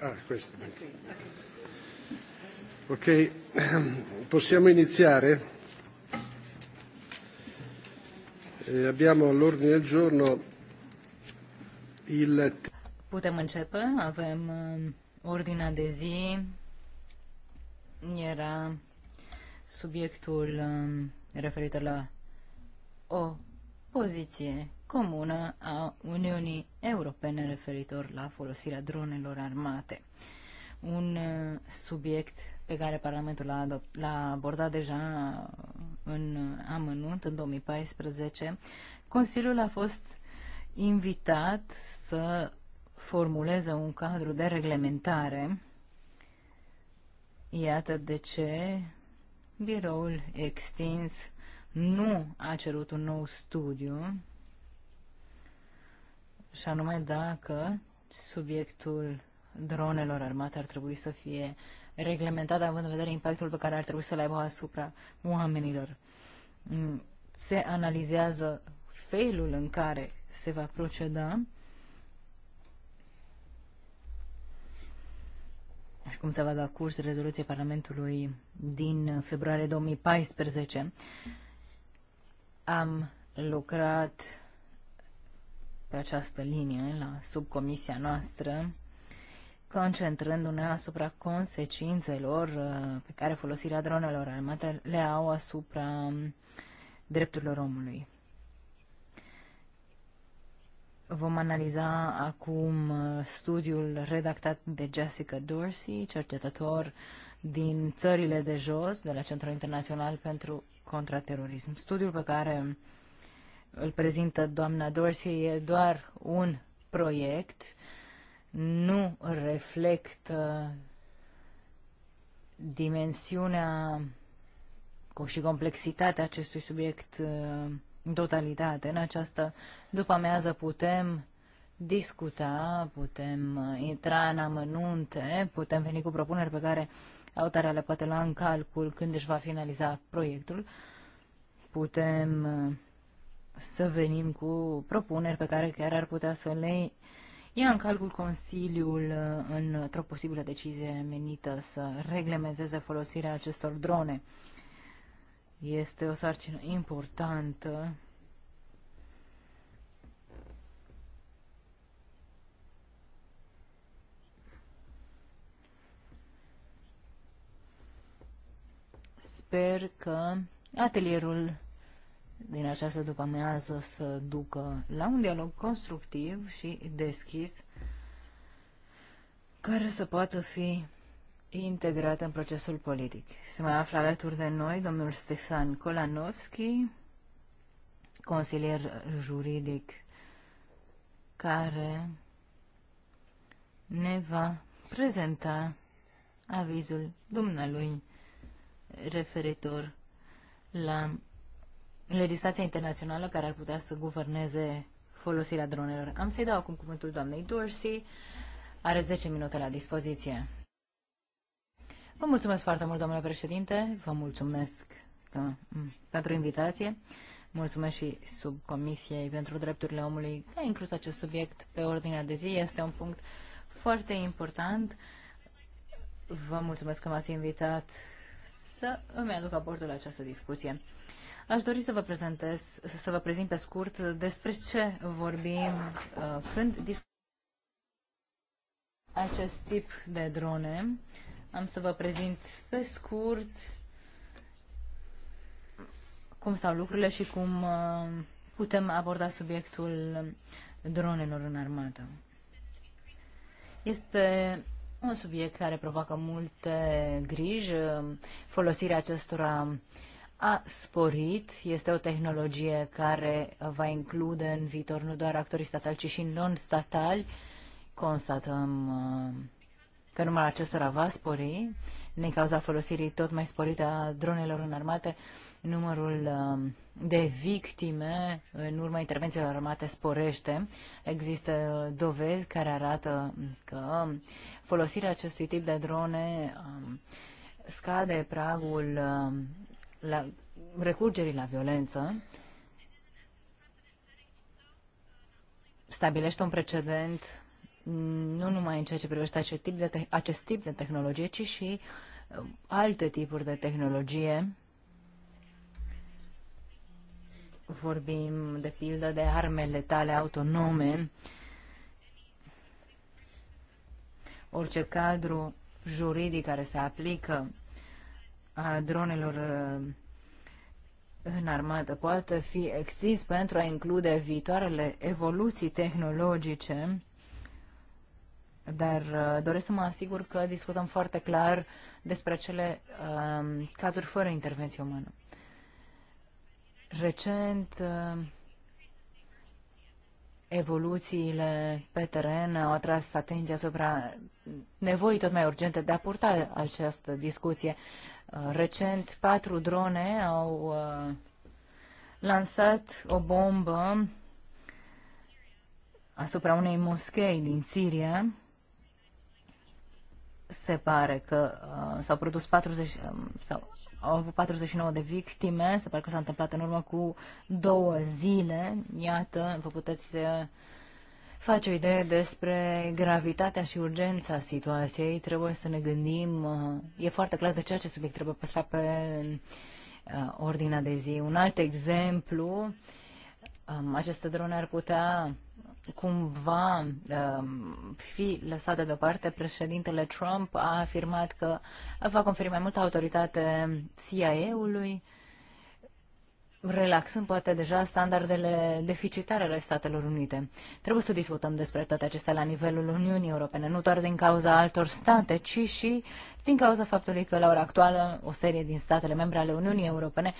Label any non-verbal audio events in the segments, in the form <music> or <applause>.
Ah, questo. Ok, <clears throat> possiamo iniziare? Eh, abbiamo all'ordine del giorno il... Putem începe, avem eh, ordinea de zi, era subiectul eh, referitor la o poziție comună a Uniunii Europene referitor la folosirea dronelor armate. Un uh, subiect pe care Parlamentul l-a, l-a abordat deja uh, în amănunt, în 2014. Consiliul a fost invitat să formuleze un cadru de reglementare. Iată de ce biroul extins nu a cerut un nou studiu și anume dacă subiectul dronelor armate ar trebui să fie reglementat având în vedere impactul pe care ar trebui să-l aibă asupra oamenilor. Mm, se analizează felul în care se va proceda și cum se va da curs rezoluției Parlamentului din februarie 2014. Am lucrat pe această linie la subcomisia noastră, concentrându-ne asupra consecințelor uh, pe care folosirea dronelor armate le au asupra um, drepturilor omului. Vom analiza acum uh, studiul redactat de Jessica Dorsey, cercetător din țările de jos, de la Centrul Internațional pentru Contraterorism. Studiul pe care îl prezintă doamna Dorsey e doar un proiect, nu reflectă dimensiunea și complexitatea acestui subiect uh, în totalitate. În această după amiază putem discuta, putem uh, intra în amănunte, putem veni cu propuneri pe care autarea le poate lua în calcul când își va finaliza proiectul, putem uh, să venim cu propuneri pe care chiar ar putea să le ia în calcul Consiliul uh, într-o posibilă decizie menită să reglementeze folosirea acestor drone. Este o sarcină importantă Sper că atelierul din această după-amiază să ducă la un dialog constructiv și deschis care să poată fi integrat în procesul politic. Se mai află alături de noi domnul Stefan Kolanovski, consilier juridic care ne va prezenta avizul dumnealui referitor la legislația internațională care ar putea să guverneze folosirea dronelor. Am să-i dau acum cuvântul doamnei Dorsey. Are 10 minute la dispoziție. Vă mulțumesc foarte mult, domnule președinte. Vă mulțumesc că, da, mm, pentru invitație. Mulțumesc și subcomisiei pentru drepturile omului că a inclus acest subiect pe ordinea de zi. Este un punct foarte important. Vă mulțumesc că m-ați invitat să îmi aduc aportul la această discuție. Aș dori să vă prezentez, să vă prezint pe scurt despre ce vorbim uh, când discutăm acest tip de drone. Am să vă prezint pe scurt cum stau lucrurile și cum uh, putem aborda subiectul dronelor în armată. Este un subiect care provoacă multe griji, folosirea acestora uh, a sporit. Este o tehnologie care va include în viitor nu doar actorii statali, ci și non-statali. Constatăm uh, că numărul acestora va spori din cauza folosirii tot mai sporite a dronelor armate, Numărul uh, de victime în urma intervențiilor armate sporește. Există uh, dovezi care arată că folosirea acestui tip de drone um, scade pragul um, la recurgerii la violență stabilește un precedent nu numai în ceea ce privește acest tip de, acest tip de tehnologie, ci și uh, alte tipuri de tehnologie. Vorbim, de pildă, de armele tale autonome. Orice cadru juridic care se aplică a dronelor uh, în armată poate fi extins pentru a include viitoarele evoluții tehnologice, dar uh, doresc să mă asigur că discutăm foarte clar despre acele um, cazuri fără intervenție umană. Recent, uh, evoluțiile pe teren au atras atenția asupra nevoii tot mai urgente de a purta această discuție. Uh, recent, patru drone au uh, lansat o bombă asupra unei moschei din Siria, se pare că uh, s-au produs 40 um, sau au avut 49 de victime, se pare că s-a întâmplat în urmă cu două zile. Iată, vă puteți uh, face o idee despre gravitatea și urgența situației. Trebuie să ne gândim, uh, e foarte clar de ce acest subiect trebuie păstrat pe uh, ordinea de zi. Un alt exemplu, um, aceste drone ar putea cumva um, fi lăsat de deoparte, președintele Trump a afirmat că va conferi mai multă autoritate CIA-ului, relaxând poate deja standardele deficitare ale Statelor Unite. Trebuie să discutăm despre toate acestea la nivelul Uniunii Europene, nu doar din cauza altor state, ci și din cauza faptului că la ora actuală o serie din statele membre ale Uniunii Europene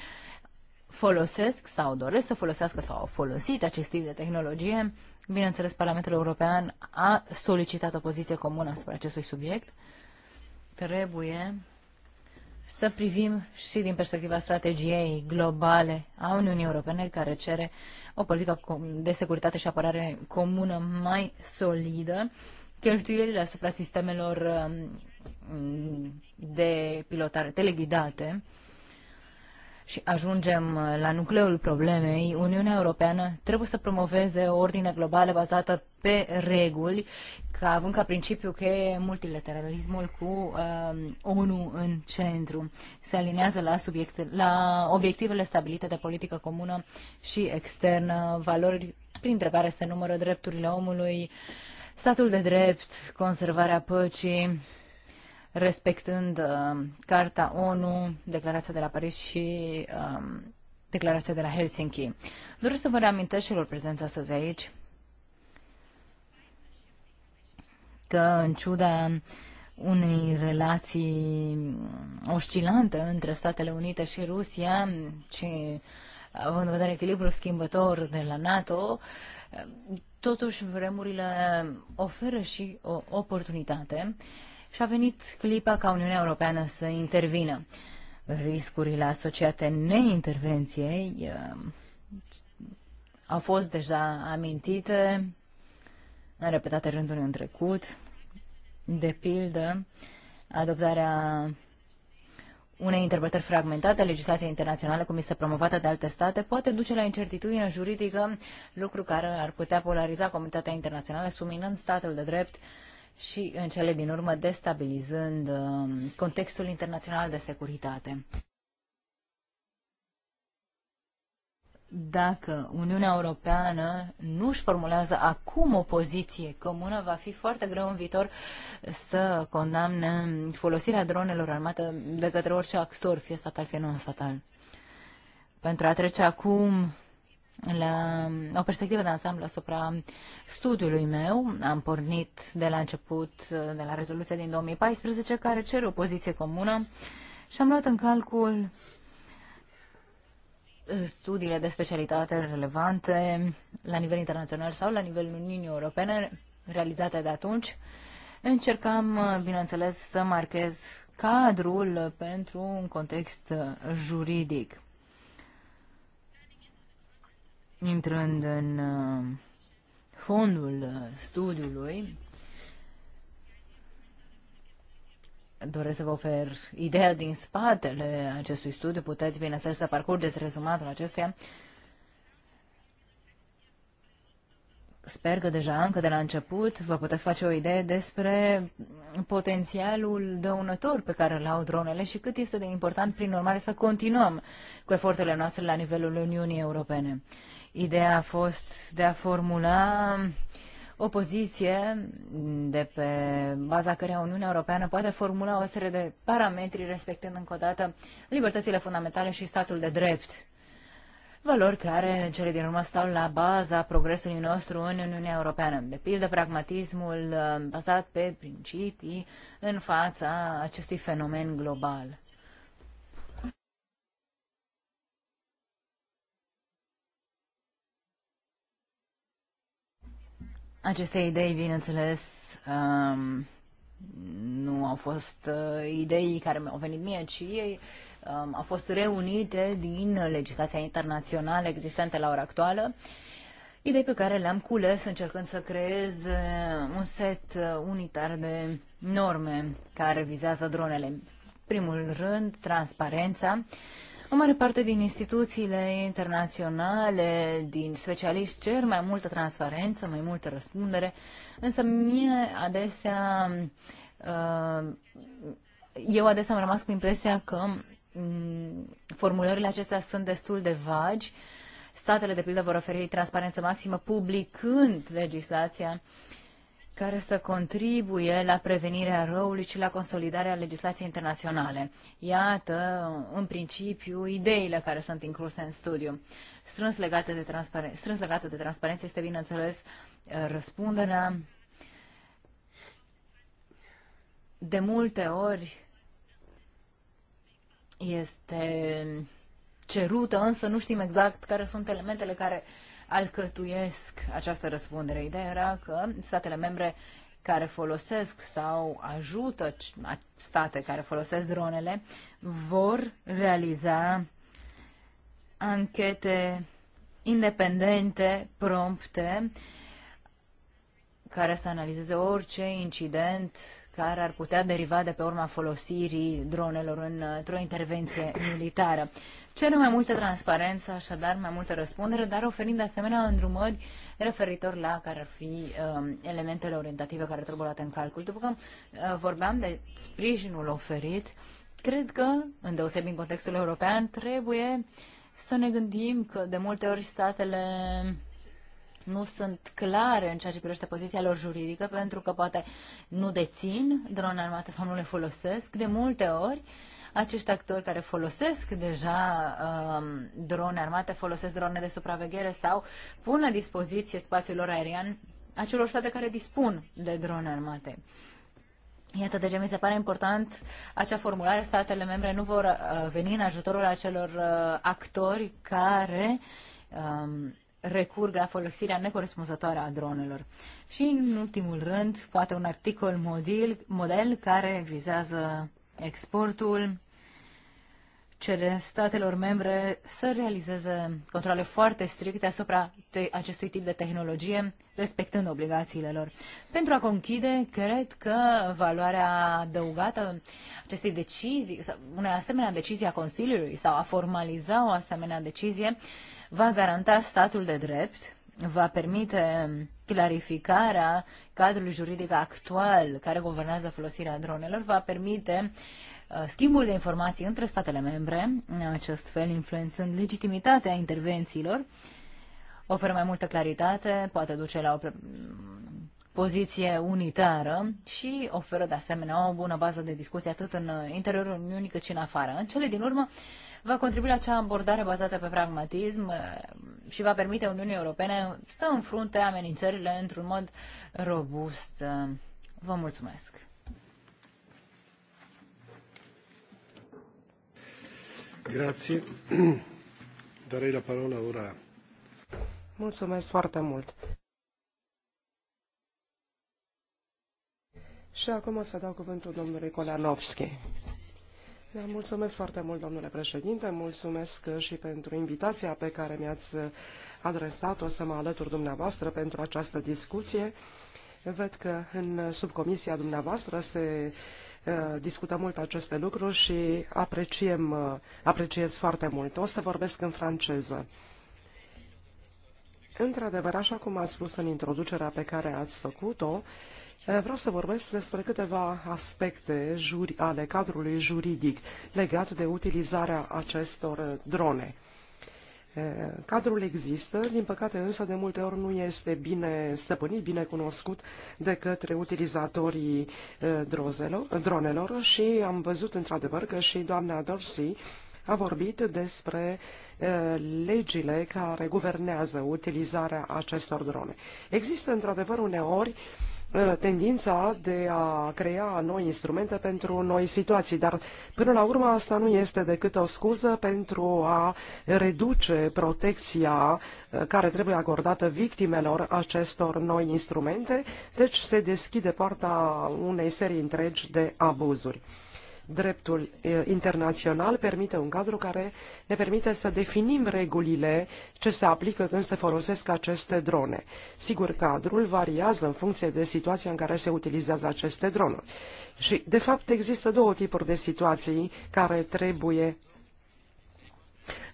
folosesc sau doresc să folosească sau au folosit acest tip de tehnologie. Bineînțeles, Parlamentul European a solicitat o poziție comună asupra acestui subiect. Trebuie să privim și din perspectiva strategiei globale a Uniunii Europene, care cere o politică de securitate și apărare comună mai solidă, cheltuielile asupra sistemelor um, de pilotare teleghidate, și ajungem uh, la nucleul problemei, Uniunea Europeană trebuie să promoveze o ordine globală bazată pe reguli, ca având ca principiu e multilateralismul cu uh, ONU în centru. Se alinează la, subiecte, la obiectivele stabilite de politică comună și externă, valori printre care se numără drepturile omului, statul de drept, conservarea păcii, respectând uh, Carta ONU, Declarația de la Paris și uh, Declarația de la Helsinki. Doresc să vă reamintesc celor prezenți astăzi aici că, în ciuda unei relații oscilante între Statele Unite și Rusia și având în vedere echilibrul schimbător de la NATO, totuși vremurile oferă și o oportunitate uh, și a venit clipa ca Uniunea Europeană să intervină. Riscurile asociate neintervenției uh, au fost deja amintite în repetate rânduri în trecut, de pildă adoptarea unei interpretări fragmentate a legislației internaționale, cum este promovată de alte state, poate duce la incertitudine juridică, lucru care ar putea polariza comunitatea internațională, suminând statul de drept și în cele din urmă destabilizând um, contextul internațional de securitate. Dacă Uniunea Europeană nu își formulează acum o poziție comună, va fi foarte greu în viitor să condamne folosirea dronelor armate de către orice actor, fie statal, fie non-statal. Pentru a trece acum la o perspectivă de ansamblu asupra studiului meu. Am pornit de la început, de la rezoluția din 2014, care cere o poziție comună și am luat în calcul studiile de specialitate relevante la nivel internațional sau la nivelul Uniunii Europene realizate de atunci. Încercam, bineînțeles, să marchez cadrul pentru un context juridic. Intrând în uh, fondul uh, studiului, doresc să vă ofer ideea din spatele acestui studiu. Puteți, bineînțeles, să parcurgeți rezumatul acestuia. Sper că deja, încă de la început, vă puteți face o idee despre potențialul dăunător pe care îl au dronele și cât este de important, prin urmare, să continuăm cu eforturile noastre la nivelul Uniunii Europene. Ideea a fost de a formula o poziție de pe baza căreia Uniunea Europeană poate formula o serie de parametri respectând încă o dată libertățile fundamentale și statul de drept. Valori care, în cele din urmă, stau la baza progresului nostru în Uniunea Europeană. De pildă, pragmatismul uh, bazat pe principii în fața acestui fenomen global. Aceste idei, bineînțeles, um, nu au fost uh, idei care mi-au venit mie, ci ei um, au fost reunite din legislația internațională existentă la ora actuală, idei pe care le-am cules încercând să creez uh, un set uh, unitar de norme care vizează dronele. Primul rând, transparența. O mare parte din instituțiile internaționale, din specialiști, cer mai multă transparență, mai multă răspundere, însă mie adesea, uh, eu adesea am rămas cu impresia că mm, formulările acestea sunt destul de vagi. Statele, de pildă, vor oferi transparență maximă publicând legislația care să contribuie la prevenirea răului și la consolidarea legislației internaționale. Iată, în principiu, ideile care sunt incluse în studiu. Strâns legate de, transparen- strâns legate de transparență este, bineînțeles, răspunderea. De multe ori este cerută, însă nu știm exact care sunt elementele care uh, alcătuiesc această răspundere. Ideea era că statele membre care folosesc sau ajută state care folosesc dronele vor realiza anchete independente, prompte, care să analizeze orice incident care ar putea deriva de pe urma folosirii dronelor într-o intervenție militară. Cere mai multă transparență, așadar mai multă răspundere, dar oferind de asemenea îndrumări referitor la care ar fi um, elementele orientative care trebuie luate în calcul. După că uh, vorbeam de sprijinul oferit, cred că, îndeosebi în contextul european, trebuie să ne gândim că de multe ori statele nu sunt clare în ceea ce privește poziția lor juridică, pentru că poate nu dețin drone armate sau nu le folosesc de multe ori. Uh, acești actori care folosesc deja um, drone armate, folosesc drone de supraveghere sau pun la dispoziție spațiul lor aerian acelor state care dispun de drone armate. Iată, deja mi se pare important acea formulare, statele membre nu vor uh, veni în ajutorul acelor uh, actori care um, recurg la folosirea necorespunzătoare a dronelor. Și, în ultimul rând, poate un articol model, model care vizează exportul, cere statelor membre să realizeze controle foarte stricte asupra acestui tip de tehnologie, respectând obligațiile lor. Pentru a conchide, cred că valoarea adăugată acestei decizii, sau unei asemenea decizie a Consiliului sau a formaliza o asemenea decizie, va garanta statul de drept, va permite clarificarea cadrului juridic actual care guvernează folosirea dronelor, va permite uh, schimbul de informații între statele membre, în acest fel influențând legitimitatea intervențiilor, oferă mai multă claritate, poate duce la o poziție unitară și oferă de asemenea o bună bază de discuție atât în interiorul Uniunii cât și în afară. În cele din urmă, va contribui la acea abordare bazată pe pragmatism eh, și va permite Uniunii Europene să înfrunte amenințările într-un mod robust. Vă mulțumesc! Grazie. <clears throat> Darei la parola ora. Mulțumesc foarte mult. Și acum o să dau cuvântul domnului Kolanovski. Da, mulțumesc foarte mult, domnule președinte. Mulțumesc și pentru invitația pe care mi-ați adresat-o să mă alătur dumneavoastră pentru această discuție. Văd că în subcomisia dumneavoastră se uh, discută mult aceste lucruri și apreciem, uh, apreciez foarte mult. O să vorbesc în franceză. Într-adevăr, așa cum ați spus în introducerea pe care ați făcut-o, Eh, vreau să vorbesc despre câteva aspecte juri, ale cadrului juridic legat de utilizarea acestor eh, drone. Eh, cadrul există, din păcate însă de multe ori nu este bine stăpânit, bine cunoscut de către utilizatorii dronelor și am văzut într-adevăr că și doamna Dorsey a vorbit despre legile care guvernează utilizarea acestor drone. Există într-adevăr uneori Uh, tendința de a crea noi instrumente pentru noi situații, dar până la urmă asta nu este decât o scuză pentru a reduce protecția uh, care trebuie acordată victimelor acestor noi instrumente, deci se deschide poarta unei serii întregi de abuzuri dreptul internațional permite un cadru care ne permite să definim regulile ce se aplică când se folosesc aceste drone. Sigur, cadrul variază în funcție de situația în care se utilizează aceste dronuri. Și, de fapt, există două tipuri de situații care trebuie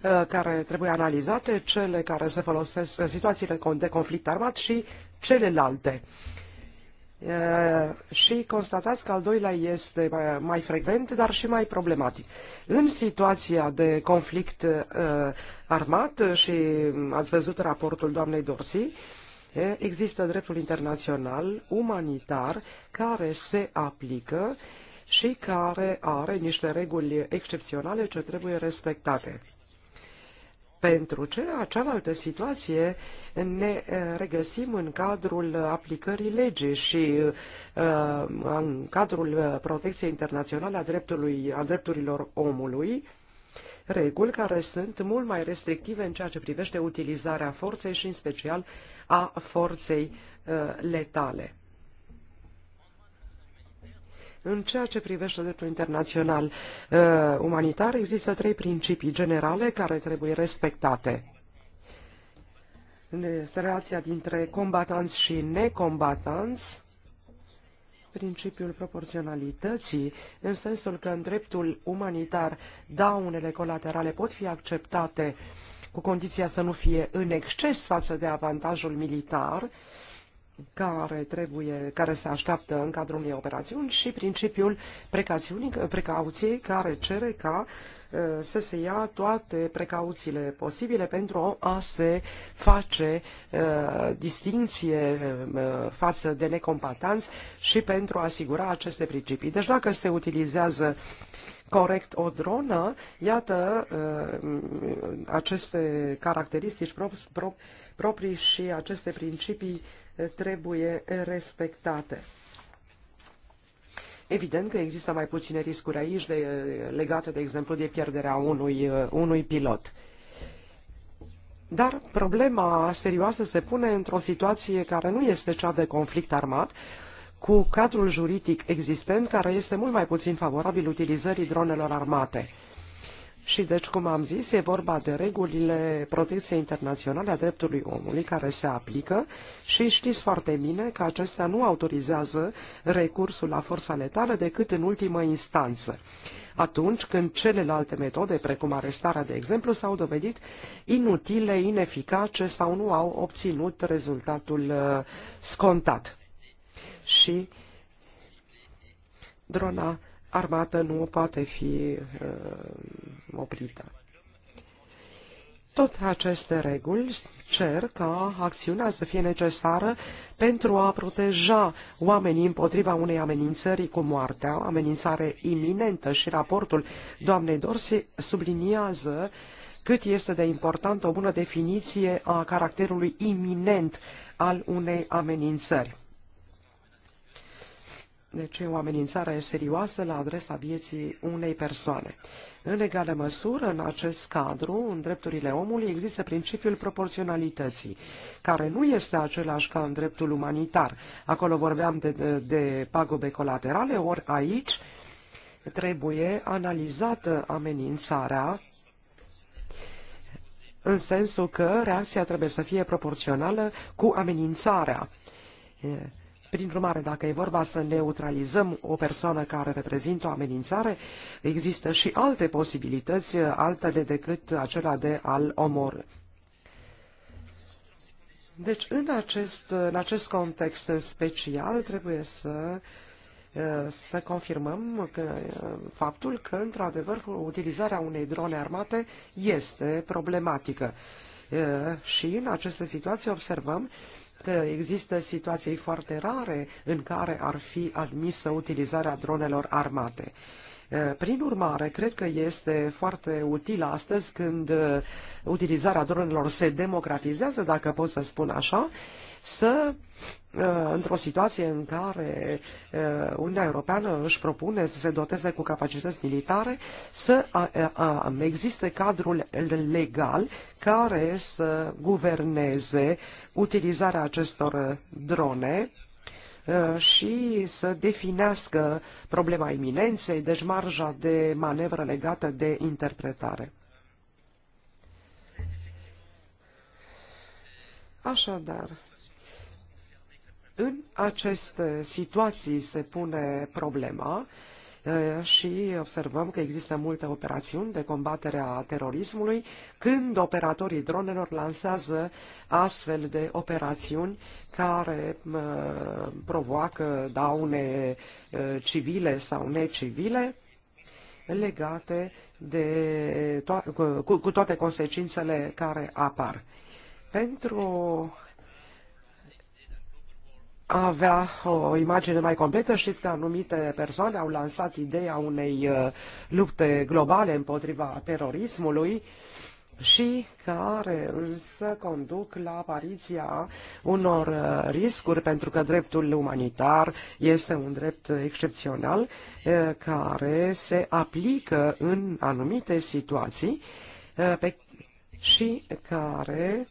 uh, care trebuie analizate, cele care se folosesc, situațiile de conflict armat și celelalte. Uh, și constatați că al doilea este mai frecvent, dar și mai problematic. În situația de conflict uh, armat, uh, și ați văzut raportul doamnei Dorsi, există dreptul internațional umanitar care se aplică și care are niște reguli excepționale ce trebuie respectate pentru cea, cealaltă situație ne eh, regăsim în cadrul aplicării legii și eh, în cadrul eh, protecției internaționale a, dreptului, a drepturilor omului, reguli care sunt mult mai restrictive în ceea ce privește utilizarea forței și în special a forței letale. În ceea ce privește dreptul internațional uh, umanitar, există trei principii generale care trebuie respectate. Este relația dintre combatanți și necombatanți, principiul proporționalității, în sensul că în dreptul umanitar daunele colaterale pot fi acceptate cu condiția să nu fie în exces față de avantajul militar, uh, care, trebuie, care se așteaptă în cadrul unei operațiuni și principiul precauției care cere ca uh, să se ia toate precauțiile posibile pentru a se face uh, distinție uh, față de necompatanți și pentru a asigura aceste principii. Deci dacă se utilizează corect o dronă, iată uh, aceste caracteristici prop, prop, proprii și aceste principii trebuie respectate. Evident că există mai puține riscuri aici de, legate, de exemplu, de pierderea unui, unui pilot. Dar problema serioasă se pune într-o situație care nu este cea de conflict armat, cu cadrul juridic existent care este mult mai puțin favorabil utilizării dronelor armate. Și deci, cum am zis, e vorba de regulile protecției internaționale a dreptului omului care se aplică și știți foarte bine că acestea nu autorizează recursul la forța letală decât în ultimă instanță, atunci când celelalte metode, precum arestarea, de exemplu, s-au dovedit inutile, ineficace sau nu au obținut rezultatul uh, scontat. Și drona armată nu poate fi uh, oprită. Tot aceste reguli cer ca acțiunea să fie necesară pentru a proteja oamenii împotriva unei amenințări cu moartea, amenințare iminentă și raportul doamnei Dorsi subliniază cât este de importantă o bună definiție a caracterului iminent al unei amenințări. Deci ce o amenințare serioasă la adresa vieții unei persoane. În egală măsură, în acest cadru, în drepturile omului, există principiul proporționalității, care nu este același ca în dreptul umanitar. Acolo vorbeam de, de, de pagube colaterale, ori aici trebuie analizată amenințarea în sensul că reacția trebuie să fie proporțională cu amenințarea. Prin urmare, dacă e vorba să neutralizăm o persoană care reprezintă o amenințare, există și alte posibilități, altele decât acela de a-l omor. Deci, în acest, în acest context special, trebuie să, să confirmăm că, faptul că, într-adevăr, utilizarea unei drone armate este problematică. Și în aceste situații observăm că există situații foarte rare în care ar fi admisă utilizarea dronelor armate. Eh, prin urmare, cred că este foarte util astăzi când eh, utilizarea dronelor se democratizează, dacă pot să spun așa, să uh, într-o situație în care uh, Uniunea Europeană își propune să se doteze cu capacități militare, să uh, um, existe cadrul legal care să guverneze utilizarea acestor drone și să definească problema iminenței, deci marja de manevră legată de interpretare. Așadar, în aceste situații se pune problema și observăm că există multe operațiuni de combatere a terorismului când operatorii dronelor lansează astfel de operațiuni care provoacă daune civile sau necivile legate de to- cu, cu toate consecințele care apar. Pentru avea o imagine mai completă. Știți că anumite persoane au lansat ideea unei uh, lupte globale împotriva terorismului și care însă conduc la apariția unor uh, riscuri, pentru că dreptul umanitar este un drept excepțional uh, care se aplică în anumite situații și care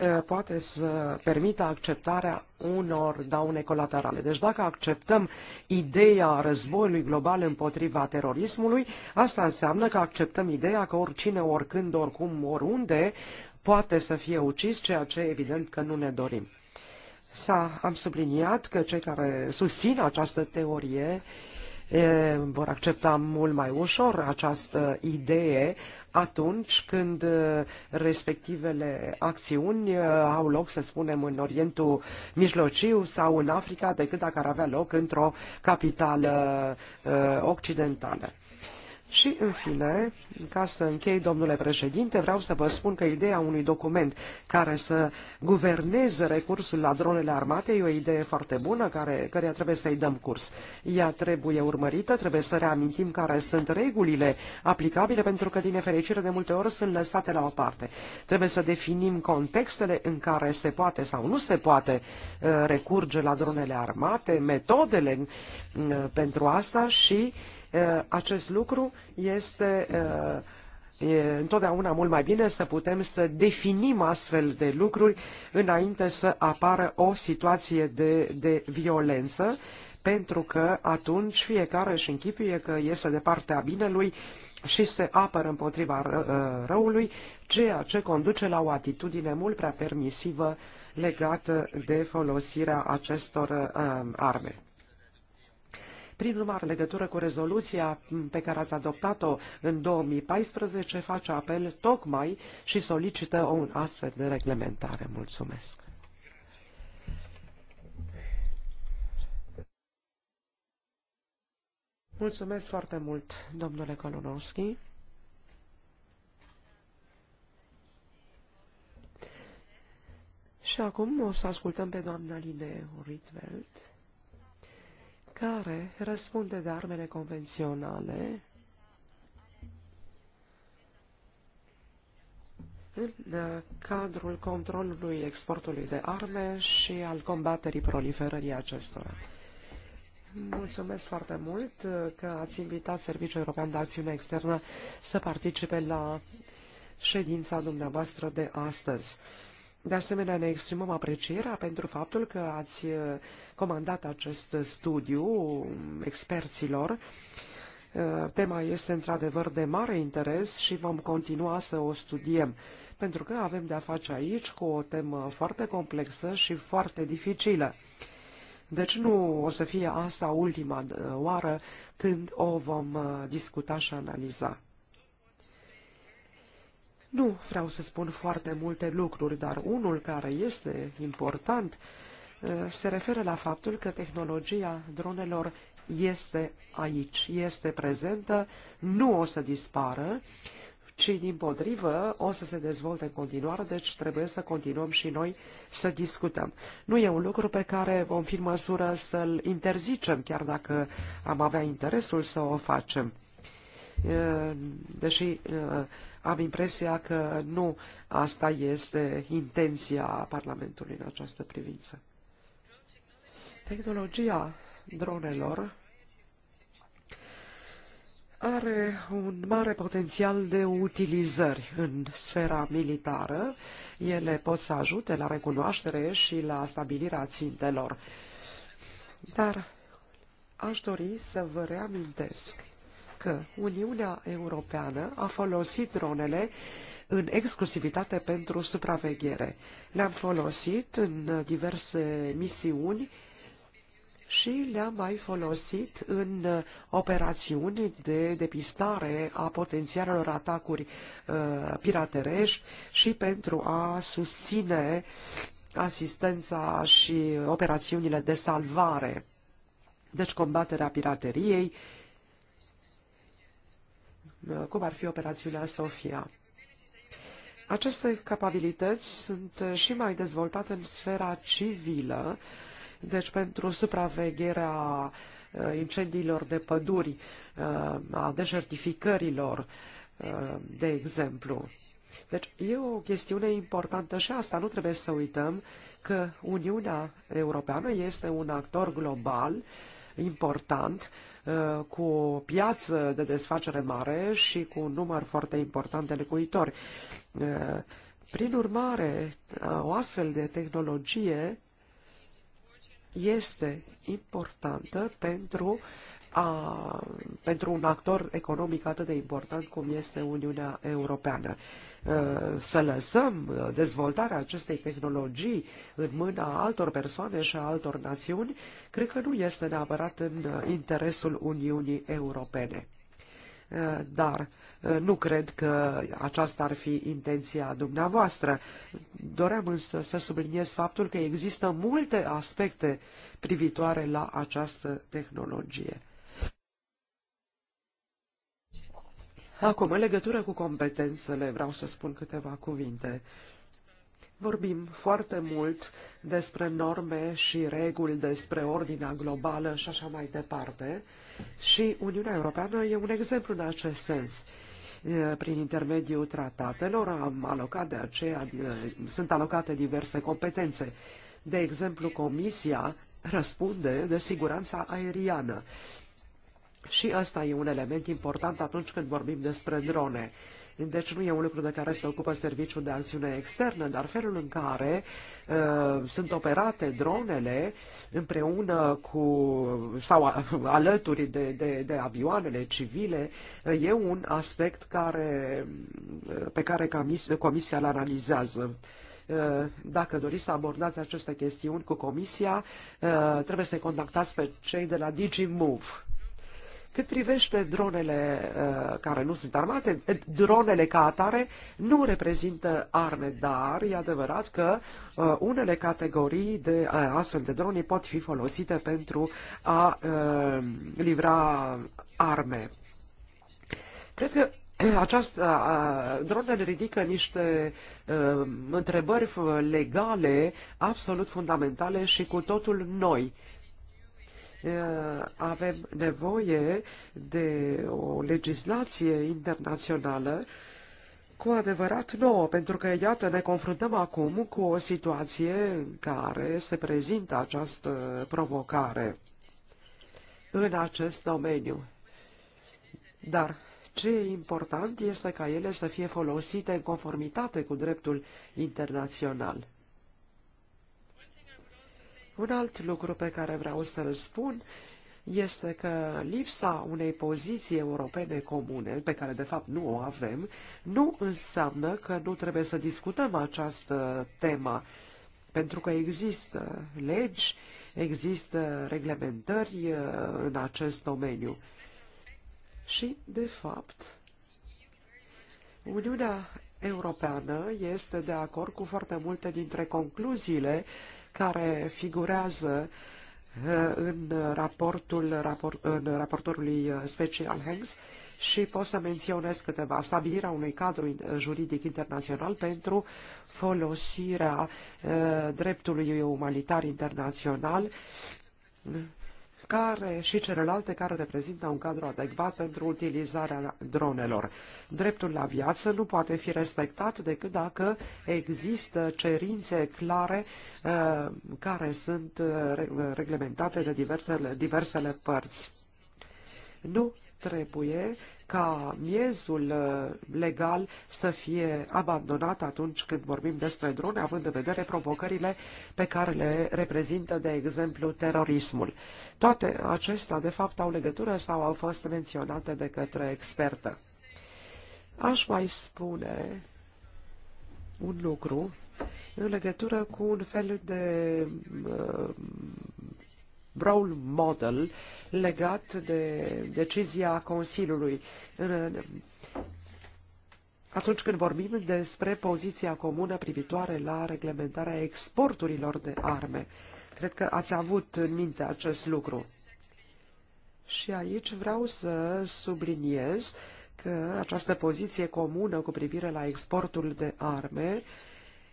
Eh, poate să permită acceptarea unor daune colaterale. Deci dacă acceptăm ideea războiului global împotriva terorismului, asta înseamnă că acceptăm ideea că oricine, oricând, oricum, oriunde poate să fie ucis, ceea ce evident că nu ne dorim. S-a, am subliniat că cei care susțin această teorie e, vor accepta mult mai ușor această idee atunci când uh, respectivele acțiuni uh, au loc, să spunem, în Orientul Mijlociu sau în Africa, decât dacă ar avea loc într-o capitală uh, occidentală. Și, în fine, ca să închei, domnule președinte, vreau să vă spun că ideea unui document care să guverneze recursul la dronele armate e o idee foarte bună, care, căreia trebuie să-i dăm curs. Ea trebuie urmărită, trebuie să reamintim care sunt regulile aplicabile, pentru că, din nefericire, de multe ori sunt lăsate la o parte. Trebuie să definim contextele în care se poate sau nu se poate uh, recurge la dronele armate, metodele uh, pentru asta și Eh, acest lucru este eh, e întotdeauna mult mai bine să putem să definim astfel de lucruri înainte să apară o situație de, de violență, pentru că atunci fiecare își închipuie că este de partea binelui și se apără împotriva eh, răului, ceea ce conduce la o atitudine mult prea permisivă legată de folosirea acestor arme. Prin urmare, legătură cu rezoluția pe care ați adoptat-o în 2014, face apel tocmai și solicită o un astfel de reglementare. Mulțumesc! Mulțumesc foarte mult, domnule Kolonovski. Și acum o să ascultăm pe doamna Line Ritveld care răspunde de armele convenționale în uh, cadrul controlului exportului de arme și al combaterii proliferării acestora. Mulțumesc foarte mult uh, că ați invitat Serviciul European de Acțiune Externă să participe la ședința dumneavoastră de astăzi. De asemenea, ne exprimăm aprecierea pentru faptul că ați uh, comandat acest studiu um, experților. Uh, tema este într-adevăr de mare interes și vom continua să o studiem, pentru că avem de-a face aici cu o temă foarte complexă și foarte dificilă. Deci nu o să fie asta ultima uh, oară când o vom discuta și analiza. Nu vreau să spun foarte multe lucruri, dar unul care este important uh, se referă la faptul că tehnologia dronelor este aici, este prezentă, nu o să dispară, ci din potrivă o să se dezvolte în continuare, deci trebuie să continuăm și noi să discutăm. Nu e un lucru pe care vom fi în măsură să-l interzicem, chiar dacă am avea interesul să o facem. Uh, deși uh, am impresia că nu asta este intenția Parlamentului în această privință. Tehnologia dronelor are un mare potențial de utilizări în sfera militară. Ele pot să ajute la recunoaștere și la stabilirea țintelor. Dar aș dori să vă reamintesc că Uniunea Europeană a folosit dronele în exclusivitate pentru supraveghere. Le-am folosit în diverse misiuni și le-am mai folosit în operațiuni de depistare a potențialelor atacuri uh, piraterești și pentru a susține asistența și operațiunile de salvare, deci combaterea pirateriei, uh, Uh, cum ar fi operațiunea Sofia. Aceste capabilități sunt uh, și mai dezvoltate în sfera civilă, deci pentru supravegherea uh, incendiilor de păduri, a deșertificărilor, de exemplu. Deci e o chestiune importantă și asta nu trebuie să uităm că Uniunea Europeană este un actor global important Uh, cu o piață de desfacere mare și cu un număr foarte important de locuitori. Uh, prin urmare, o astfel de tehnologie este importantă pentru a, pentru un actor economic atât de important cum este Uniunea Europeană. Să lăsăm dezvoltarea acestei tehnologii în mâna altor persoane și a altor națiuni, cred că nu este neapărat în interesul Uniunii Europene. Dar nu cred că aceasta ar fi intenția dumneavoastră. Doream însă să subliniez faptul că există multe aspecte privitoare la această tehnologie. Acum, în legătură cu competențele, vreau să spun câteva cuvinte. Vorbim foarte mult despre norme și reguli, despre ordinea globală și așa mai departe. Și Uniunea Europeană e un exemplu în acest sens. Prin intermediul tratatelor am alocat de aceea, sunt alocate diverse competențe. De exemplu, Comisia răspunde de siguranța aeriană și asta e un element important atunci când vorbim despre drone. Deci nu e un lucru de care se ocupă serviciul de acțiune externă, dar felul în care uh, sunt operate dronele împreună cu sau a, uh, alături de, de, de avioanele civile uh, e un aspect care, uh, pe care Comisia îl analizează. Uh, dacă doriți să abordați aceste chestiuni cu Comisia, uh, trebuie să contactați pe cei de la DigiMove. Cât privește dronele uh, care nu sunt armate, dronele ca atare nu reprezintă arme, dar e adevărat că uh, unele categorii de uh, astfel de drone pot fi folosite pentru a uh, livra arme. Cred că <clears throat> această, uh, dronele ridică niște uh, întrebări legale absolut fundamentale și cu totul noi. Eh, avem nevoie de o legislație internațională cu adevărat nouă, pentru că, iată, ne confruntăm acum cu o situație în care se prezintă această provocare în acest domeniu. Dar ce e important este ca ele să fie folosite în conformitate cu dreptul internațional. Un alt lucru pe care vreau să-l spun este că lipsa unei poziții europene comune, pe care de fapt nu o avem, nu înseamnă că nu trebuie să discutăm această temă, pentru că există legi, există reglementări uh, în acest domeniu. Și, de fapt, Uniunea Europeană este de acord cu foarte multe dintre concluziile uh, care figurează uh, în raportul în raportorului uh, special Hanks și pot să menționez câteva. Stabilirea unui cadru juridic internațional pentru folosirea uh, dreptului umanitar internațional care și celelalte care reprezintă un cadru adecvat pentru utilizarea dronelor. Dreptul la viață nu poate fi respectat decât dacă există cerințe clare uh, care sunt uh, uh reglementate de diversele, diversele părți. Nu trebuie ca miezul uh, legal să fie abandonat atunci când vorbim despre drone, având în vedere provocările pe care le reprezintă, de exemplu, terorismul. Toate acestea, de fapt, au legătură sau au fost menționate de către expertă. Aș mai spune un lucru în legătură cu un fel de uh, role model legat de decizia Consiliului. Atunci când vorbim despre poziția comună privitoare la reglementarea exporturilor de arme, cred că ați avut în minte acest lucru. Și aici vreau să subliniez că această poziție comună cu privire la exportul de arme uh,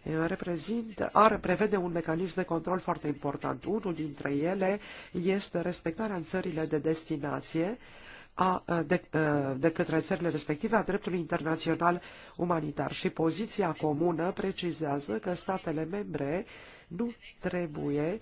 reprezintă, are, prevede un mecanism de control foarte important. Unul dintre ele este respectarea în țările de destinație a, de, de către țările respective a dreptului internațional umanitar. Și poziția comună precizează că statele membre nu trebuie uh,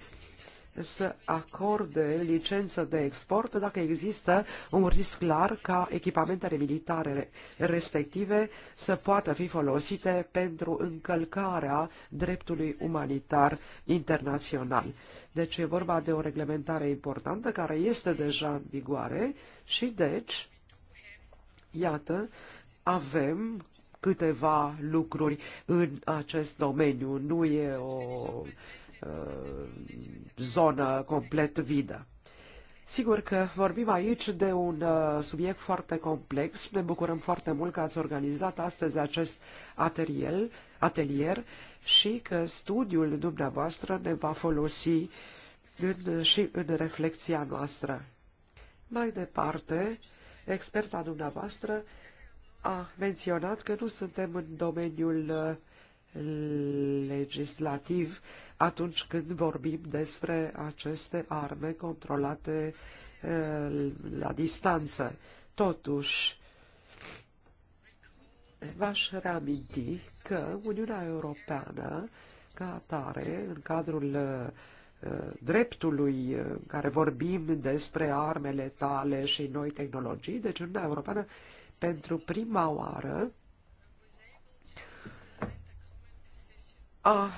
să acorde licență de export dacă există un risc clar ca echipamentele militare respective să poată fi folosite pentru încălcarea dreptului umanitar internațional. Deci e vorba de o reglementare importantă care este deja în vigoare și deci, iată, avem câteva lucruri în acest domeniu. Nu e o Uh, zonă complet vidă. Sigur că vorbim aici de un uh, subiect foarte complex. Ne bucurăm foarte mult că ați organizat astăzi acest atelier, atelier și că studiul dumneavoastră ne va folosi în, și în reflexia noastră. Mai departe, experta dumneavoastră a menționat că nu suntem în domeniul uh, legislativ, atunci când vorbim despre aceste arme controlate eh, la distanță. Totuși, v-aș reaminti că Uniunea Europeană, ca atare, în cadrul eh, dreptului eh, în care vorbim despre armele tale și noi tehnologii, deci Uniunea Europeană, pentru prima oară, a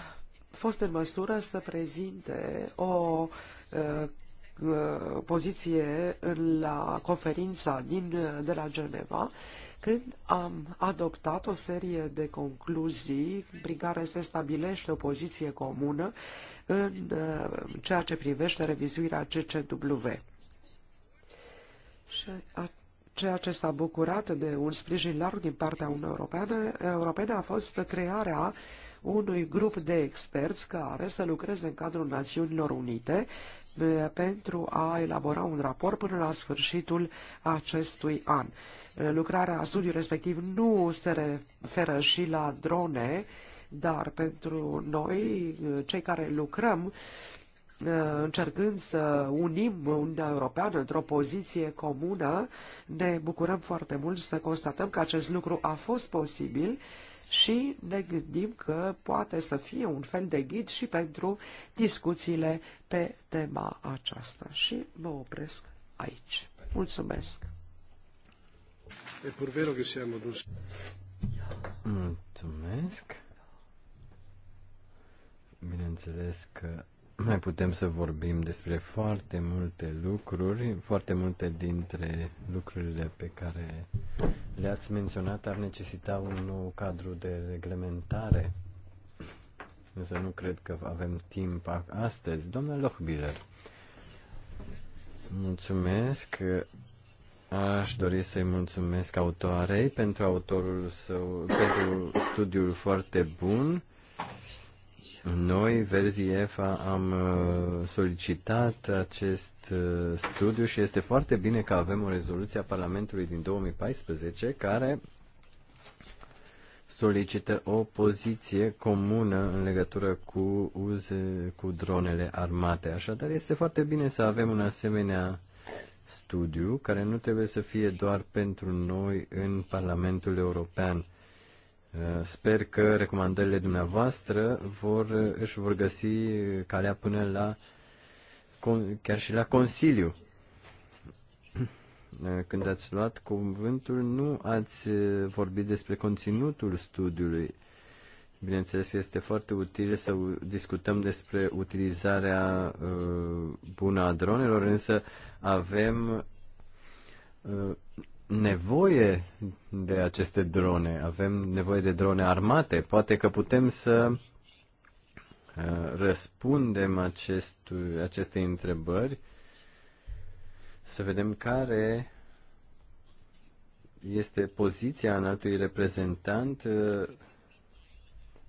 fost în măsură să prezinte o poziție la conferința din, de la Geneva, când am adoptat o serie de concluzii prin care se stabilește o poziție comună în ceea ce privește revizuirea CCW. Și ceea ce s-a bucurat de un sprijin larg din partea Uniunii Europene, Europene a fost crearea uh, unui grup de experți care să lucreze în cadrul Națiunilor Unite eh, pentru a elabora un raport până la sfârșitul acestui an. Eh, lucrarea studiului respectiv nu se referă și la drone, dar pentru noi, eh, cei care lucrăm, încercând să unim Uniunea Europeană într-o poziție comună, ne bucurăm foarte mult să constatăm că acest lucru a fost posibil și ne gândim că poate să fie un fel de ghid și pentru discuțiile pe tema aceasta. Și mă opresc aici. Mulțumesc! E pur vero siamo Mulțumesc! Bineînțeles că mai putem să vorbim despre foarte multe lucruri, foarte multe dintre lucrurile pe care le-ați menționat ar necesita un nou cadru de reglementare. Însă nu cred că avem timp astăzi. Domnule Lochbiller, mulțumesc. Aș dori să-i mulțumesc autoarei pentru autorul său, pentru studiul foarte bun noi, Verzi EFA, am uh, solicitat acest uh, studiu și este foarte bine că avem o rezoluție a Parlamentului din 2014 care solicită o poziție comună în legătură cu uze cu dronele armate. Așadar, este foarte bine să avem un asemenea studiu care nu trebuie să fie doar pentru noi în Parlamentul European. Sper că recomandările dumneavoastră vor, își vor găsi calea până la chiar și la Consiliu. Când ați luat cuvântul, nu ați vorbit despre conținutul studiului. Bineînțeles, este foarte util să discutăm despre utilizarea uh, bună a dronelor, însă avem uh, nevoie de aceste drone, avem nevoie de drone armate. Poate că putem să uh, răspundem acestui, aceste întrebări, să vedem care este poziția înaltui reprezentant uh,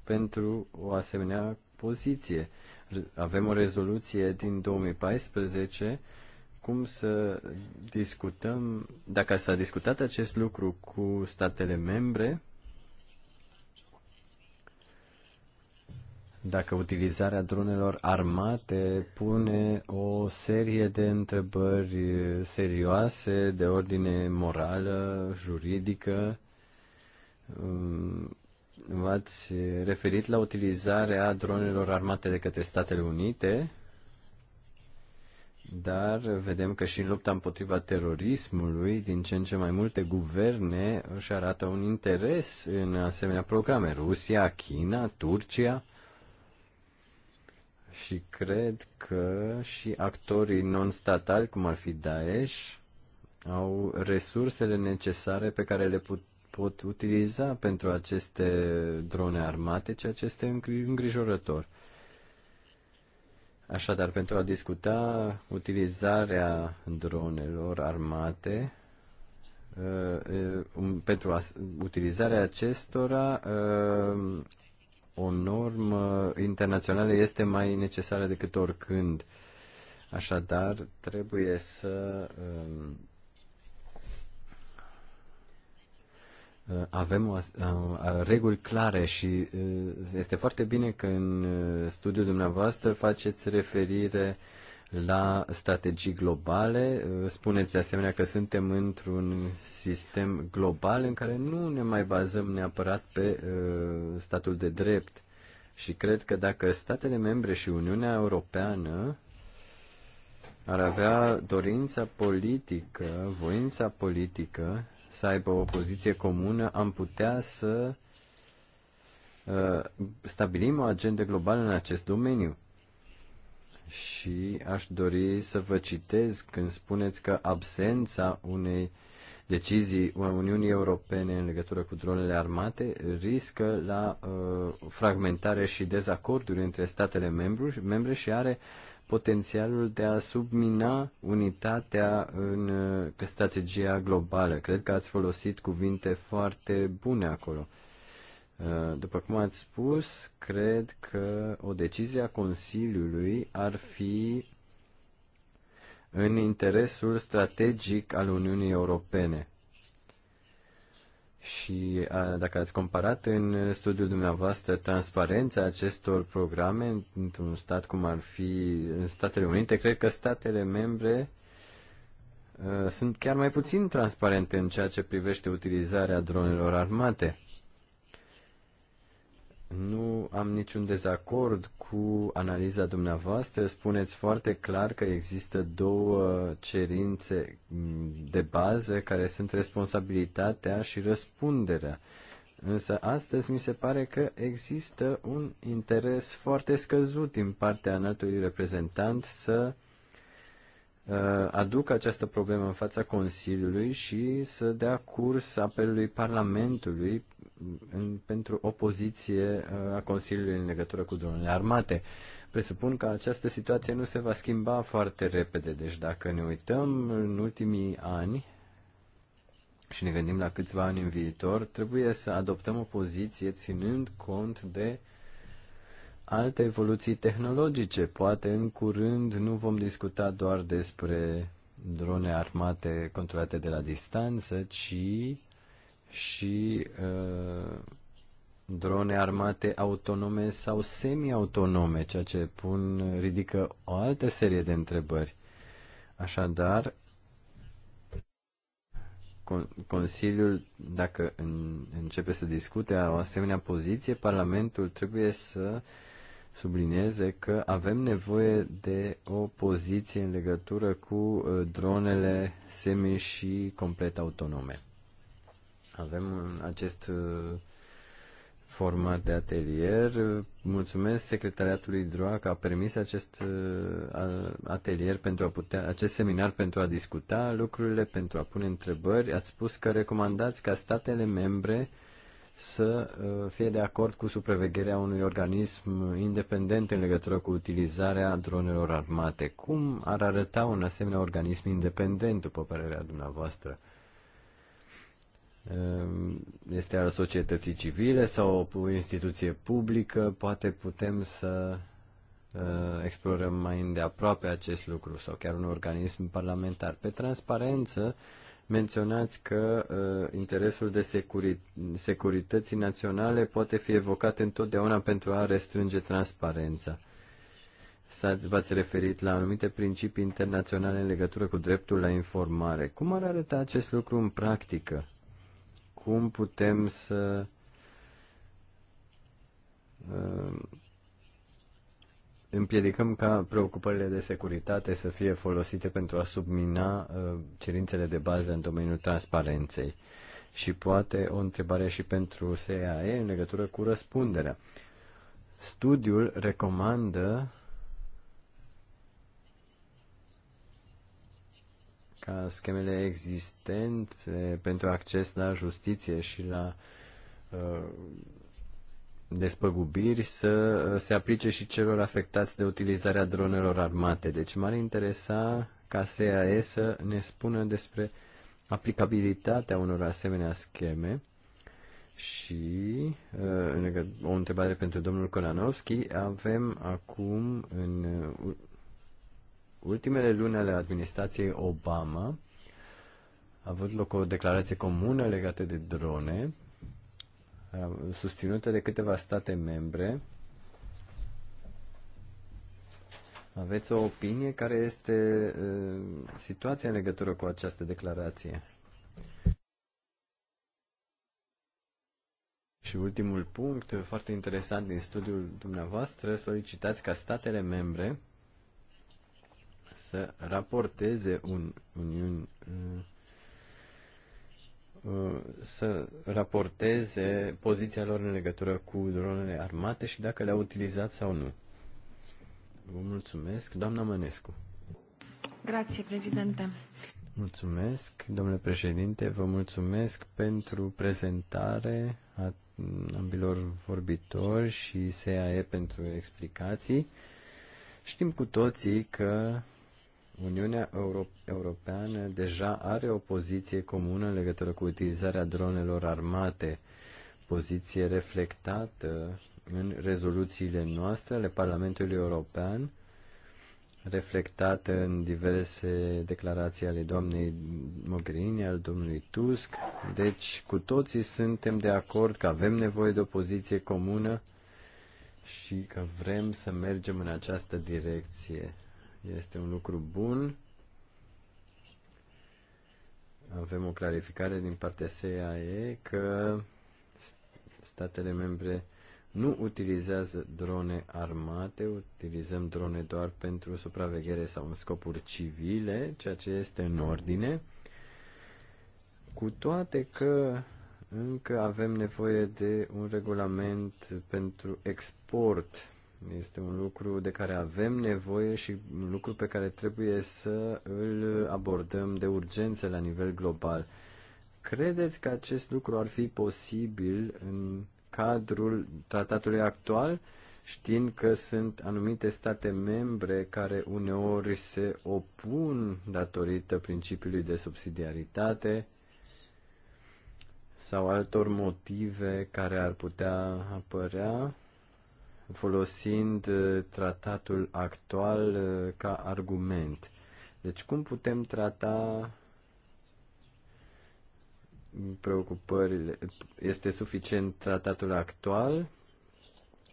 pentru o asemenea poziție. Avem o rezoluție din 2014 acum să discutăm, dacă s-a discutat acest lucru cu statele membre, dacă utilizarea dronelor armate pune o serie de întrebări serioase de ordine morală, juridică. V-ați referit la utilizarea dronelor armate de către Statele Unite dar vedem că și în lupta împotriva terorismului, din ce în ce mai multe guverne își arată un interes în asemenea programe. Rusia, China, Turcia și cred că și actorii non-statali, cum ar fi Daesh, au resursele necesare pe care le put, pot utiliza pentru aceste drone armate, ceea ce este îngrijorător. Așadar, pentru a discuta utilizarea dronelor armate, uh, uh, um, pentru a, utilizarea acestora, uh, o normă internațională este mai necesară decât oricând. Așadar, trebuie să um, Uh, avem o, uh, uh, reguli clare și este foarte bine că în studiul dumneavoastră faceți referire la strategii globale. Spuneți de asemenea că suntem într-un sistem global în care nu ne mai bazăm neapărat pe statul de drept. Și cred că dacă statele membre și Uniunea Europeană ar avea dorința politică, voința politică să aibă o poziție comună, am putea să uh, stabilim o agendă globală în acest domeniu. Și aș dori să vă citez când spuneți că absența unei decizii a Uniunii Europene în legătură cu dronele armate riscă la uh, fragmentare și dezacorduri între statele membru, membre și are potențialul de a submina unitatea în strategia globală. Cred că ați folosit cuvinte foarte bune acolo. Uh, după cum ați spus, cred că o decizie a Consiliului ar fi în interesul strategic al Uniunii Europene. Și a, dacă ați comparat în studiul dumneavoastră transparența acestor programe într-un stat cum ar fi în Statele Unite, cred că statele membre a, sunt chiar mai puțin transparente în ceea ce privește utilizarea dronelor armate nu am niciun dezacord cu analiza dumneavoastră. Spuneți foarte clar că există două cerințe de bază care sunt responsabilitatea și răspunderea. Însă astăzi mi se pare că există un interes foarte scăzut din partea înaltului reprezentant să Uh, aducă această problemă în fața Consiliului și să dea curs apelului Parlamentului în, pentru opoziție uh, a Consiliului în legătură cu dronele armate. Presupun că această situație nu se va schimba foarte repede, deci dacă ne uităm în ultimii ani și ne gândim la câțiva ani în viitor, trebuie să adoptăm o poziție ținând cont de uh, alte evoluții tehnologice. Poate în curând nu vom discuta doar despre drone armate controlate de la distanță, ci și uh, drone armate autonome sau semi-autonome, ceea ce pun, ridică o altă serie de întrebări. Așadar, Consiliul, dacă începe să discute o asemenea poziție, Parlamentul trebuie să sublinieze că avem nevoie de o poziție în legătură cu uh, dronele semi și complet autonome. Avem acest uh, format de atelier. Mulțumesc secretariatului DROA că a permis acest uh, atelier pentru a putea, acest seminar pentru a discuta lucrurile, pentru a pune întrebări. Ați spus că recomandați ca statele membre să uh, fie de acord cu supravegherea unui organism independent în legătură cu utilizarea dronelor armate. Cum ar arăta un asemenea organism independent, după părerea dumneavoastră? Uh, este al societății civile sau o instituție publică? Poate putem să uh, explorăm mai îndeaproape acest lucru sau chiar un organism parlamentar. Pe transparență, menționați că uh, interesul de securi- securității naționale poate fi evocat întotdeauna pentru a restrânge transparența. V-ați referit la anumite principii internaționale în legătură cu dreptul la informare. Cum ar arăta acest lucru în practică? Cum putem să uh, împiedicăm ca preocupările de securitate să fie folosite pentru a submina uh, cerințele de bază în domeniul transparenței. Și poate o întrebare și pentru SEAE în legătură cu răspunderea. Studiul recomandă ca schemele existente pentru acces la justiție și la uh, despăgubiri să se aplice și celor afectați de utilizarea dronelor armate. Deci m-ar interesa ca SAE să ne spună despre aplicabilitatea unor asemenea scheme și uh, o întrebare pentru domnul Kolanovski. Avem acum în ultimele luni ale administrației Obama a avut loc o declarație comună legată de drone susținută de câteva state membre. Aveți o opinie? Care este uh, situația în legătură cu această declarație? Și ultimul punct, foarte interesant din studiul dumneavoastră, solicitați ca statele membre să raporteze un, un un uh, Uh, să raporteze poziția lor în legătură cu dronele armate și dacă le-au utilizat sau nu. Vă mulțumesc, doamna Mănescu. Grație, președinte. Mulțumesc, domnule președinte, vă mulțumesc pentru prezentare a ambilor vorbitori și SAE pentru explicații. Știm cu toții că Uniunea Euro- Europeană deja are o poziție comună în legătură cu utilizarea dronelor armate, poziție reflectată în rezoluțiile noastre ale Parlamentului European, reflectată în diverse declarații ale doamnei Mogherini, al domnului Tusk. Deci, cu toții suntem de acord că avem nevoie de o poziție comună și că vrem să mergem în această direcție. Este un lucru bun. Avem o clarificare din partea SAE că statele membre nu utilizează drone armate, utilizăm drone doar pentru supraveghere sau în scopuri civile, ceea ce este în ordine, cu toate că încă avem nevoie de un regulament pentru export este un lucru de care avem nevoie și un lucru pe care trebuie să îl abordăm de urgență la nivel global. Credeți că acest lucru ar fi posibil în cadrul tratatului actual, știind că sunt anumite state membre care uneori se opun datorită principiului de subsidiaritate sau altor motive care ar putea apărea folosind uh, tratatul actual uh, ca argument. Deci cum putem trata preocupările? Este suficient tratatul actual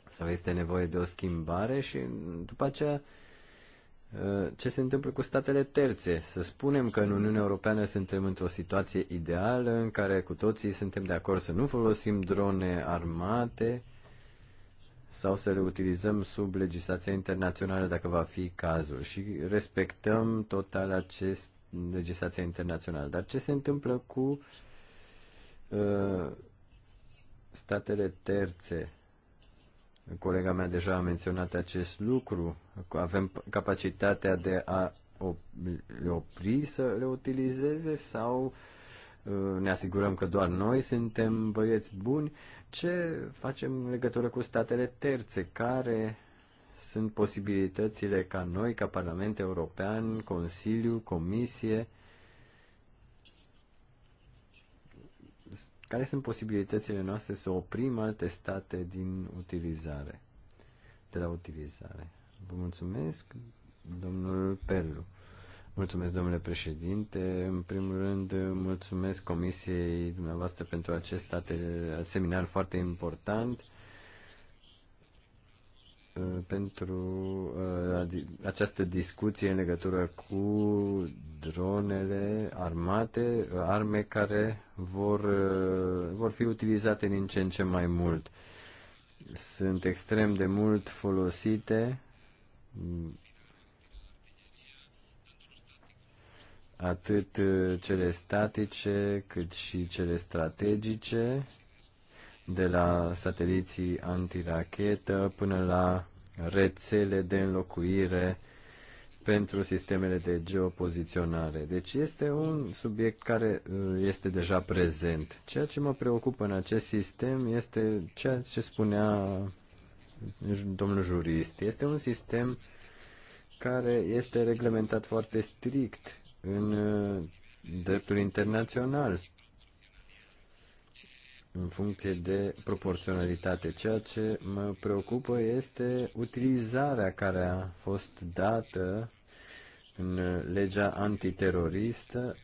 sau este nevoie de o schimbare și după aceea uh, ce se întâmplă cu statele terțe. Să spunem că în Uniunea Europeană suntem într-o situație ideală în care cu toții suntem de acord să nu folosim drone armate, sau să le utilizăm sub legislația internațională dacă va fi cazul și respectăm total acest legislația internațională. Dar ce se întâmplă cu uh, statele terțe? Colega mea deja a menționat acest lucru. Avem capacitatea de a le opri să le utilizeze sau uh, Uh, ne asigurăm că doar noi suntem băieți buni, ce facem în legătură cu statele terțe, care sunt posibilitățile ca noi, ca Parlament European, Consiliu, Comisie, care sunt posibilitățile noastre să oprim alte state din utilizare, de la utilizare. Vă mulțumesc, domnul Perlu. Mulțumesc, domnule președinte. În primul rând, mulțumesc comisiei dumneavoastră pentru acest seminar foarte important uh, pentru uh, această discuție în legătură cu dronele armate, arme care vor, uh, vor fi utilizate din ce în ce mai mult. Sunt extrem de mult folosite atât uh, cele statice cât și cele strategice, de la sateliții antirachetă până la rețele de înlocuire pentru sistemele de geopoziționare. Deci este un subiect care uh, este deja prezent. Ceea ce mă preocupă în acest sistem este ceea ce spunea domnul jurist. Este un sistem care este reglementat foarte strict în uh, dreptul internațional în funcție de proporționalitate. Ceea ce mă preocupă este utilizarea care a fost dată în legea antiteroristă,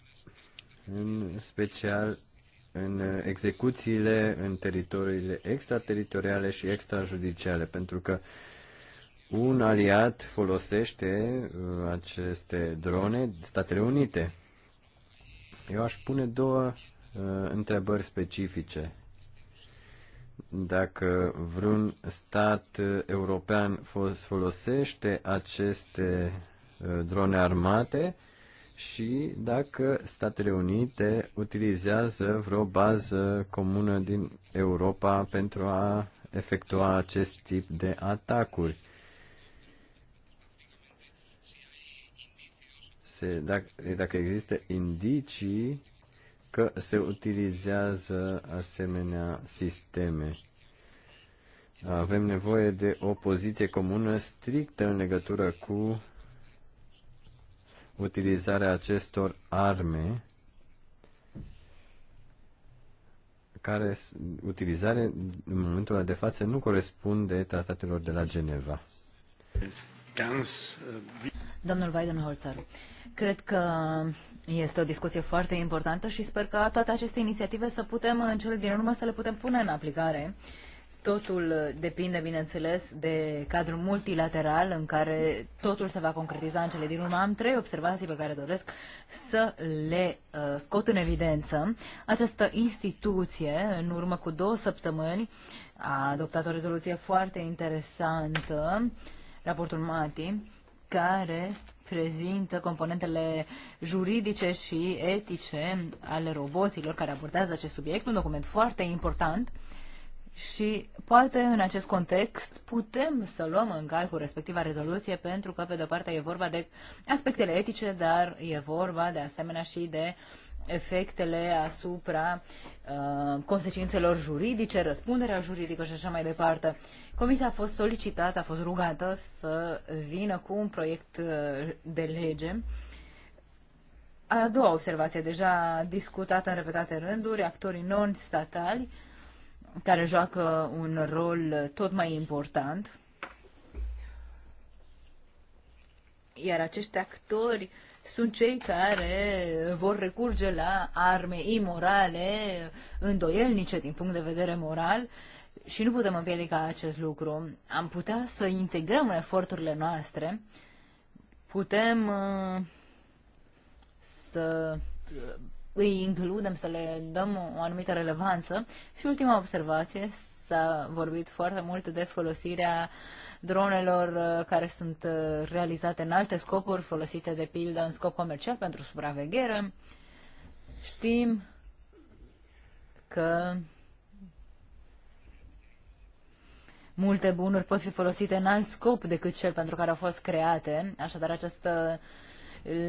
în special în execuțiile în teritoriile extrateritoriale și extrajudiciale, pentru că uh, un aliat folosește uh, aceste drone, Statele Unite. Eu aș pune două uh, întrebări specifice. Dacă vreun stat uh, european folosește aceste drone armate și dacă Statele Unite utilizează vreo bază comună din Europa pentru a efectua acest tip de atacuri se, dacă, dacă există indicii că se utilizează asemenea sisteme. Avem nevoie de o poziție comună strictă în legătură cu utilizarea acestor arme care utilizare în momentul de față nu corespunde tratatelor de la Geneva. Ganz äh, Domnul Weidenholzer, cred că este o discuție foarte importantă și sper că toate aceste inițiative să putem, în cele din urmă, să le putem pune în aplicare. Totul depinde, bineînțeles, de cadrul multilateral în care totul se va concretiza în cele din urmă. Am trei observații pe care doresc să le uh, scot în evidență. Această instituție, în urmă cu două săptămâni, a adoptat o rezoluție foarte interesantă, raportul MATI, care prezintă componentele juridice și etice ale roboților care abordează acest subiect, un document foarte important și poate în acest context putem să luăm în calcul respectiva rezoluție pentru că, pe de-o parte, e vorba de aspectele etice, dar e vorba de asemenea și de efectele asupra uh, consecințelor juridice, răspunderea juridică și așa mai departe. Uh, Comisia a fost solicitată, a fost rugată să vină cu un proiect uh, de lege. A doua observație, deja discutată în repetate rânduri, actorii non-statali care joacă un rol tot mai important. Iar acești actori sunt cei care vor recurge la arme imorale, îndoielnice din punct de vedere moral, uh, și nu putem împiedica acest lucru. Am putea să integrăm în eforturile noastre, putem uh, să uh, îi includem, să le dăm o anumită relevanță. Și ultima observație, s-a vorbit foarte mult de folosirea dronelor uh, care sunt realizate în alte scopuri, folosite de pildă în scop comercial pentru supraveghere. Știm că multe bunuri pot fi folosite în alt scop decât cel pentru care au fost create. Așadar, această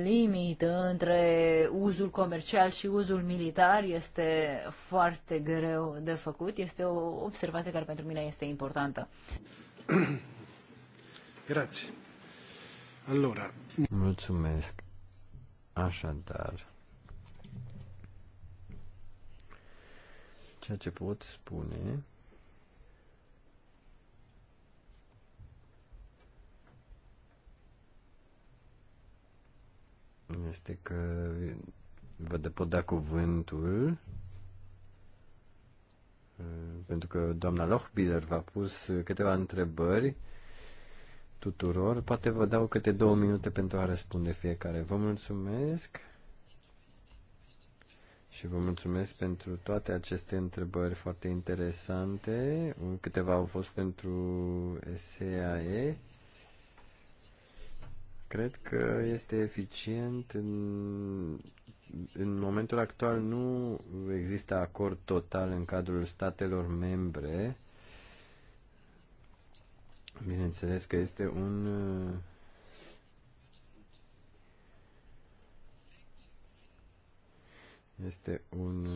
limită între uzul comercial și uzul militar este foarte greu de făcut. Este o observație care pentru mine este importantă. <coughs> Grazie. Allora. Mulțumesc. Așadar, ceea ce pot spune este că vă pot da cuvântul uh, pentru că doamna Lochbiller v-a pus câteva întrebări tuturor. Poate vă dau câte două minute pentru a răspunde fiecare. Vă mulțumesc și vă mulțumesc pentru toate aceste întrebări foarte interesante. Câteva au fost pentru SAE Cred că este eficient. În, în momentul actual nu există acord total în cadrul statelor membre. Bineînțeles că este un este un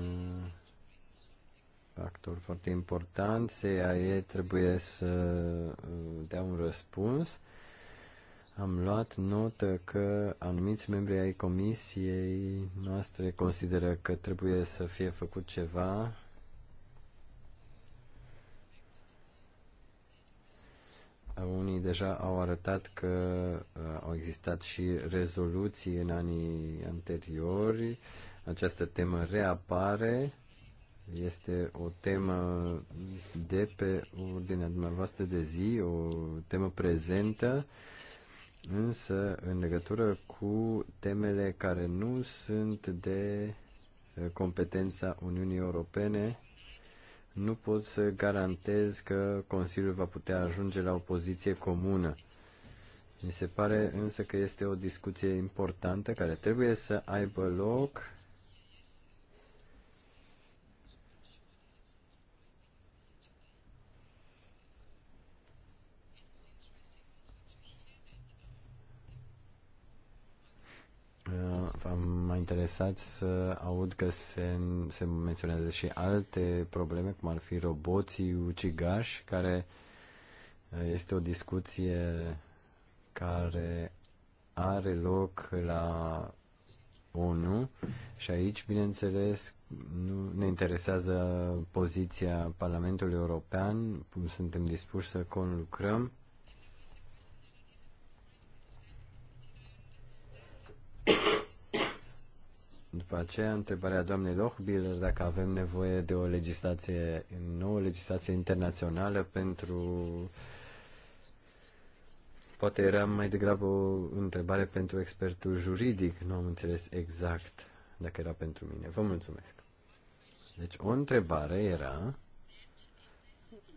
factor foarte important. CIA trebuie să uh, dea un răspuns am luat notă că anumiți membri ai comisiei noastre consideră că trebuie să fie făcut ceva Unii deja au arătat că uh, au existat și rezoluții în anii anteriori. Această temă reapare. Este o temă de pe ordinea dumneavoastră de zi, o temă prezentă însă în legătură cu temele care nu sunt de eh, competența Uniunii Europene, nu pot să garantez că Consiliul va putea ajunge la o poziție comună. Mi se pare însă că este o discuție importantă care trebuie să aibă loc Uh, v-am mai interesat să aud că se, se menționează și alte probleme, cum ar fi roboții ucigași, care uh, este o discuție care are loc la ONU și aici, bineînțeles, nu ne interesează poziția Parlamentului European, suntem dispuși să conlucrăm După aceea, întrebarea doamnei Lochbiller dacă avem nevoie de o legislație, nouă legislație internațională pentru... Poate era mai degrabă o întrebare pentru expertul juridic, nu am înțeles exact dacă era pentru mine. Vă mulțumesc. Deci o întrebare era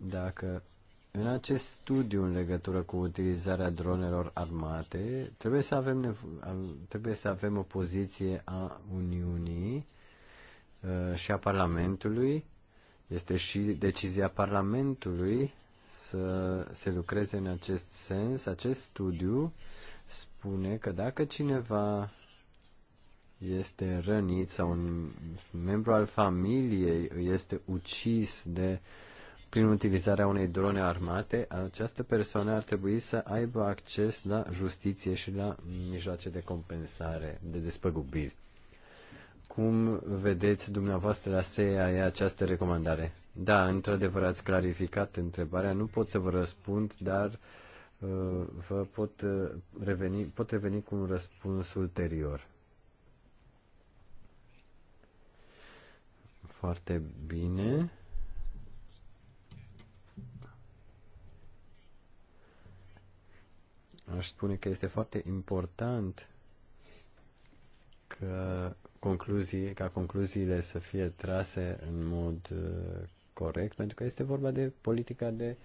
dacă în acest studiu în legătură cu utilizarea dronelor armate, trebuie să avem, trebuie să avem o poziție a Uniunii uh, și a Parlamentului. Este și decizia Parlamentului să se lucreze în acest sens. Acest studiu spune că dacă cineva este rănit sau un membru al familiei este ucis de uh, prin utilizarea unei drone armate, această persoană ar trebui să aibă acces la justiție și la mijloace de compensare, de despăgubiri. Cum vedeți dumneavoastră la e această recomandare? Da, într-adevăr ați clarificat întrebarea, nu pot să vă răspund, dar uh, vă pot uh, reveni, pot reveni cu un răspuns ulterior. Foarte bine. aș spune că este foarte important că concluzii, ca concluziile să fie trase în mod uh, corect, pentru că este vorba de politica de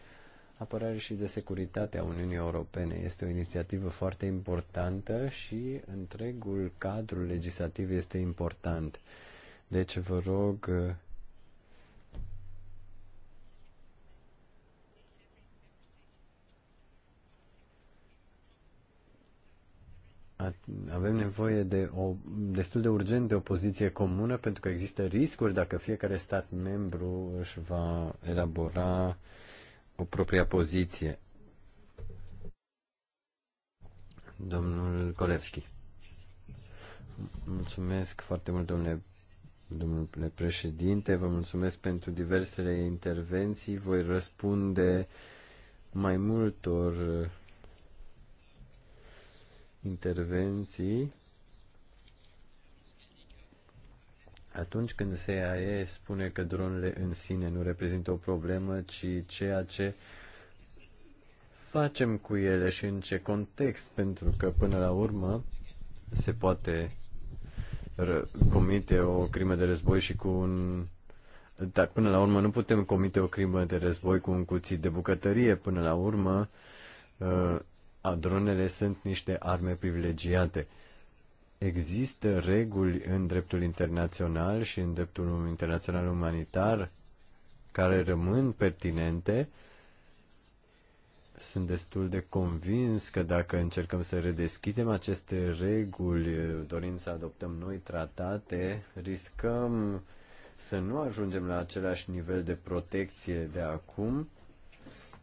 apărare și de securitate a Uniunii Europene. Este o inițiativă foarte importantă și întregul cadru legislativ este important. Deci vă rog uh, avem nevoie de o, destul de urgent de o poziție comună pentru că există riscuri dacă fiecare stat membru își va elabora o propria poziție. Domnul Kolevski. Mulțumesc foarte mult, domnule, domnule președinte. Vă mulțumesc pentru diversele intervenții. Voi răspunde mai multor intervenții atunci când SAE spune că dronele în sine nu reprezintă o problemă, ci ceea ce facem cu ele și în ce context, pentru că până la urmă se poate comite o crimă de război și cu un dar până la urmă nu putem comite o crimă de război cu un cuțit de bucătărie. Până la urmă ă, dronele sunt niște arme privilegiate. Există reguli în dreptul internațional și în dreptul internațional umanitar care rămân pertinente. Sunt destul de convins că dacă încercăm să redeschidem aceste reguli, dorind să adoptăm noi tratate, riscăm să nu ajungem la același nivel de protecție de acum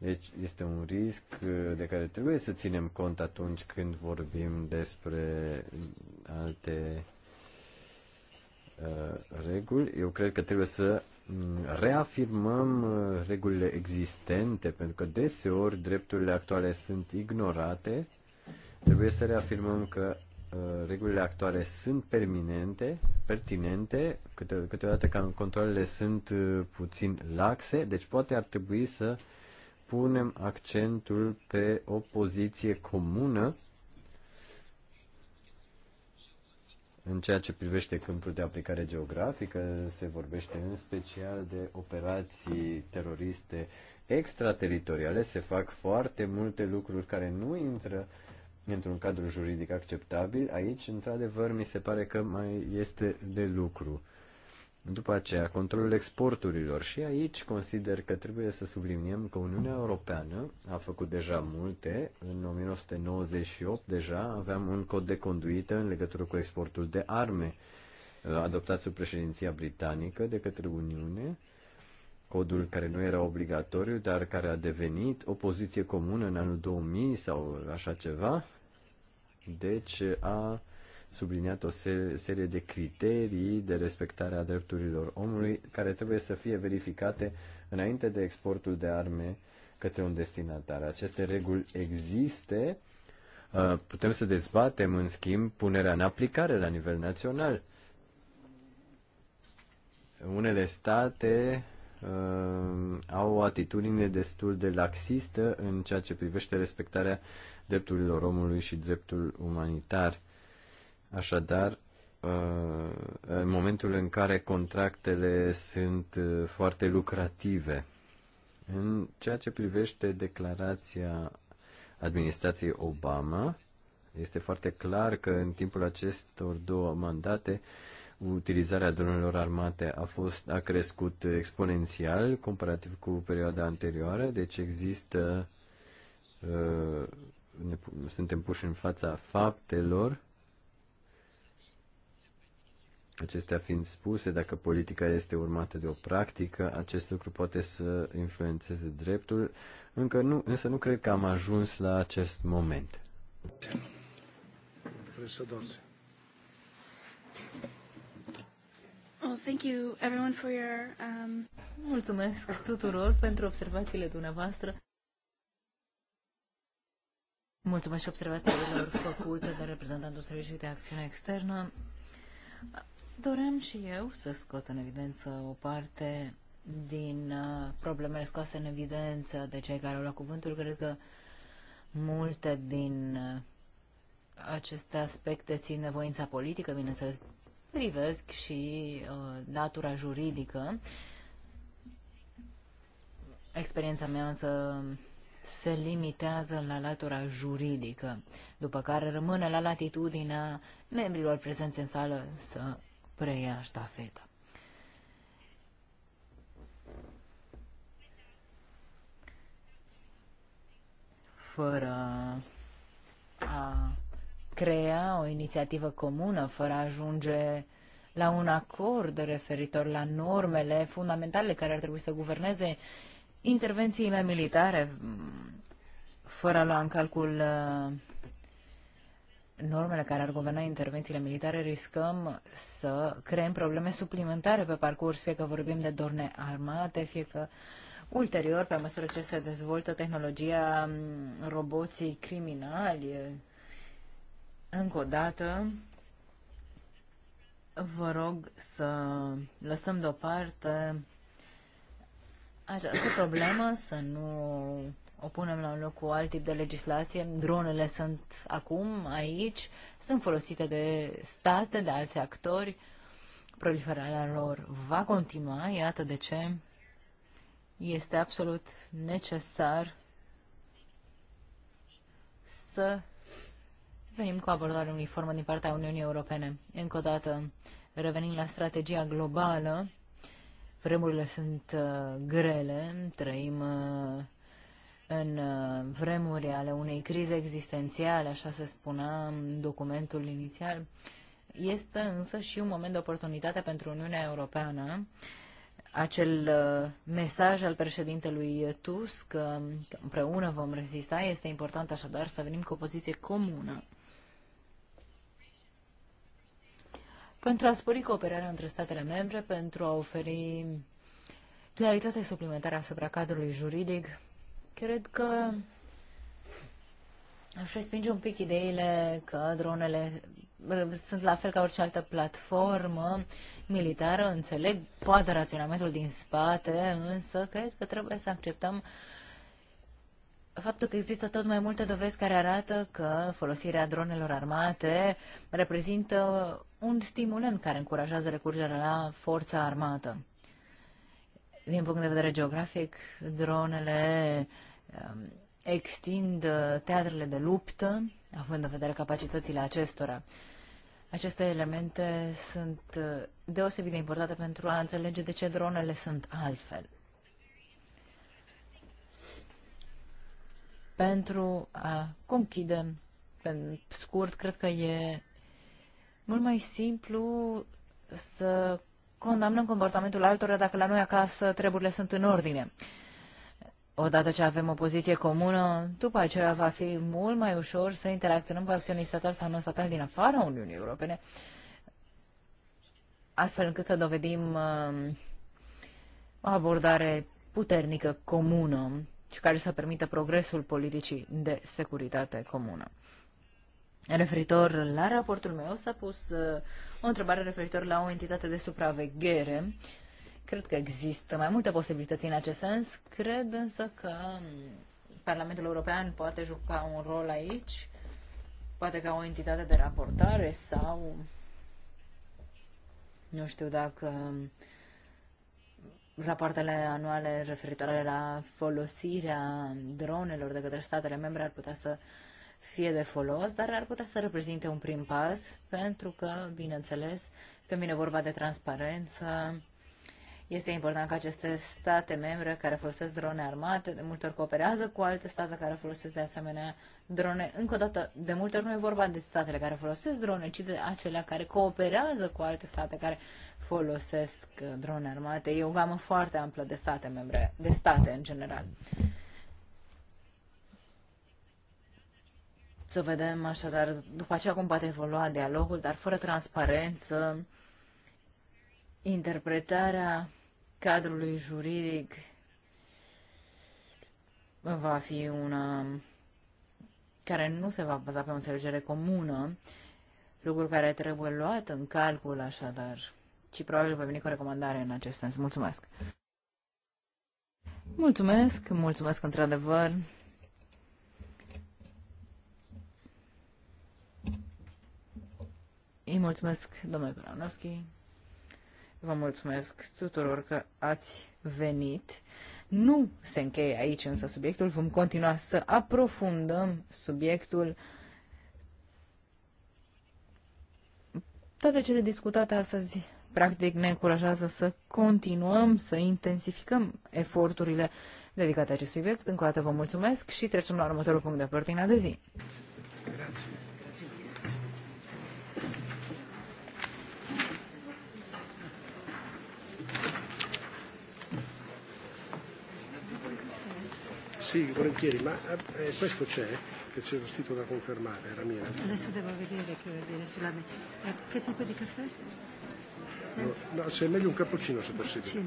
deci este un risc uh, de care trebuie să ținem cont atunci când vorbim despre alte uh, reguli. Eu cred că trebuie să mm, reafirmăm uh, regulile existente, pentru că deseori drepturile actuale sunt ignorate. Trebuie să reafirmăm că regulile actuale sunt permanente, pertinente, câte, câteodată controlele sunt puțin laxe, deci poate ar trebui să uh, punem accentul pe o poziție comună În ceea ce privește câmpul de aplicare geografică, se vorbește în special de operații teroriste extrateritoriale. Se fac foarte multe lucruri care nu intră într-un cadru juridic acceptabil. Aici, într-adevăr, mi se pare că mai este de lucru. După aceea, controlul exporturilor. Și aici consider că trebuie să subliniem că Uniunea Europeană a făcut deja multe. În 1998 deja aveam un cod de conduită în legătură cu exportul de arme uh, adoptat sub președinția britanică de către Uniune, codul care nu era obligatoriu, dar care a devenit o poziție comună în anul 2000 sau așa ceva. Deci a subliniat o serie de criterii de respectare a drepturilor omului care trebuie să fie verificate înainte de exportul de arme către un destinatar. Aceste reguli există, uh, putem să dezbatem, în schimb, punerea în aplicare la nivel național. Unele state uh, au o atitudine destul de laxistă în ceea ce privește respectarea drepturilor omului și dreptul umanitar. Așadar, uh, în momentul în care contractele sunt uh, foarte lucrative, în ceea ce privește declarația administrației Obama, este foarte clar că în timpul acestor două mandate utilizarea dronelor armate a fost a crescut exponențial comparativ cu perioada anterioară, deci există uh, ne, suntem puși în fața faptelor Acestea fiind spuse, dacă politica este urmată de o practică, acest lucru poate să influențeze dreptul, încă nu, însă nu cred că am ajuns la acest moment. Um, Mulțumesc tuturor pentru observațiile dumneavoastră. Mulțumesc și observațiilor făcute de reprezentantul Serviciului de Acțiune Externă. Doream și eu să scot în evidență o parte din uh, problemele scoase în evidență de cei care au luat cuvântul. Cred că multe din uh, aceste aspecte țin de voința politică, bineînțeles, privesc și uh, natura juridică. Experiența mea însă se limitează la latura juridică, după care rămâne la latitudinea membrilor prezenți în sală să preia ștafeta. Fără a crea o inițiativă comună, fără a ajunge la un acord referitor la normele fundamentale care ar trebui să guverneze intervențiile militare, fără a lua în calcul uh, normele care ar guverna intervențiile militare, riscăm să creăm probleme suplimentare pe parcurs, fie că vorbim de dorne armate, fie că ulterior, pe măsură ce se dezvoltă tehnologia roboții criminali, încă o dată, vă rog să lăsăm deoparte această problemă, să nu o punem la un loc cu alt tip de legislație. Dronele sunt acum aici, sunt folosite de state, de alți actori. Proliferarea lor va continua, iată de ce este absolut necesar să venim cu abordare uniformă din partea Uniunii Europene. Încă o dată, revenim la strategia globală, vremurile sunt uh, grele, trăim uh, în uh, vremuri ale unei crize existențiale, așa se spunea în documentul inițial, este însă și un moment de oportunitate pentru Uniunea Europeană. Acel uh, mesaj al președintelui Tusk, uh, că împreună vom rezista, este important așadar să venim cu o poziție comună. Pentru a spori cooperarea între statele membre, pentru a oferi claritate suplimentară asupra cadrului juridic, Cred că aș respinge un pic ideile că dronele sunt la fel ca orice altă platformă militară, înțeleg poate raționamentul din spate, însă cred că trebuie să acceptăm faptul că există tot mai multe dovezi care arată că folosirea dronelor armate reprezintă un stimulant care încurajează recurgerea la forța armată. Din punct de vedere geografic, dronele um, extind uh, teatrele de luptă, având în vedere capacitățile acestora. Aceste elemente sunt uh, deosebit de importante pentru a înțelege de ce dronele sunt altfel. Pentru a conchide, pe scurt, cred că e mult mai simplu să condamnăm comportamentul altora dacă la noi acasă treburile sunt în ordine. Odată ce avem o poziție comună, după aceea va fi mult mai ușor să interacționăm cu acțiunii statali sau non-statali din afara Uniunii Europene, astfel încât să dovedim uh, o abordare puternică comună și care să permită progresul politicii de securitate comună referitor la raportul meu s-a pus uh, o întrebare referitor la o entitate de supraveghere. Cred că există mai multe posibilități în acest sens. Cred însă că um, Parlamentul European poate juca un rol aici, poate ca o entitate de raportare sau nu știu dacă um, rapoartele anuale referitoare la folosirea dronelor de către statele membre ar putea să uh, fie de folos, dar ar putea să reprezinte un prim pas, pentru că, bineînțeles, când vine vorba de transparență, este important ca aceste state membre care folosesc drone armate, de multe ori cooperează cu alte state care folosesc de asemenea drone. Încă o dată, de multe ori nu e vorba de statele care folosesc drone, ci de acelea care cooperează cu alte state care folosesc drone armate. E o gamă foarte amplă de state membre, de state în general. Să vedem așadar după aceea cum poate evolua dialogul, dar fără transparență, interpretarea cadrului juridic va fi una care nu se va baza pe o înțelegere comună, lucru care trebuie luat în calcul așadar, ci probabil va veni cu o recomandare în acest sens. Mulțumesc! Mulțumesc, mulțumesc într-adevăr Îi mulțumesc, domnule Branovski. Vă mulțumesc tuturor că ați venit. Nu se încheie aici însă subiectul, vom continua să aprofundăm subiectul. Toate cele discutate astăzi practic ne încurajează să continuăm, să intensificăm eforturile dedicate acestui subiect. Încă o dată vă mulțumesc și trecem la următorul punct de pe de zi. Grazie. Sì, volentieri, ma eh, eh, questo c'è, che c'è lo sito da confermare, mia. Adesso devo vedere che vuol dire sulla me. Eh, che tipo di caffè? Se... No, no, se è meglio un cappuccino se possibile. Sì.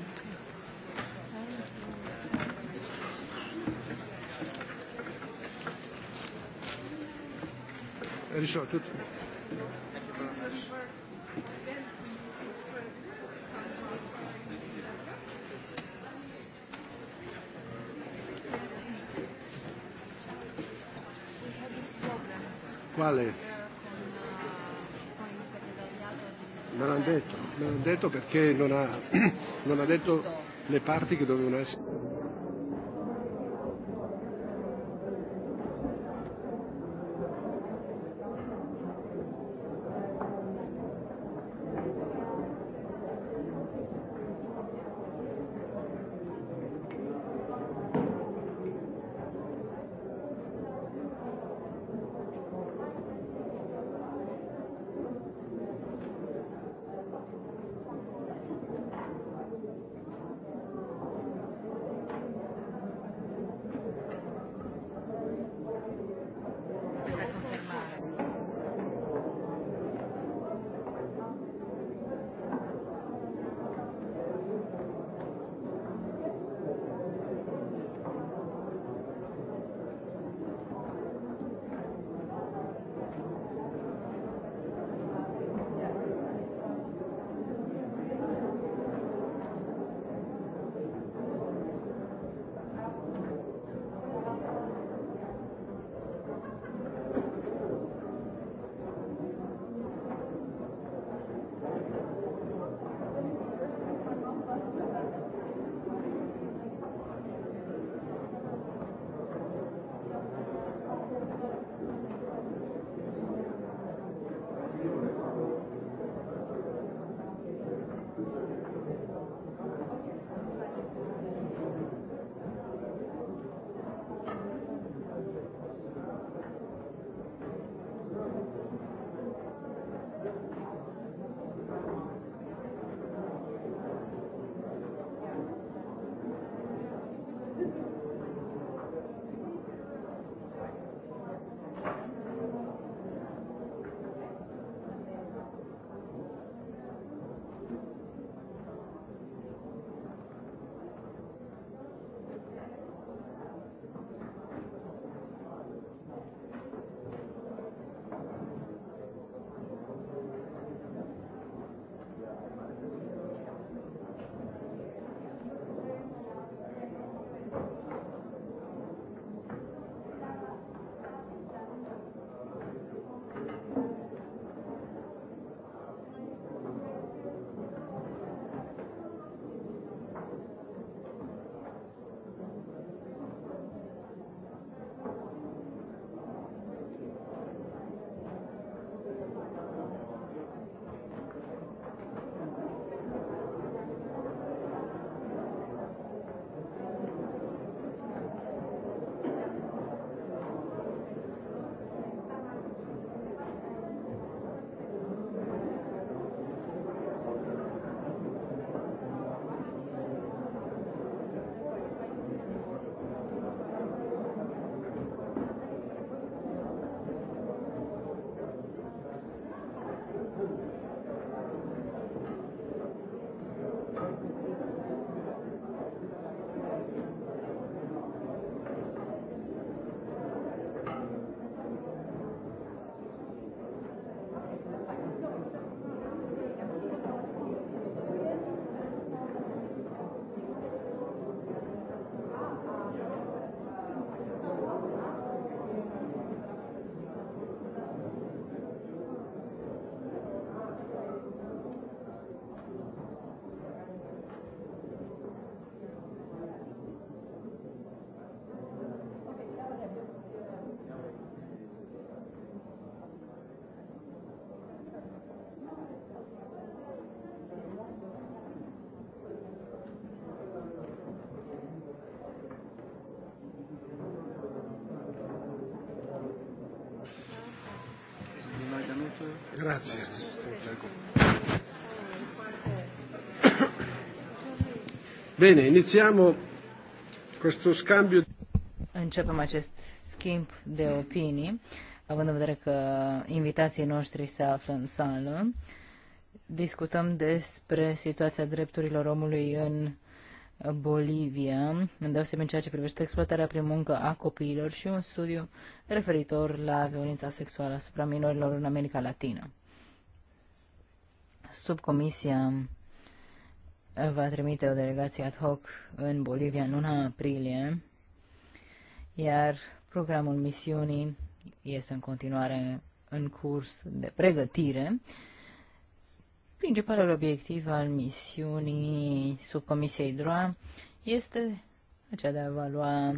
Risolto tutto. generale. Non hanno detto, non hanno detto perché non ha, <clears throat> non ha detto le parti che dovevano essere. Gracias. Bine, inițiamo questo scambio. Începem acest schimb de opinii, având în vedere că invitații noștri se află în sală. Discutăm despre situația drepturilor omului în Bolivia, îndeosebit în ceea ce privește exploatarea prin muncă a copiilor și un studiu referitor la violența sexuală asupra minorilor în America Latină. Subcomisia va trimite o delegație ad hoc în Bolivia în luna aprilie, iar programul misiunii este în continuare în curs de pregătire. Principalul obiectiv al misiunii subcomisiei DROA este acea de a evalua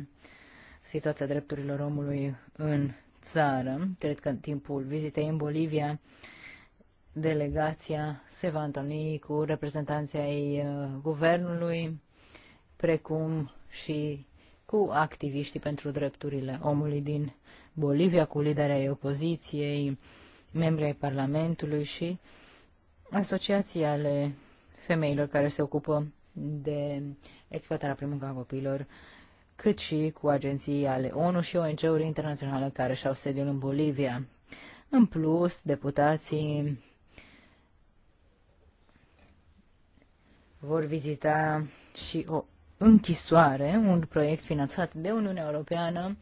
situația drepturilor omului în țară. Cred că în timpul vizitei în Bolivia, delegația se va întâlni cu reprezentanții ai uh, guvernului, precum și cu activiștii pentru drepturile omului din Bolivia, cu liderii opoziției, membrii ai Parlamentului și asociații ale femeilor care se ocupă de exploatarea pe munca copiilor, cât și cu agenții ale ONU și ONG-uri internaționale care și-au sediul în Bolivia. În plus, deputații vor vizita și o închisoare, un proiect finanțat de Uniunea Europeană.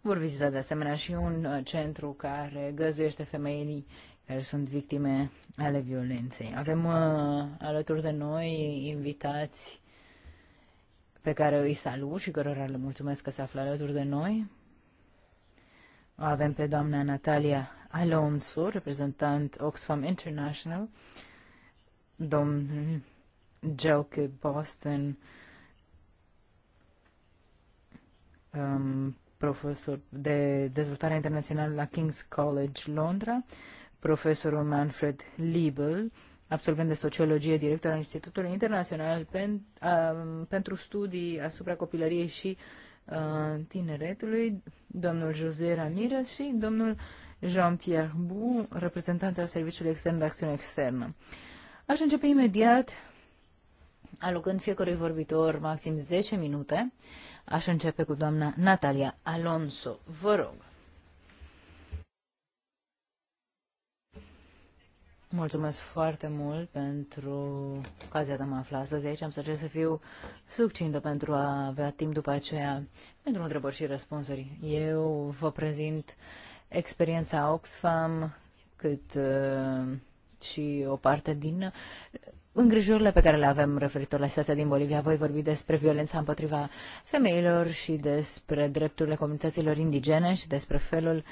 Vor vizita de asemenea și un centru care găzduiește femei care sunt victime ale violenței. Avem uh, alături de noi invitați pe care îi salut și cărora le mulțumesc că se află alături de noi. O avem pe doamna Natalia Alonso, reprezentant Oxfam International, domnul Joke Boston, um, profesor de dezvoltare internațională la King's College Londra, profesorul Manfred Liebel, absolvent de sociologie, director al Institutului Internațional pen, uh, pentru studii asupra copilăriei și uh, tineretului, domnul José Ramirez și domnul Jean-Pierre Bou, reprezentant al Serviciului Extern de Acțiune Externă. Aș începe imediat alocând fiecărui vorbitor maxim 10 minute. Aș începe cu doamna Natalia Alonso. Vă rog. Mulțumesc foarte mult pentru ocazia de a mă afla astăzi aici. Am să cer să fiu succintă pentru a avea timp după aceea pentru întrebări și răspunsuri. Eu vă prezint experiența Oxfam, cât uh, și o parte din îngrijorile pe care le avem referitor la situația din Bolivia. Voi vorbi despre violența împotriva femeilor și despre drepturile comunităților indigene și despre felul uh,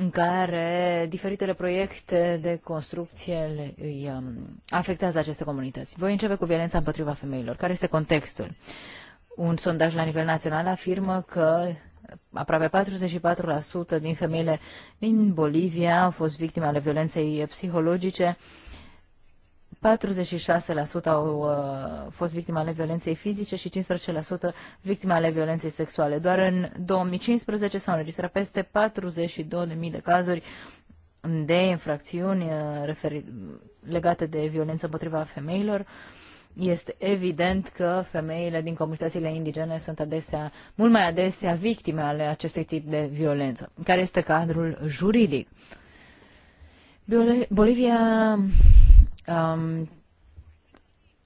în care diferitele proiecte de construcție le, îi um, afectează aceste comunități. Voi începe cu violența împotriva femeilor. Care este contextul? Un sondaj la nivel național afirmă că aproape 44% din femeile din Bolivia au fost victime ale violenței psihologice uh, 46% au uh, fost victime ale violenței fizice și 15% victime ale violenței sexuale. Doar în 2015 s-au înregistrat peste 42.000 de cazuri de infracțiuni uh, referi- legate de violență împotriva femeilor. Este evident că femeile din comunitățile indigene sunt adesea, mult mai adesea victime ale acestui tip de violență. Care este cadrul juridic? Bolivia um,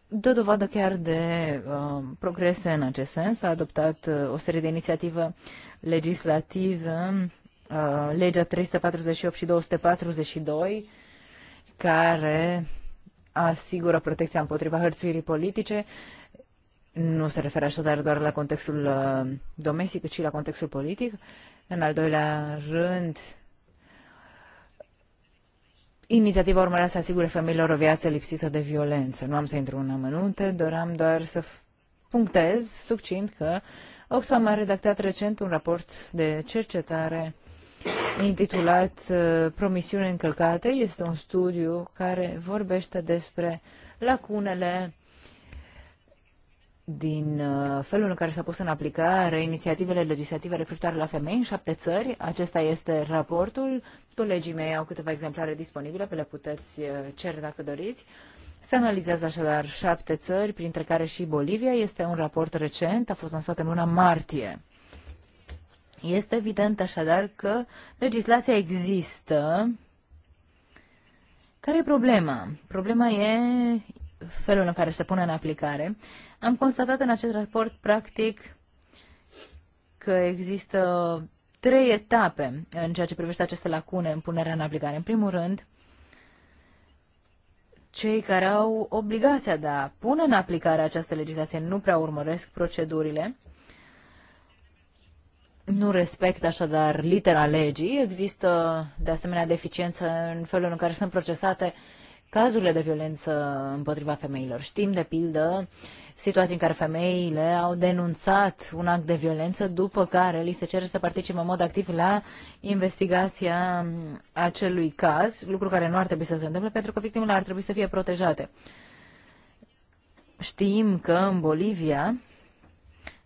dă dovadă chiar de uh, progrese în acest sens. A adoptat uh, o serie de inițiative legislative, uh, legea 348 și 242, care asigură protecția împotriva hărțuirii politice. Nu se referă așadar doar la contextul uh, domestic, ci și la contextul politic. În al doilea rând, Inițiativa urmărea să asigure femeilor o viață lipsită de violență. Nu am să intru în amănunte, doream doar să punctez succint că Oxfam a redactat recent un raport de cercetare intitulat uh, Promisiune încălcate. Este un studiu care vorbește despre lacunele din uh, felul în care s-a pus în aplicare inițiativele legislative referitoare la femei în șapte țări. Acesta este raportul. Colegii mei au câteva exemplare disponibile, pe le puteți uh, cere dacă doriți. Se analizează așadar șapte țări, printre care și Bolivia. Este un raport recent, a fost lansat în luna martie. Este evident așadar că legislația există. Care e problema? Problema e felul în care se pune în aplicare. Am constatat în acest raport, practic, că există trei etape în ceea ce privește aceste lacune în punerea în aplicare. În primul rând, cei care au obligația de a pune în aplicare această legislație nu prea urmăresc procedurile, nu respectă așadar litera legii. Există de asemenea deficiență în felul în care sunt procesate cazurile de violență împotriva femeilor. Știm, de pildă, situații în care femeile au denunțat un act de violență, după care li se cere să participe în mod activ la investigația acelui caz, lucru care nu ar trebui să se întâmple, pentru că victimele ar trebui să fie protejate. Știm că în Bolivia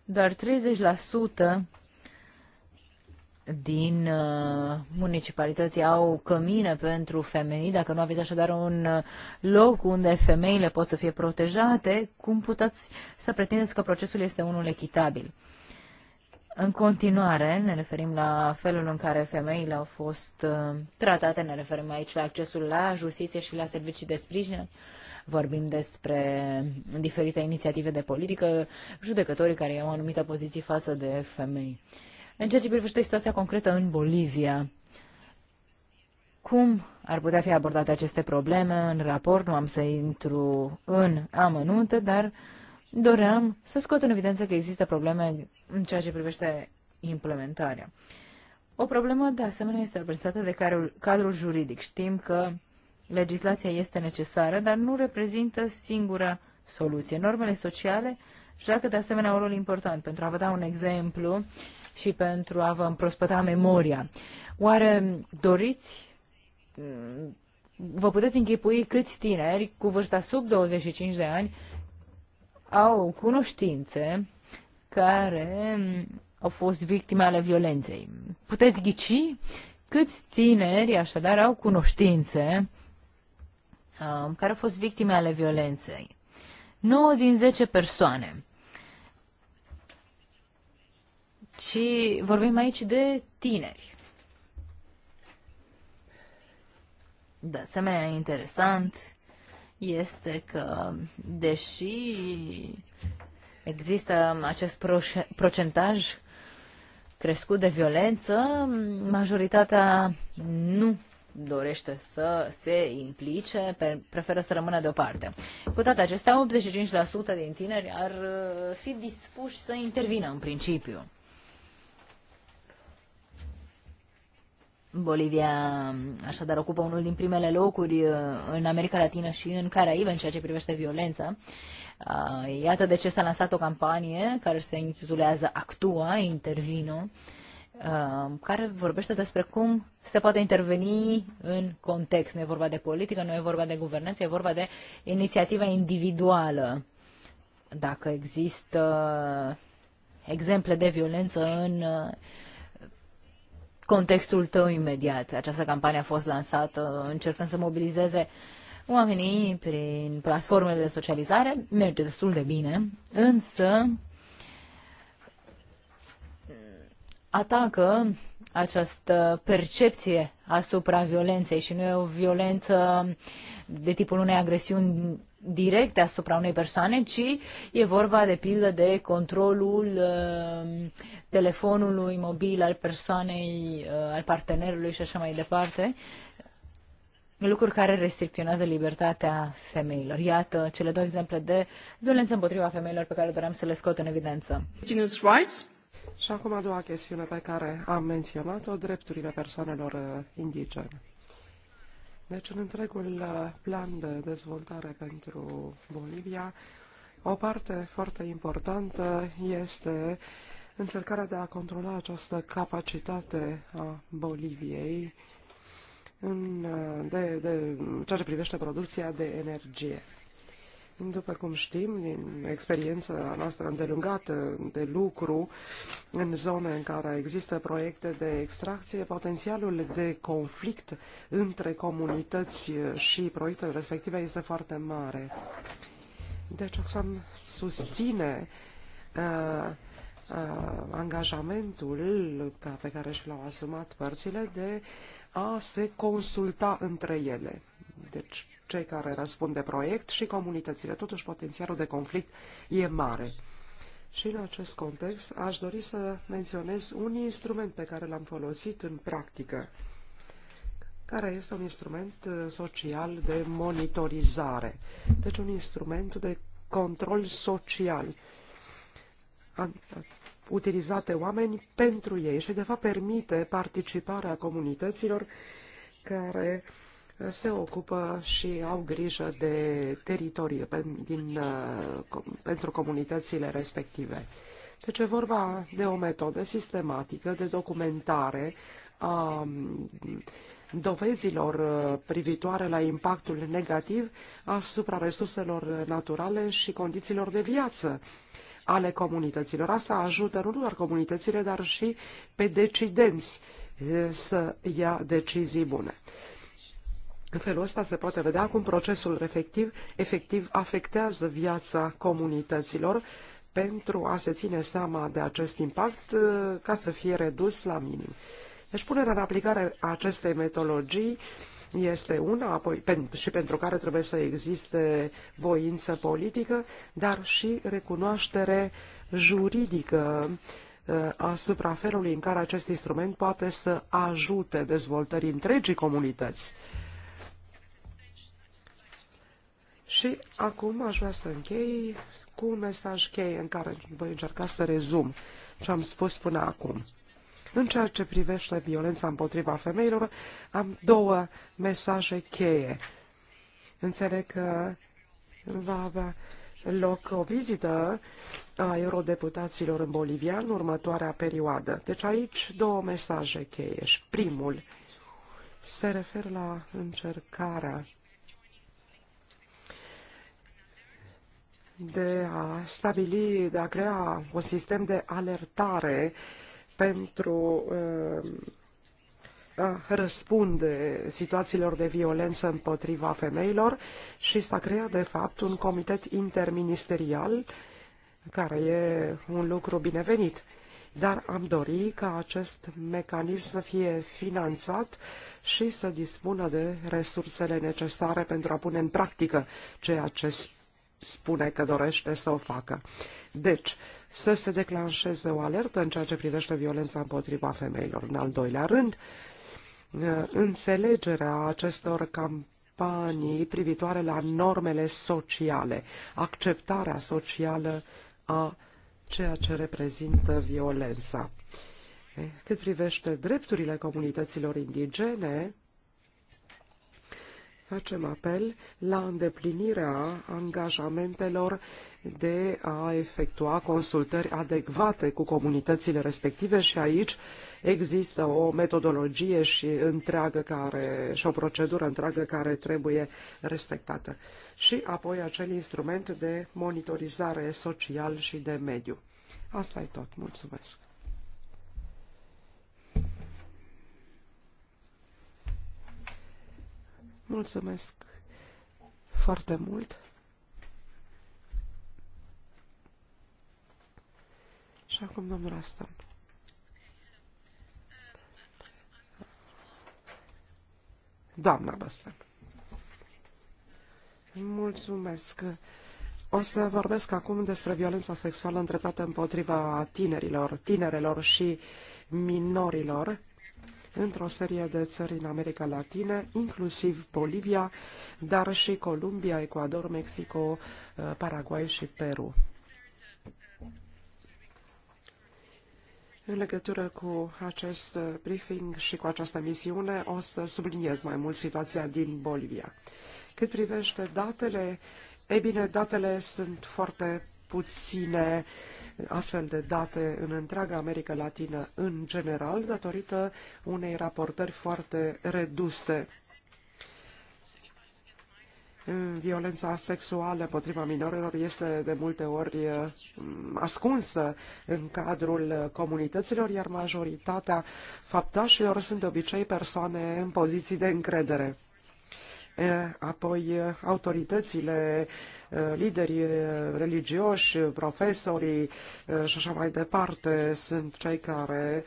doar 30% din uh, municipalități au cămine pentru femei, dacă nu aveți așadar un uh, loc unde femeile pot să fie protejate, cum puteți să pretindeți că procesul este unul echitabil? În continuare, ne referim la felul în care femeile au fost uh, tratate, ne referim aici la accesul la justiție și la servicii de sprijin. Vorbim despre diferite inițiative de politică, judecătorii care iau anumite poziții față de femei. Uh, în ceea ce privește situația concretă în Bolivia, cum ar putea fi abordate aceste probleme în raport? Nu am să intru în amănunte, dar doream să scot în evidență că există probleme în ceea ce privește implementarea. O problemă, de asemenea, este reprezentată de cadrul juridic. Știm că legislația este necesară, dar nu reprezintă singura soluție. Normele sociale joacă, de asemenea, un rol important. Pentru a vă da un exemplu, și pentru a vă împrospăta memoria. Oare doriți vă puteți închipui câți tineri cu vârsta sub 25 de ani au cunoștințe care au fost victime ale violenței. Puteți ghici câți tineri așadar au cunoștințe um, care au fost victime ale violenței. 9 din 10 persoane. ci vorbim aici de tineri. De asemenea, interesant este că, deși există acest procentaj crescut de violență, majoritatea nu dorește să se implice, preferă să rămână deoparte. Cu toate acestea, 85% din tineri ar uh, fi dispuși să intervină în principiu. Bolivia așadar ocupă unul din primele locuri uh, în America Latină și în Caraibe în ceea ce privește violența. Uh, iată de ce s-a lansat o campanie care se intitulează Actua, Intervino, uh, care vorbește despre cum se poate interveni în context. Nu e vorba de politică, nu e vorba de guvernanță, e vorba de inițiativa individuală. Dacă există exemple de violență în contextul tău imediat. Această campanie a fost lansată încercând să mobilizeze oamenii prin platformele de socializare. Merge destul de bine, însă atacă această percepție asupra violenței și nu e o violență de tipul unei agresiuni directe asupra unei persoane, ci e vorba de pildă de controlul uh, telefonului mobil al persoanei, uh, al partenerului și așa mai departe. Lucruri care restricționează libertatea femeilor. Iată cele două exemple de violență împotriva femeilor pe care doream să le scot în evidență. Rights. Și acum a doua chestiune pe care am menționat-o, drepturile persoanelor uh, indigene. Deci în întregul uh, plan de dezvoltare pentru Bolivia, o parte foarte importantă este încercarea de a controla această capacitate a Boliviei în, uh, de, de ceea ce privește producția de energie. După cum știm, din experiența noastră îndelungată de lucru în zone în care există proiecte de extracție, potențialul de conflict între comunități și proiectele respective este foarte mare. Deci Oxfam susține uh, uh, angajamentul ca, pe care și l-au asumat părțile de a se consulta între ele. Deci cei care răspund de proiect și comunitățile. Totuși, potențialul de conflict e mare. Și în acest context aș dori să menționez un instrument pe care l-am folosit în practică, care este un instrument uh, social de monitorizare, deci un instrument de control social utilizate oameni pentru ei și, de fapt, permite participarea comunităților care uh, se ocupă și au grijă de teritoriu din, uh, pentru comunitățile respective. Deci e vorba de o metodă sistematică de documentare a um, dovezilor uh, privitoare la impactul negativ asupra resurselor naturale și condițiilor de viață ale comunităților. Asta ajută nu doar comunitățile, dar și pe decidenți uh, să ia decizii bune. În felul ăsta se poate vedea cum procesul efectiv, efectiv afectează viața comunităților pentru a se ține seama de acest impact uh, ca să fie redus la minim. Deci punerea în aplicare a acestei metodologii este una apoi, pen, și pentru care trebuie să existe voință politică, dar și recunoaștere juridică uh, asupra felului în care acest instrument poate să ajute dezvoltării întregii comunități. Și acum aș vrea să închei cu un mesaj cheie în care voi încerca să rezum ce am spus până acum. În ceea ce privește violența împotriva femeilor, am două mesaje cheie. Înțeleg că va avea loc o vizită a eurodeputaților în Bolivia în următoarea perioadă. Deci aici două mesaje cheie. Și primul se referă la încercarea de a stabili, de a crea un sistem de alertare pentru uh, a răspunde situațiilor de violență împotriva femeilor și s-a creat, de fapt, un comitet interministerial, care e un lucru binevenit. Dar am dori ca acest mecanism să fie finanțat și să dispună de resursele necesare pentru a pune în practică ceea ce spune că dorește să o facă. Deci, să se declanșeze o alertă în ceea ce privește violența împotriva femeilor. În al doilea rând, uh, înțelegerea acestor campanii privitoare la normele sociale, acceptarea socială a ceea ce reprezintă violența. Eh, cât privește drepturile comunităților indigene, facem apel la îndeplinirea angajamentelor de a efectua consultări adecvate cu comunitățile respective și aici există o metodologie și întreagă care, și o procedură întreagă care trebuie respectată. Și apoi acel instrument de monitorizare social și de mediu. Asta e tot. Mulțumesc. Mulțumesc foarte mult. Și acum domnul Astan. Doamna Băstă. Mulțumesc. O să vorbesc acum despre violența sexuală îndreptată împotriva tinerilor, tinerelor și minorilor într-o serie de țări în America Latină, inclusiv Bolivia, dar și Columbia, Ecuador, Mexico, uh, Paraguay și Peru. În legătură cu acest briefing și cu această misiune, o să subliniez mai mult situația din Bolivia. Cât privește datele, ei bine, datele sunt foarte puține uh, astfel de date în întreaga America Latină în general, datorită unei raportări foarte reduse. Violența sexuală împotriva minorilor este de multe ori eh, ascunsă în cadrul comunităților, iar majoritatea faptașilor sunt de obicei persoane în poziții de încredere apoi autoritățile, liderii religioși, profesorii și așa mai departe sunt cei care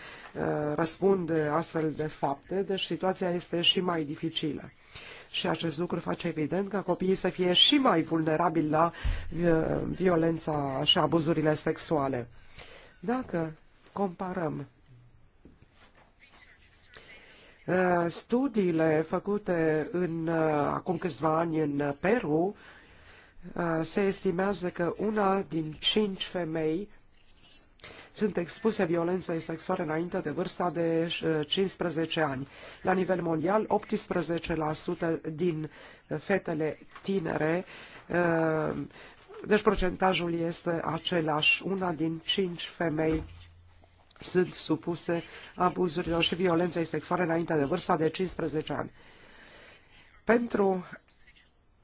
răspund de astfel de fapte, deci situația este și mai dificilă. Și acest lucru face evident ca copiii să fie și mai vulnerabili la violența și abuzurile sexuale. Dacă comparăm Uh, studiile făcute în, uh, acum câțiva ani în Peru uh, se estimează că una din cinci femei sunt expuse violenței sexuale înainte de vârsta de 15 ani. La nivel mondial, 18% din fetele tinere, deci procentajul este același, una din cinci femei sunt supuse abuzurilor și violenței sexuale înainte de vârsta de 15 ani. Pentru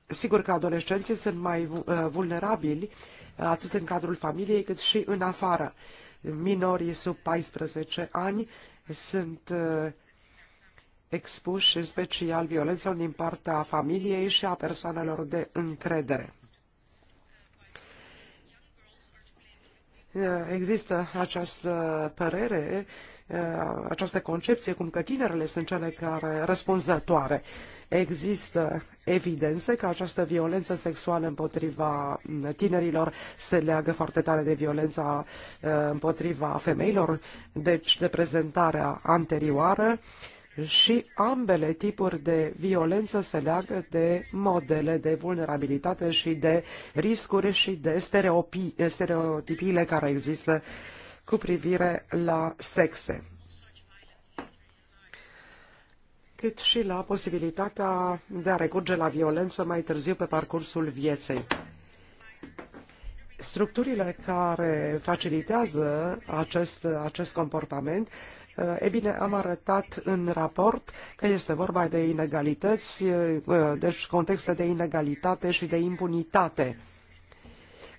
Sigur că adolescenții sunt mai uh, vulnerabili uh, atât în cadrul familiei cât și în afară. Minorii sub 14 ani sunt uh, expuși în special violențelor din partea familiei și a persoanelor de încredere. Există această părere, uh, această concepție, cum că tinerele sunt cele care răspunzătoare. Există evidențe că această violență sexuală împotriva mm, tinerilor se leagă foarte tare de violența uh, împotriva femeilor, deci de prezentarea anterioară și ambele tipuri de violență se leagă de modele de vulnerabilitate și de riscuri și de stereotipiile care există cu privire la sexe, cât și la posibilitatea de a recurge la violență mai târziu pe parcursul vieței. Structurile care facilitează acest, acest comportament Eh, e bine, am arătat în raport că este vorba de inegalități, eh, deci contexte de inegalitate și de impunitate.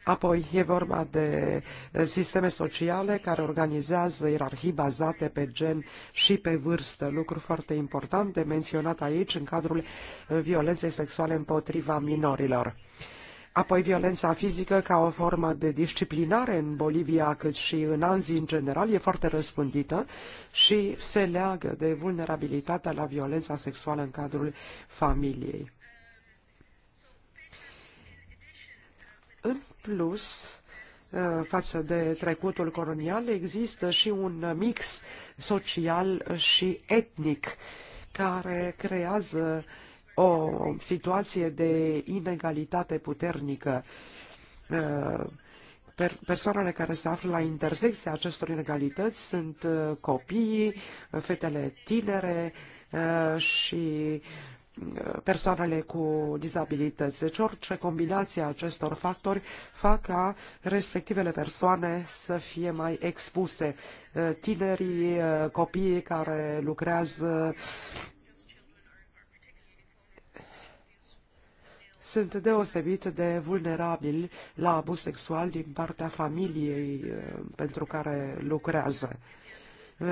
Apoi e vorba de eh, sisteme sociale care organizează ierarhii bazate pe gen și pe vârstă, lucru foarte important de menționat aici în cadrul violenței sexuale împotriva minorilor. Apoi violența fizică ca o formă de disciplinare în Bolivia, cât și în Anzi în general, e foarte răspândită și se leagă de vulnerabilitatea la violența sexuală în cadrul familiei. În plus, ă, față de trecutul colonial, există și un mix social și etnic care creează uh, o situație de inegalitate puternică. Uh, persoanele care se află la intersecția acestor inegalități sunt uh, copiii, fetele tinere uh, și persoanele cu dizabilități. Deci orice combinație a acestor factori fac ca respectivele persoane să fie mai expuse. Tinerii, copiii care lucrează sunt deosebit de vulnerabili la abuz sexual din partea familiei uh, pentru care lucrează. Uh,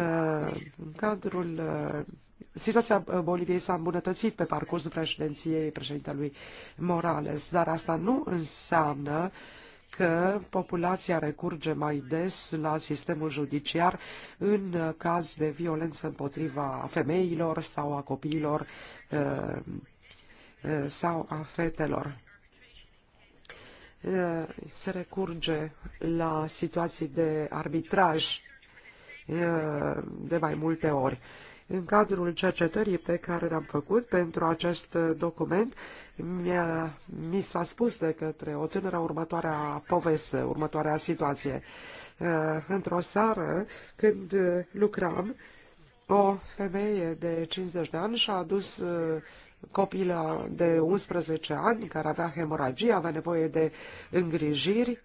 în cadrul uh, Situația Boliviei s-a îmbunătățit pe parcursul președinției președintelui Morales, dar asta nu înseamnă că populația recurge mai des la sistemul judiciar în caz de violență împotriva femeilor sau a copiilor sau a fetelor. Se recurge la situații de arbitraj de mai multe ori. În cadrul cercetării pe care l-am făcut pentru acest document, mi-a, mi s-a spus de către o tânără următoarea poveste, următoarea situație. Într-o seară, când lucram, o femeie de 50 de ani și-a adus copilă de 11 ani care avea hemoragie, avea nevoie de îngrijiri.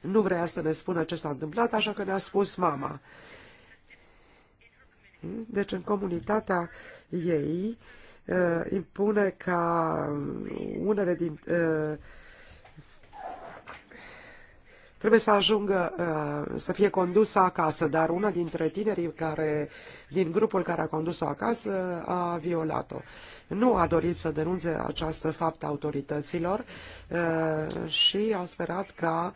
Nu vrea să ne spună ce s-a întâmplat, așa că ne-a spus mama. Deci în comunitatea ei eh, impune ca unele din eh, trebuie să ajungă, uh, să fie condusă acasă, dar una dintre tinerii care, din grupul care a condus-o acasă a violat-o. Nu a dorit să denunțe această faptă autorităților uh, și au sperat ca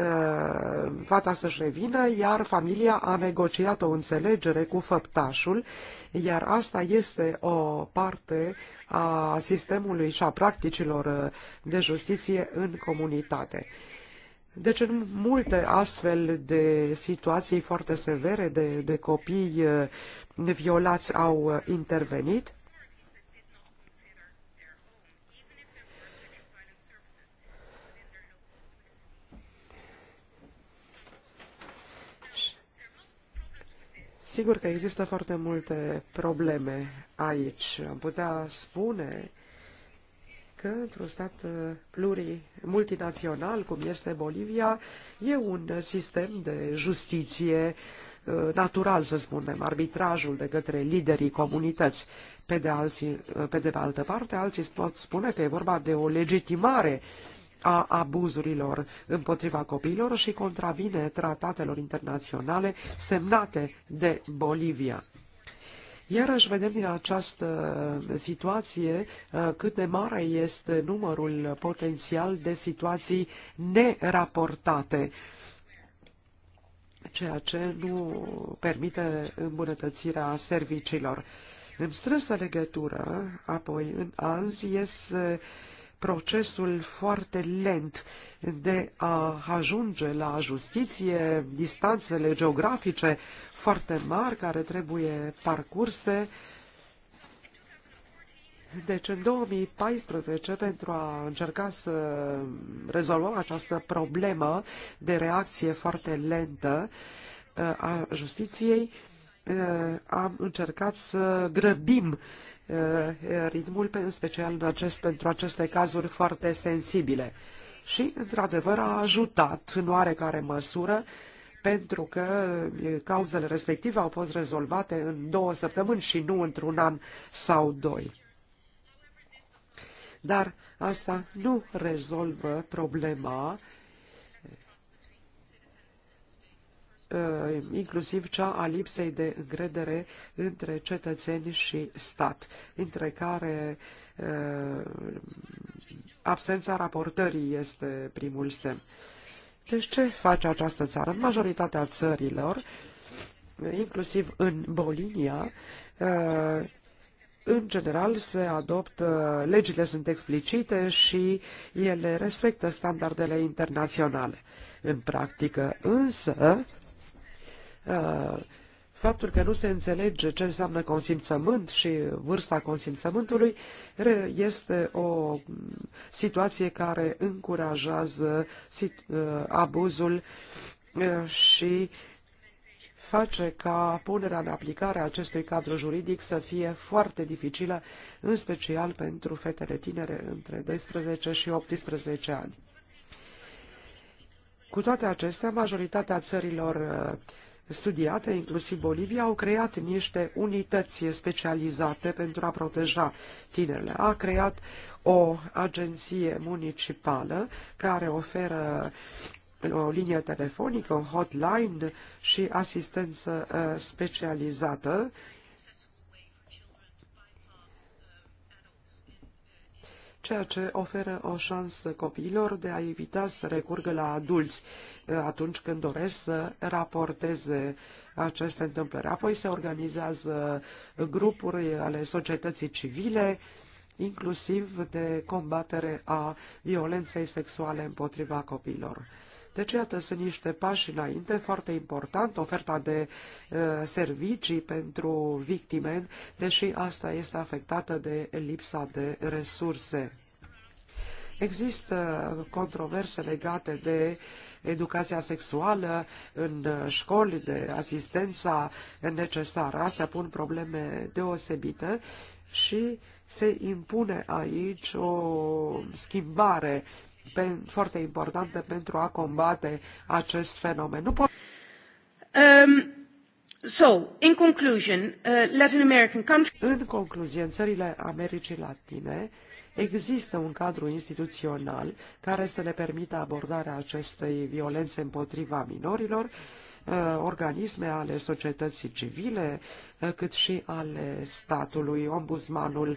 uh, fata să-și revină, iar familia a negociat o înțelegere cu făptașul, iar asta este o parte a sistemului și a practicilor de justiție în comunitate. Deci în multe astfel de situații foarte severe de, de copii eh, violați au eh, intervenit. Sigur că există foarte multe probleme aici. Am putea spune că într-un stat uh, pluri multinațional, cum este Bolivia, e un sistem de justiție uh, natural, să spunem, arbitrajul de către liderii comunități. Pe de, alții, uh, pe de altă parte, alții pot spune că e vorba de o legitimare a abuzurilor împotriva copiilor și contravine tratatelor internaționale semnate de Bolivia. Iarăși vedem din această situație uh, cât de mare este numărul potențial de situații neraportate ceea ce nu permite îmbunătățirea serviciilor. În strânsă legătură, apoi în anzi, este uh, procesul foarte lent de a ajunge la justiție, distanțele geografice foarte mari care trebuie parcurse. Deci în 2014, pentru a încerca să rezolvăm această problemă de reacție foarte lentă uh, a justiției, uh, am încercat să grăbim ritmul, în special în acest, pentru aceste cazuri foarte sensibile. Și, într-adevăr, a ajutat în oarecare măsură pentru că cauzele respective au fost rezolvate în două săptămâni și nu într-un an sau doi. Dar asta nu rezolvă problema Uh, inclusiv cea a lipsei de încredere între cetățeni și stat, între care uh, absența raportării este primul semn. Deci ce face această țară? În majoritatea țărilor, inclusiv în Bolinia, uh, în general se adoptă, legile sunt explicite și ele respectă standardele internaționale. În practică însă, Uh, faptul că nu se înțelege ce înseamnă consimțământ și vârsta consimțământului este o situație care încurajează uh, abuzul uh, și face ca punerea în aplicare a acestui cadru juridic să fie foarte dificilă, în special pentru fetele tinere între 12 și 18 ani. Cu toate acestea, majoritatea țărilor uh, studiate, inclusiv Bolivia, au creat niște unități specializate pentru a proteja tinerile. A creat o agenție municipală care oferă o linie telefonică, o hotline și asistență uh, specializată ceea ce oferă o șansă copiilor de a evita să recurgă la adulți atunci când doresc să raporteze aceste întâmplări. Apoi se organizează grupuri ale societății civile, inclusiv de combatere a violenței sexuale împotriva copiilor. Deci, iată, sunt niște pași înainte foarte important, oferta de uh, servicii pentru victime, deși asta este afectată de lipsa de resurse. Există controverse legate de educația sexuală în uh, școli, de asistența necesară. Astea pun probleme deosebite și se impune aici o schimbare pe, foarte importantă pentru a combate acest fenomen. Nu pot... um... So, in conclusion, uh, Latin American countries... În concluzie, în țările Americii Latine, uh, Există un cadru instituțional care să le permită abordarea acestei violențe împotriva minorilor, uh, organisme ale societății civile, uh, cât și ale statului, ombudsmanul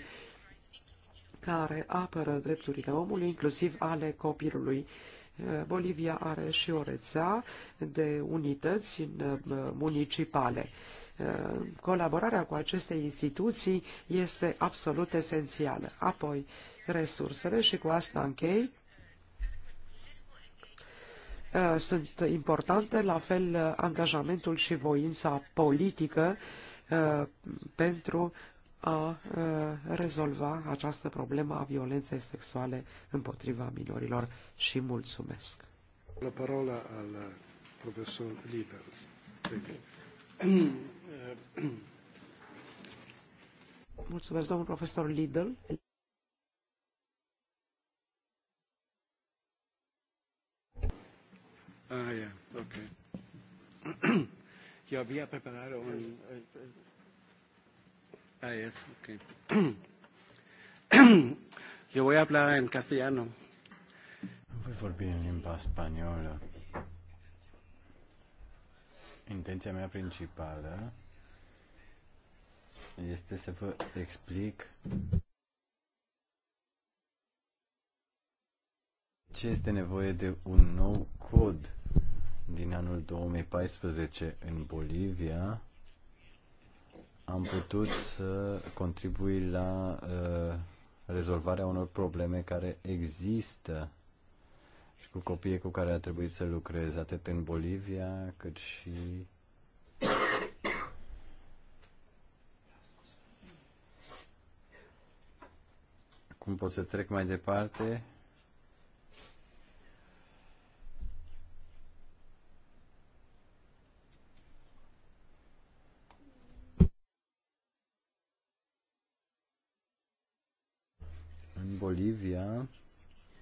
care apără drepturile omului, inclusiv ale copilului. Uh, Bolivia are și o rețea de unități municipale. Eh, colaborarea cu aceste instituții este absolut esențială. Apoi, resursele și cu asta închei eh, sunt importante, la fel eh, angajamentul și voința politică pentru a rezolva această problemă a violenței sexuale împotriva minorilor și mulțumesc. La parola al profesor Liber domnul profesor Lidl. Ah, yeah, okay. Yo había preparado un... Uh, uh, uh, ah, yes, okay. <coughs> Yo voy a hablar en castellano. Voi vorbi în limba spaniolă. Intenția mea principală este să vă explic ce este nevoie de un nou cod din anul 2014 în Bolivia. Am putut să contribui la uh, rezolvarea unor probleme care există și cu copiii cu care a trebuit să lucrez atât în Bolivia cât și Cum pot să trec mai departe? În Bolivia,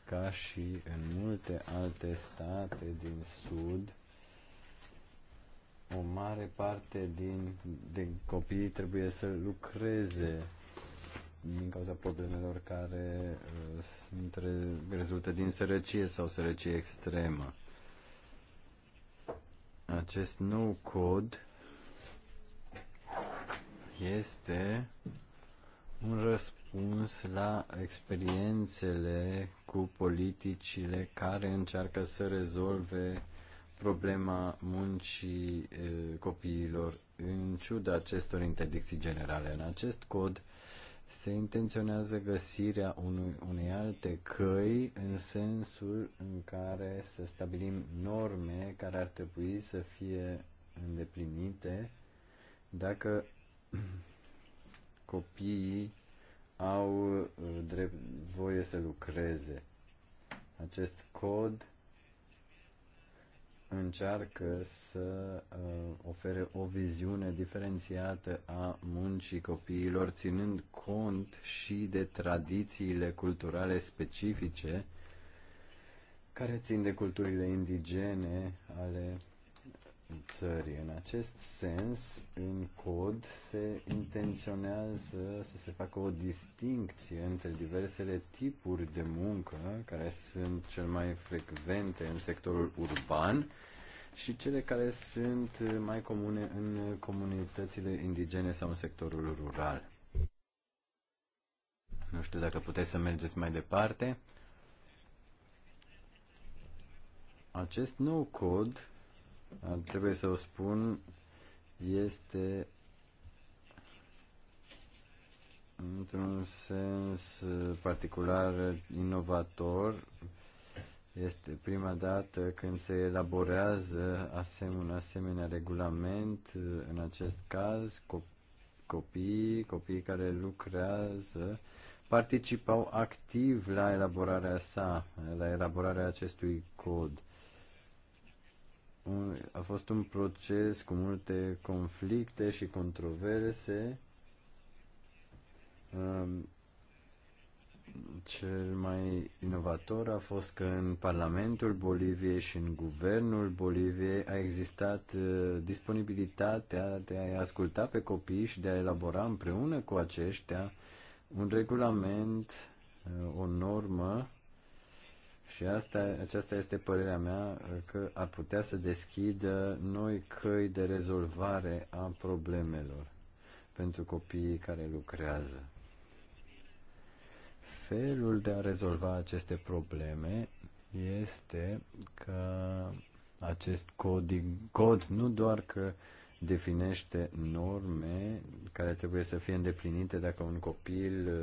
ca și în multe alte state din sud, o mare parte din, din copiii trebuie să lucreze din cauza problemelor care uh, sunt, rezultă din sărăcie sau sărăcie extremă. Acest nou cod este un răspuns la experiențele cu politicile care încearcă să rezolve problema muncii uh, copiilor în ciuda acestor interdicții generale. În acest cod se intenționează găsirea unui, unei alte căi în sensul în care să stabilim norme care ar trebui să fie îndeplinite dacă <clears throat> copiii au drept voie să lucreze. Acest cod încearcă să uh, ofere o viziune diferențiată a muncii copiilor, ținând cont și de tradițiile culturale specifice care țin de culturile indigene ale țări. În acest sens, în cod se intenționează să se facă o distincție între diversele tipuri de muncă care sunt cel mai frecvente în sectorul urban și cele care sunt mai comune în comunitățile indigene sau în sectorul rural. Nu știu dacă puteți să mergeți mai departe. Acest nou cod trebuie să o spun, este într-un sens particular inovator. Este prima dată când se elaborează un asemenea regulament, în acest caz copiii, copiii care lucrează, participau activ la elaborarea sa, la elaborarea acestui cod a fost un proces cu multe conflicte și controverse. Um, cel mai inovator a fost că în Parlamentul Boliviei și în Guvernul Boliviei a existat uh, disponibilitatea de a asculta pe copii și de a elabora împreună cu aceștia un regulament, uh, o normă și asta, aceasta este părerea mea că ar putea să deschidă noi căi de rezolvare a problemelor pentru copiii care lucrează. Felul de a rezolva aceste probleme este că acest cod, cod nu doar că definește norme care trebuie să fie îndeplinite dacă un copil uh,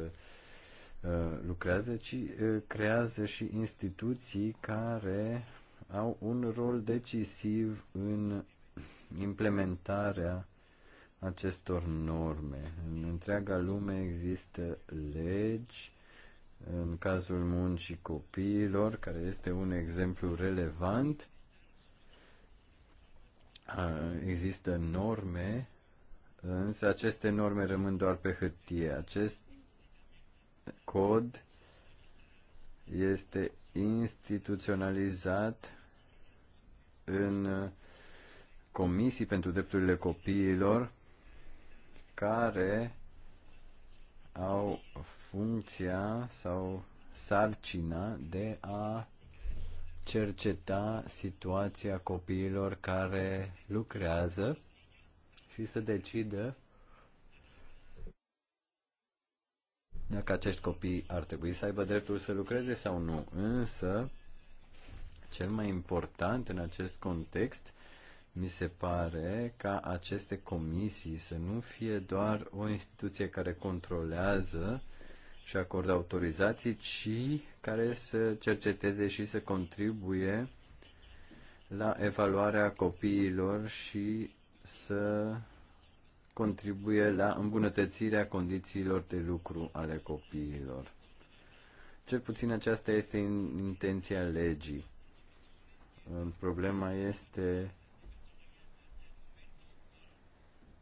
Uh, lucrează, ci uh, creează și instituții care au un rol decisiv în implementarea acestor norme. În întreaga lume există legi, în cazul muncii copiilor, care este un exemplu relevant, există norme, însă aceste norme rămân doar pe hârtie. Acest cod este instituționalizat în comisii pentru drepturile copiilor care au funcția sau sarcina de a cerceta situația copiilor care lucrează și să decidă dacă acești copii ar trebui să aibă dreptul să lucreze sau nu. Însă, cel mai important în acest context mi se pare ca aceste comisii să nu fie doar o instituție care controlează și acordă autorizații, ci care să cerceteze și să contribuie la evaluarea copiilor și să contribuie la îmbunătățirea condițiilor de lucru ale copiilor. Cel puțin aceasta este intenția legii. Problema este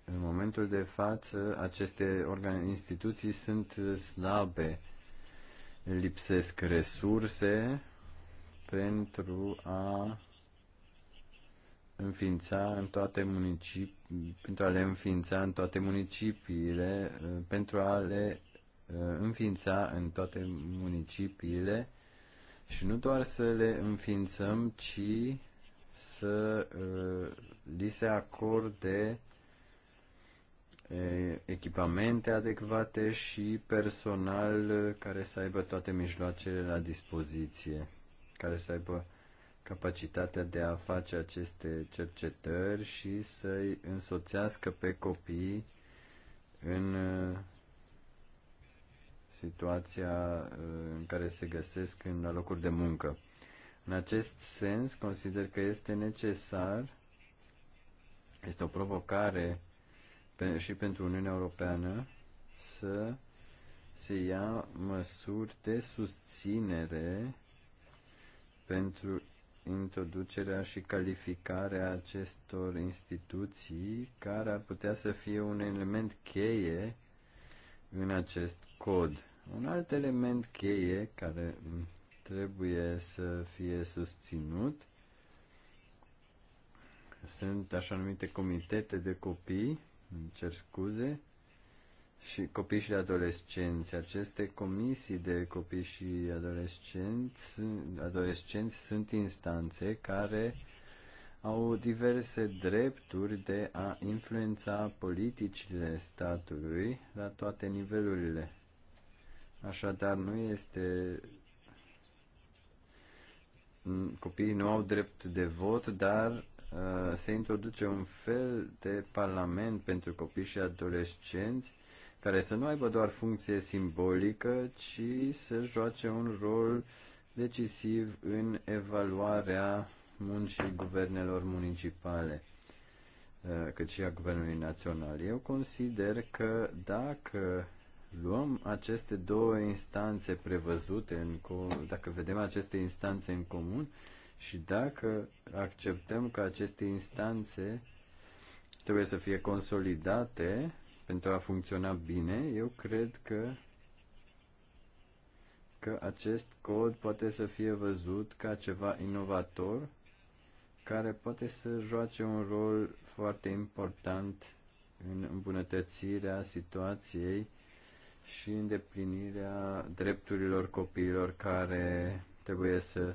în momentul de față aceste instituții sunt slabe, lipsesc resurse pentru a înființa în toate municipii, pentru a le înființa în toate municipiile, uh, pentru a le uh, înființa în toate municipiile și nu doar să le înființăm, ci să uh, li se acorde echipamente adecvate și personal care să aibă toate mijloacele la dispoziție, care să aibă capacitatea de a face aceste cercetări și să-i însoțească pe copii în uh, situația uh, în care se găsesc în locuri de muncă. În acest sens, consider că este necesar, este o provocare și pentru Uniunea Europeană să se ia măsuri de susținere pentru introducerea și calificarea acestor instituții care ar putea să fie un element cheie în acest cod. Un alt element cheie care trebuie să fie susținut sunt așa numite comitete de copii, îmi cer scuze, și copii și adolescenți. Aceste comisii de copii și adolescenți, adolescenți sunt instanțe care au diverse drepturi de a influența politicile statului la toate nivelurile. Așadar, nu este copiii nu au drept de vot, dar uh, se introduce un fel de parlament pentru copii și adolescenți care să nu aibă doar funcție simbolică, ci să joace un rol decisiv în evaluarea muncii guvernelor municipale, uh, cât și a guvernului național. Eu consider că dacă luăm aceste două instanțe prevăzute, în comun, dacă vedem aceste instanțe în comun și dacă acceptăm că aceste instanțe trebuie să fie consolidate pentru a funcționa bine, eu cred că că acest cod poate să fie văzut ca ceva inovator care poate să joace un rol foarte important în îmbunătățirea situației și îndeplinirea drepturilor copiilor care trebuie să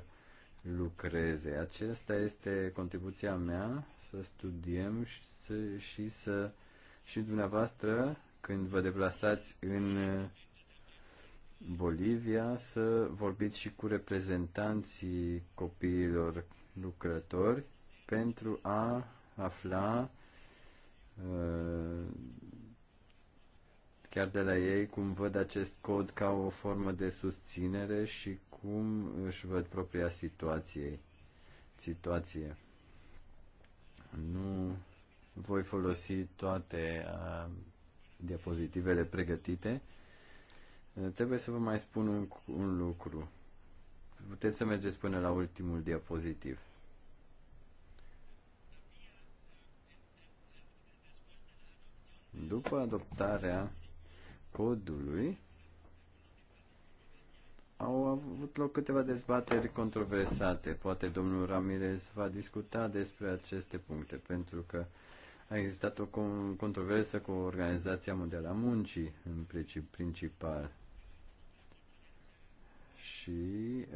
lucreze. Aceasta este contribuția mea, să studiem și să, și să și dumneavoastră, când vă deplasați în uh, Bolivia, să vorbiți și cu reprezentanții copiilor lucrători pentru a afla uh, chiar de la ei cum văd acest cod ca o formă de susținere și cum își văd propria situație. situație. Nu voi folosi toate uh, diapozitivele pregătite. Uh, trebuie să vă mai spun un, un lucru. Puteți să mergeți până la ultimul diapozitiv. După adoptarea codului, au avut loc câteva dezbateri controversate. Poate domnul Ramirez va discuta despre aceste puncte, pentru că uh, a existat o controversă cu Organizația Mondială a Muncii, în principal. Și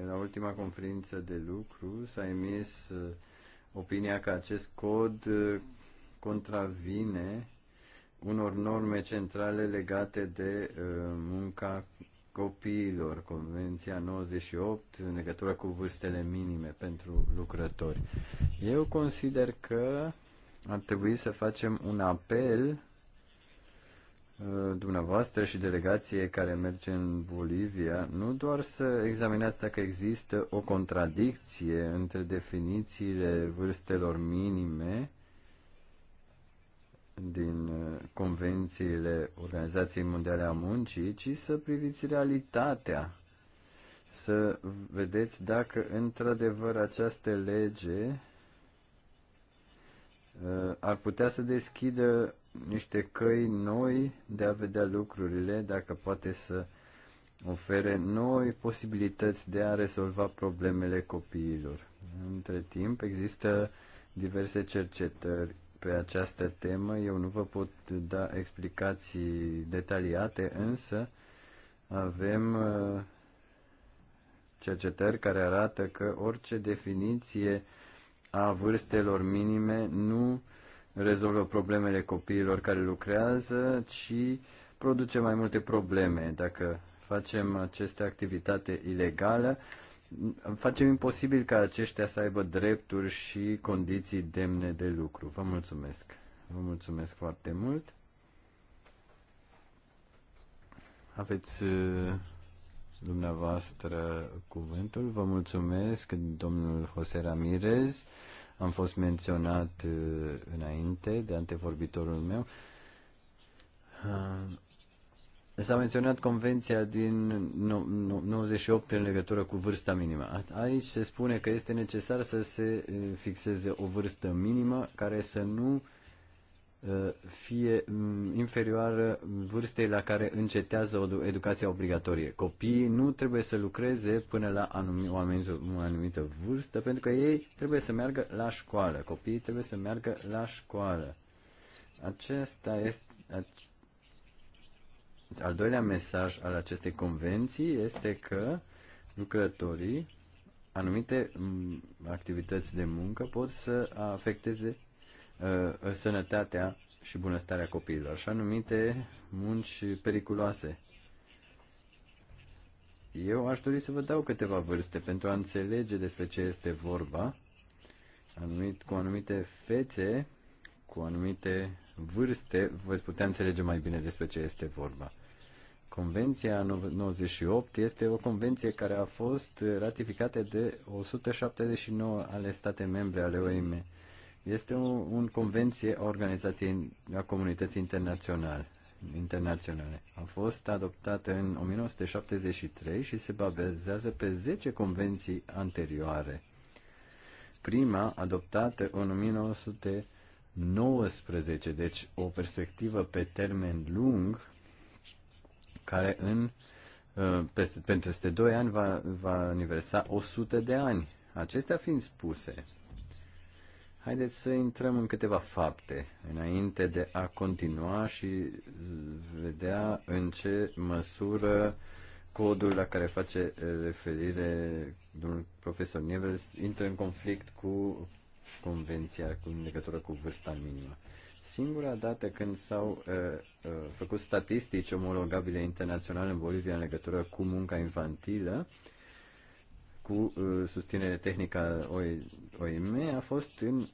la ultima conferință de lucru s-a emis uh, opinia că acest cod uh, contravine unor norme centrale legate de uh, munca copiilor, Convenția 98 în legătură cu vârstele minime pentru lucrători. Eu consider că ar trebui să facem un apel uh, dumneavoastră și delegație care merge în Bolivia, nu doar să examinați dacă există o contradicție între definițiile vârstelor minime din uh, convențiile Organizației Mondiale a Muncii, ci să priviți realitatea, să vedeți dacă într-adevăr această lege Uh, ar putea să deschidă niște căi noi de a vedea lucrurile, dacă poate să ofere noi posibilități de a rezolva problemele copiilor. Între timp există diverse cercetări pe această temă. Eu nu vă pot da explicații detaliate, însă avem uh, cercetări care arată că orice definiție a vârstelor minime nu rezolvă problemele copiilor care lucrează, ci produce mai multe probleme. Dacă facem aceste activitate ilegală, facem imposibil ca aceștia să aibă drepturi și condiții demne de lucru. Vă mulțumesc. Vă mulțumesc foarte mult. Aveți uh, dumneavoastră cuvântul. Vă mulțumesc, domnul Jose Ramirez. Am fost menționat uh, înainte de antevorbitorul meu. Uh, s-a menționat convenția din 98 în legătură cu vârsta minimă. Aici se spune că este necesar să se uh, fixeze o vârstă minimă care să nu uh, fie inferioară vârstei la care încetează o educația obligatorie. Copiii nu trebuie să lucreze până la anumit o, anumită, o anumită vârstă, pentru că ei trebuie să meargă la școală. Copiii trebuie să meargă la școală. Acesta este al doilea mesaj al acestei convenții este că lucrătorii anumite activități de muncă pot să afecteze Uh, sănătatea și bunăstarea copiilor, așa numite munci periculoase. Eu aș dori să vă dau câteva vârste pentru a înțelege despre ce este vorba, anumit, cu anumite fețe, cu anumite vârste, veți putea înțelege mai bine despre ce este vorba. Convenția 98 este o convenție care a fost ratificată de 179 ale state membre ale OIM este un, un convenție a Organizației a Comunității Internaționale. Internaționale. A fost adoptată în 1973 și se bazează pe 10 convenții anterioare. Prima adoptată în 1919, deci o perspectivă pe termen lung care în uh, peste, peste 2 ani va, va aniversa 100 de ani. Acestea fiind spuse, Haideți să intrăm în câteva fapte înainte de a continua și vedea în ce măsură codul la care face referire domnul profesor Nevers intră în conflict cu convenția cu legătură cu vârsta minimă. Singura dată când s-au uh, uh, făcut statistici omologabile internaționale în Bolivia în legătură cu munca infantilă uh, cu uh, susținere tehnică a OIM a fost în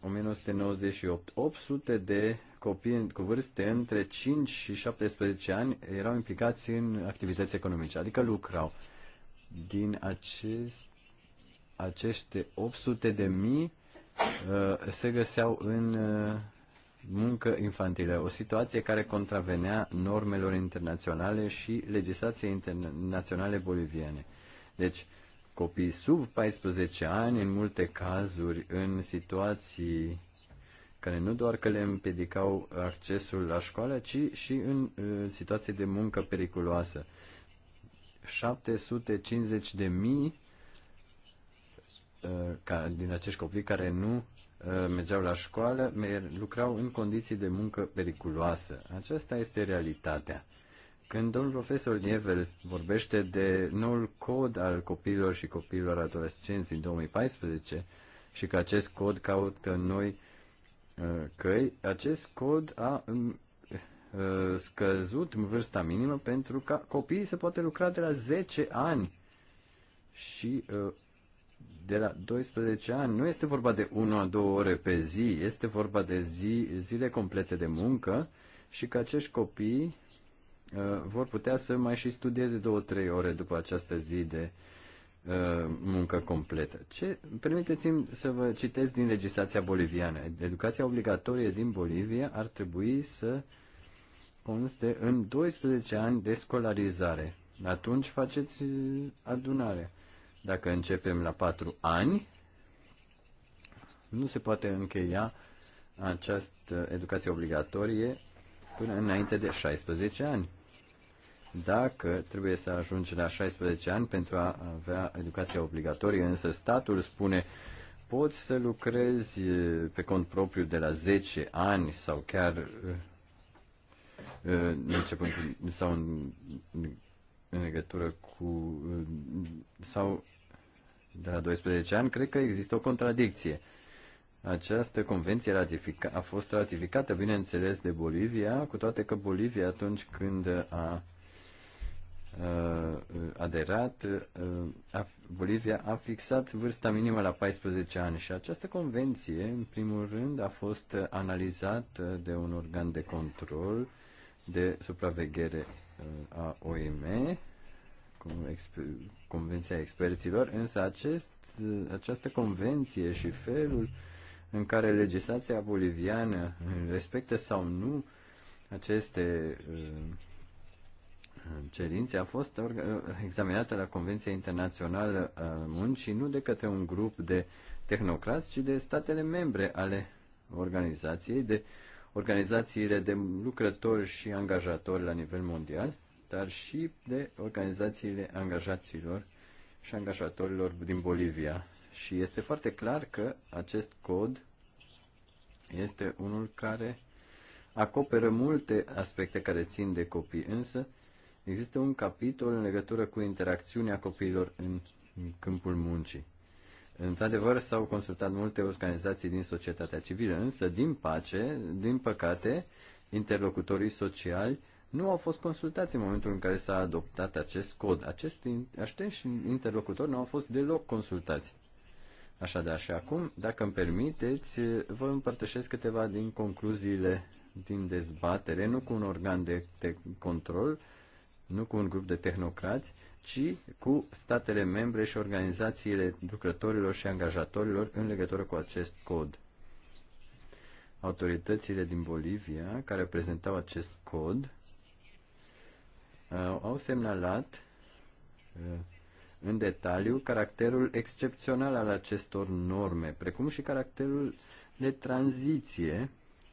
1998. Uh, 800 de copii cu vârste între 5 și 17 ani erau implicați în activități economice, adică lucrau. Din acest, acești 800 de mii uh, se găseau în muncă infantilă, o situație care contravenea normelor internaționale și legislației internaționale boliviene. Deci, copii sub 14 ani, în multe cazuri, în situații care nu doar că le împiedicau accesul la școală, ci și în uh, situații de muncă periculoasă. 750 de mii uh, din acești copii care nu uh, mergeau la școală, lucrau în condiții de muncă periculoasă. Aceasta este realitatea. Când domnul profesor Nievel vorbește de noul cod al copiilor și copiilor adolescenți din 2014 și că acest cod caută noi uh, căi, acest cod a um, uh, scăzut vârsta minimă pentru ca copiii să poată lucra de la 10 ani și uh, de la 12 ani. Nu este vorba de 1-2 ore pe zi, este vorba de zi, zile complete de muncă și că acești copii Uh, vor putea să mai și studieze două, trei ore după această zi de uh, muncă completă. Ce, permiteți-mi să vă citesc din legislația boliviană. Educația obligatorie din Bolivia ar trebui să conste în 12 ani de scolarizare. Atunci faceți uh, adunare. Dacă începem la 4 ani, nu se poate încheia această educație obligatorie până înainte de 16 ani dacă trebuie să ajungi la 16 ani pentru a avea educația obligatorie, însă statul spune poți să lucrezi pe cont propriu de la 10 ani sau chiar începând sau în, în legătură cu sau de la 12 ani, cred că există o contradicție. Această convenție ratifica, a fost ratificată, bineînțeles, de Bolivia, cu toate că Bolivia atunci când a uh, Uh, aderat, uh, Bolivia a fixat vârsta minimă la 14 ani și această convenție, în primul rând, a fost analizată de un organ de control de supraveghere uh, a OIM, Convenția Experților, însă acest, această convenție și felul în care legislația boliviană respectă sau nu aceste uh, cerințe a fost examinată la Convenția Internațională a Muncii nu de către un grup de tehnocrați, ci de statele membre ale organizației, de organizațiile de lucrători și angajatori la nivel mondial, dar și de organizațiile angajaților și angajatorilor din Bolivia. Și este foarte clar că acest cod este unul care acoperă multe aspecte care țin de copii, însă Există un capitol în legătură cu interacțiunea copiilor în câmpul muncii. Într-adevăr, s-au consultat multe organizații din societatea civilă, însă, din pace, din păcate, interlocutorii sociali nu au fost consultați în momentul în care s-a adoptat acest cod. Acești, acești interlocutori nu au fost deloc consultați. Așadar, și acum, dacă îmi permiteți, vă împărtășesc câteva din concluziile din dezbatere, nu cu un organ de, de control, nu cu un grup de tehnocrați, ci cu statele membre și organizațiile lucrătorilor și angajatorilor în legătură cu acest cod. Autoritățile din Bolivia care prezentau acest cod uh, au semnalat uh, în detaliu caracterul excepțional al acestor norme, precum și caracterul de tranziție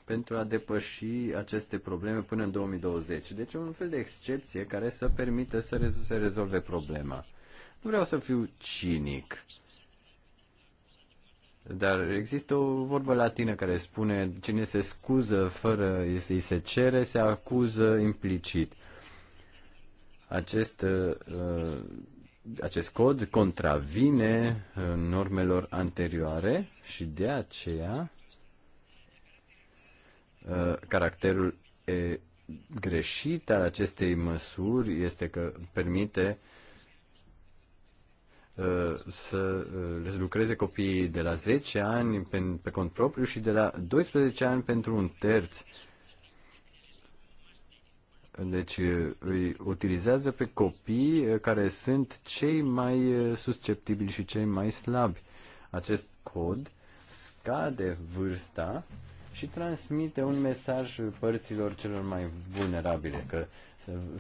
pentru a depăși aceste probleme până în 2020. Deci un fel de excepție care să permită să se rezolve problema. Nu vreau să fiu cinic, dar există o vorbă latină care spune cine se scuză fără să-i se cere, se acuză implicit. Acest uh, acest cod contravine uh, normelor anterioare și de aceea Uh, caracterul e, greșit al acestei măsuri este că permite uh, uh, să lucreze copiii de la 10 ani pe, pe cont propriu și de la 12 ani pentru un terț. Deci îi utilizează pe copii care sunt cei mai susceptibili și cei mai slabi. Acest cod scade vârsta și transmite un mesaj părților celor mai vulnerabile, că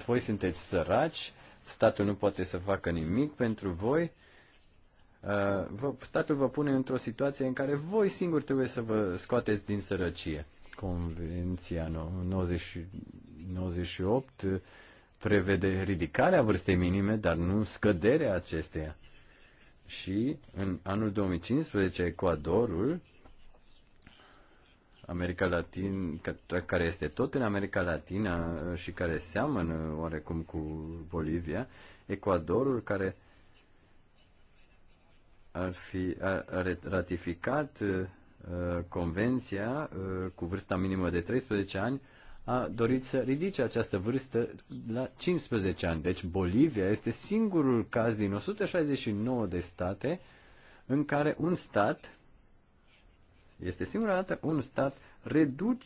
voi sunteți săraci, statul nu poate să facă nimic pentru voi, uh, statul vă pune într-o situație în care voi singuri trebuie să vă scoateți din sărăcie. Convenția 98 prevede ridicarea vârstei minime, dar nu scăderea acesteia. Și în anul 2015, Ecuadorul America Latină, care este tot în America Latină uh, și care seamănă oarecum cu Bolivia, Ecuadorul care ar fi ar ratificat uh, convenția uh, cu vârsta minimă de 13 ani, a dorit să ridice această vârstă la 15 ani. Deci Bolivia este singurul caz din 169 de state în care un stat este singura dată un stat reduc,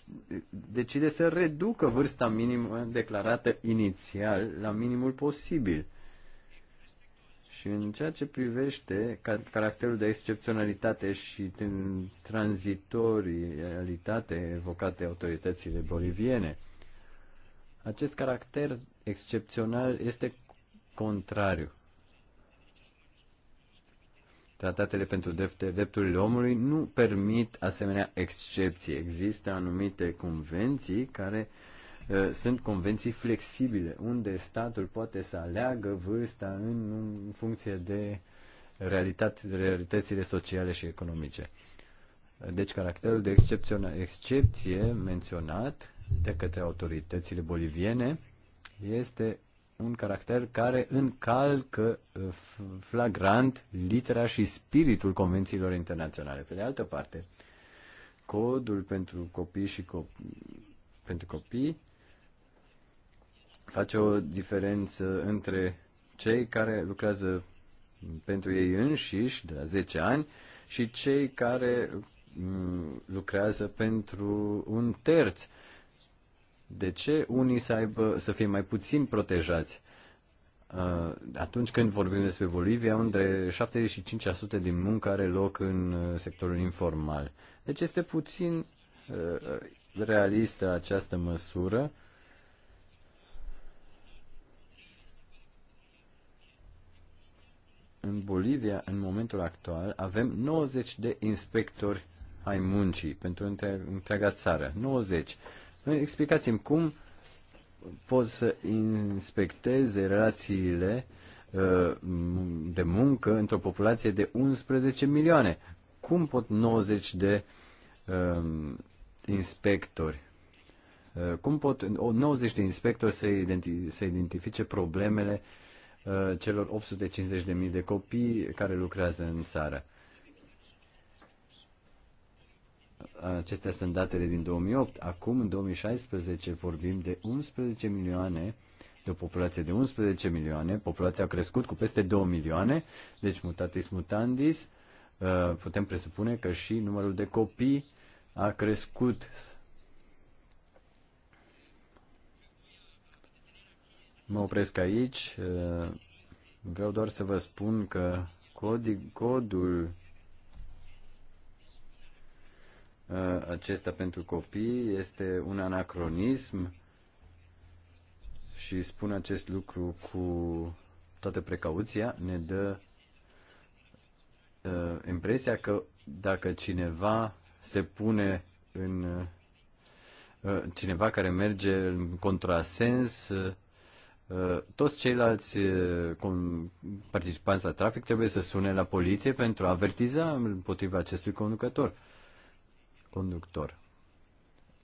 decide să reducă vârsta minimă declarată inițial la minimul posibil. Și în ceea ce privește caracterul de excepționalitate și tranzitorialitate evocate autoritățile boliviene, acest caracter excepțional este contrariu. Tratatele pentru drepturile omului nu permit asemenea excepții. Există anumite convenții care uh, sunt convenții flexibile, unde statul poate să aleagă vârsta în funcție de realitate, realitățile sociale și economice. Deci caracterul de excepție menționat de către autoritățile boliviene este un caracter care încalcă uh, flagrant litera și spiritul convențiilor internaționale. Pe de altă parte, codul pentru copii și co- pentru copii face o diferență între cei care lucrează pentru ei înșiși de la 10 ani și cei care mm, lucrează pentru un terț. De ce unii să, aibă, să fie mai puțin protejați? Uh, atunci când vorbim despre Bolivia, unde 75% din muncă are loc în uh, sectorul informal. Deci este puțin uh, realistă această măsură. În Bolivia, în momentul actual, avem 90 de inspectori ai muncii pentru întreaga țară. 90. Explicați-mi cum pot să inspecteze relațiile uh, de muncă într-o populație de 11 milioane. Cum pot 90 de um, inspectori, uh, cum pot 90 de inspectori să, identi- să identifice problemele uh, celor 850.000 de copii care lucrează în țară? Uh, acestea sunt datele din 2008. Acum, în 2016, vorbim de 11 milioane, de o populație de 11 milioane. Populația a crescut cu peste 2 milioane, deci mutatis mutandis. Uh, putem presupune că și numărul de copii a crescut. Mă opresc aici. Uh, vreau doar să vă spun că codul Uh, acesta pentru copii este un anacronism și spun acest lucru cu toată precauția, ne dă uh, impresia că dacă cineva se pune în uh, cineva care merge în contrasens, uh, toți ceilalți uh, participanți la trafic trebuie să sune la poliție pentru a avertiza împotriva acestui conducător. Uh, conductor.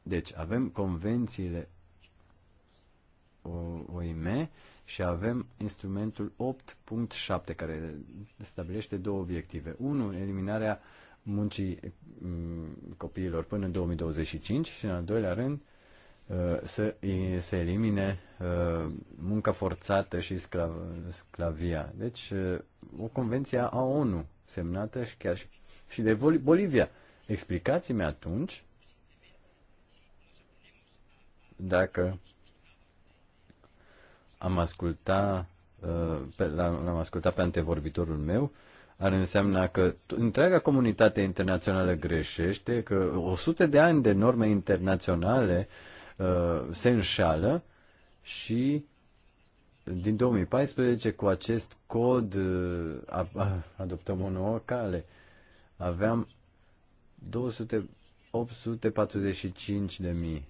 Deci avem convențiile OIM și avem instrumentul 8.7 care stabilește două obiective. unul Eliminarea muncii mm, copiilor până în 2025 și în al doilea rând uh, să se elimine uh, munca forțată și sclavia. Deci uh, o convenție a ONU semnată și chiar și de Bolivia Explicați-mi atunci dacă am ascultat uh, l-am ascultat pe antevorbitorul meu, ar înseamnă că întreaga comunitate internațională greșește, că 100 de ani de norme internaționale uh, se înșală și din 2014 cu acest cod uh, adoptăm o nouă cale. Aveam 200, 845 de mii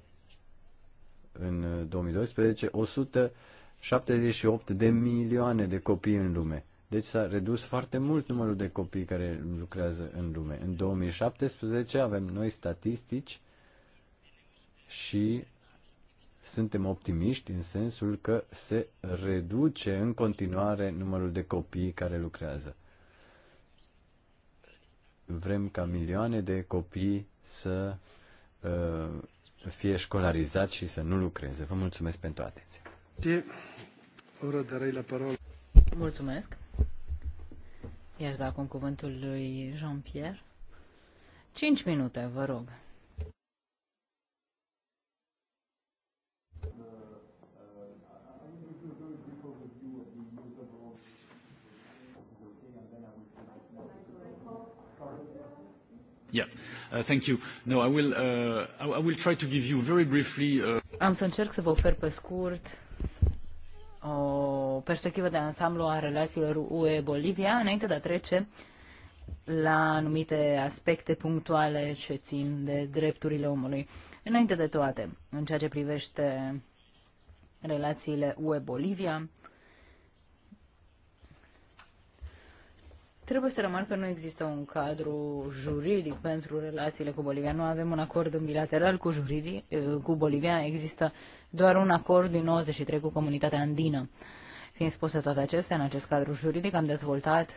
în 2012, uh, 178 de milioane de copii în lume. Deci s-a redus foarte mult numărul de copii care lucrează în lume. În 2017 avem noi statistici și suntem optimiști în sensul că se reduce în continuare numărul de copii care lucrează. Vrem ca milioane de copii să uh, fie școlarizați și să nu lucreze. Vă mulțumesc pentru atenție. la parolă. Mulțumesc. I-aș da acum cuvântul lui Jean-Pierre. Cinci minute, vă rog. Am să încerc să vă ofer pe scurt o perspectivă de ansamblu a relațiilor UE-Bolivia înainte de a trece la anumite aspecte punctuale ce țin de drepturile omului. Înainte de toate, în ceea ce privește relațiile UE-Bolivia, Trebuie să rămân că nu există un cadru juridic pentru relațiile cu Bolivia. Nu avem un acord bilateral cu, juridic, eh, cu Bolivia, există doar un acord din 93 cu comunitatea andină. Fiind spuse toate acestea, în acest cadru juridic am dezvoltat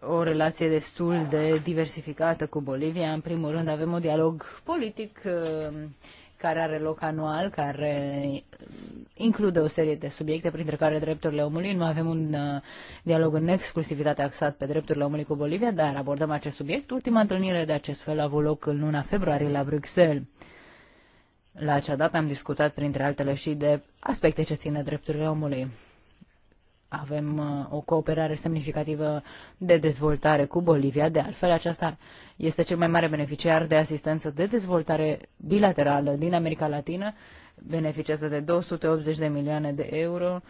o relație destul de diversificată cu Bolivia. În primul rând avem un dialog politic eh, care are loc anual, care include o serie de subiecte, printre care drepturile omului. Nu avem un uh, dialog în exclusivitate axat pe drepturile omului cu Bolivia, dar abordăm acest subiect. Ultima întâlnire de acest fel a avut loc în luna februarie la Bruxelles. La acea dată am discutat, printre altele, și de aspecte ce țin de drepturile omului avem uh, o cooperare semnificativă de dezvoltare cu Bolivia. De altfel, aceasta este cel mai mare beneficiar de asistență de dezvoltare bilaterală din America Latină. Beneficiază de 280 de milioane de euro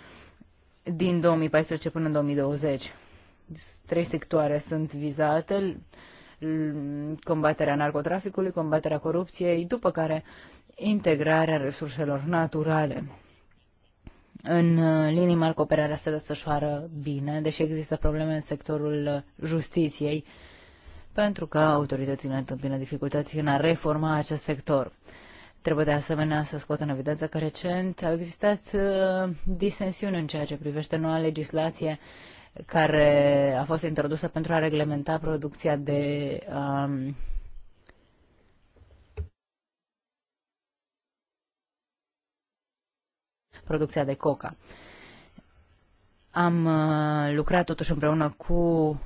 din 2014 până în 2020. Trei sectoare sunt vizate combaterea narcotraficului, combaterea corupției, după care integrarea resurselor naturale în uh, linii mari cooperarea se desfășoară bine, deși există probleme în sectorul uh, justiției, pentru că autoritățile întâmpină dificultăți în a reforma acest sector. Trebuie de asemenea să scot în evidență că recent au existat uh, disensiuni în ceea ce privește noua legislație care a fost introdusă pentru a reglementa producția de um, producția de coca. Am uh, lucrat totuși împreună cu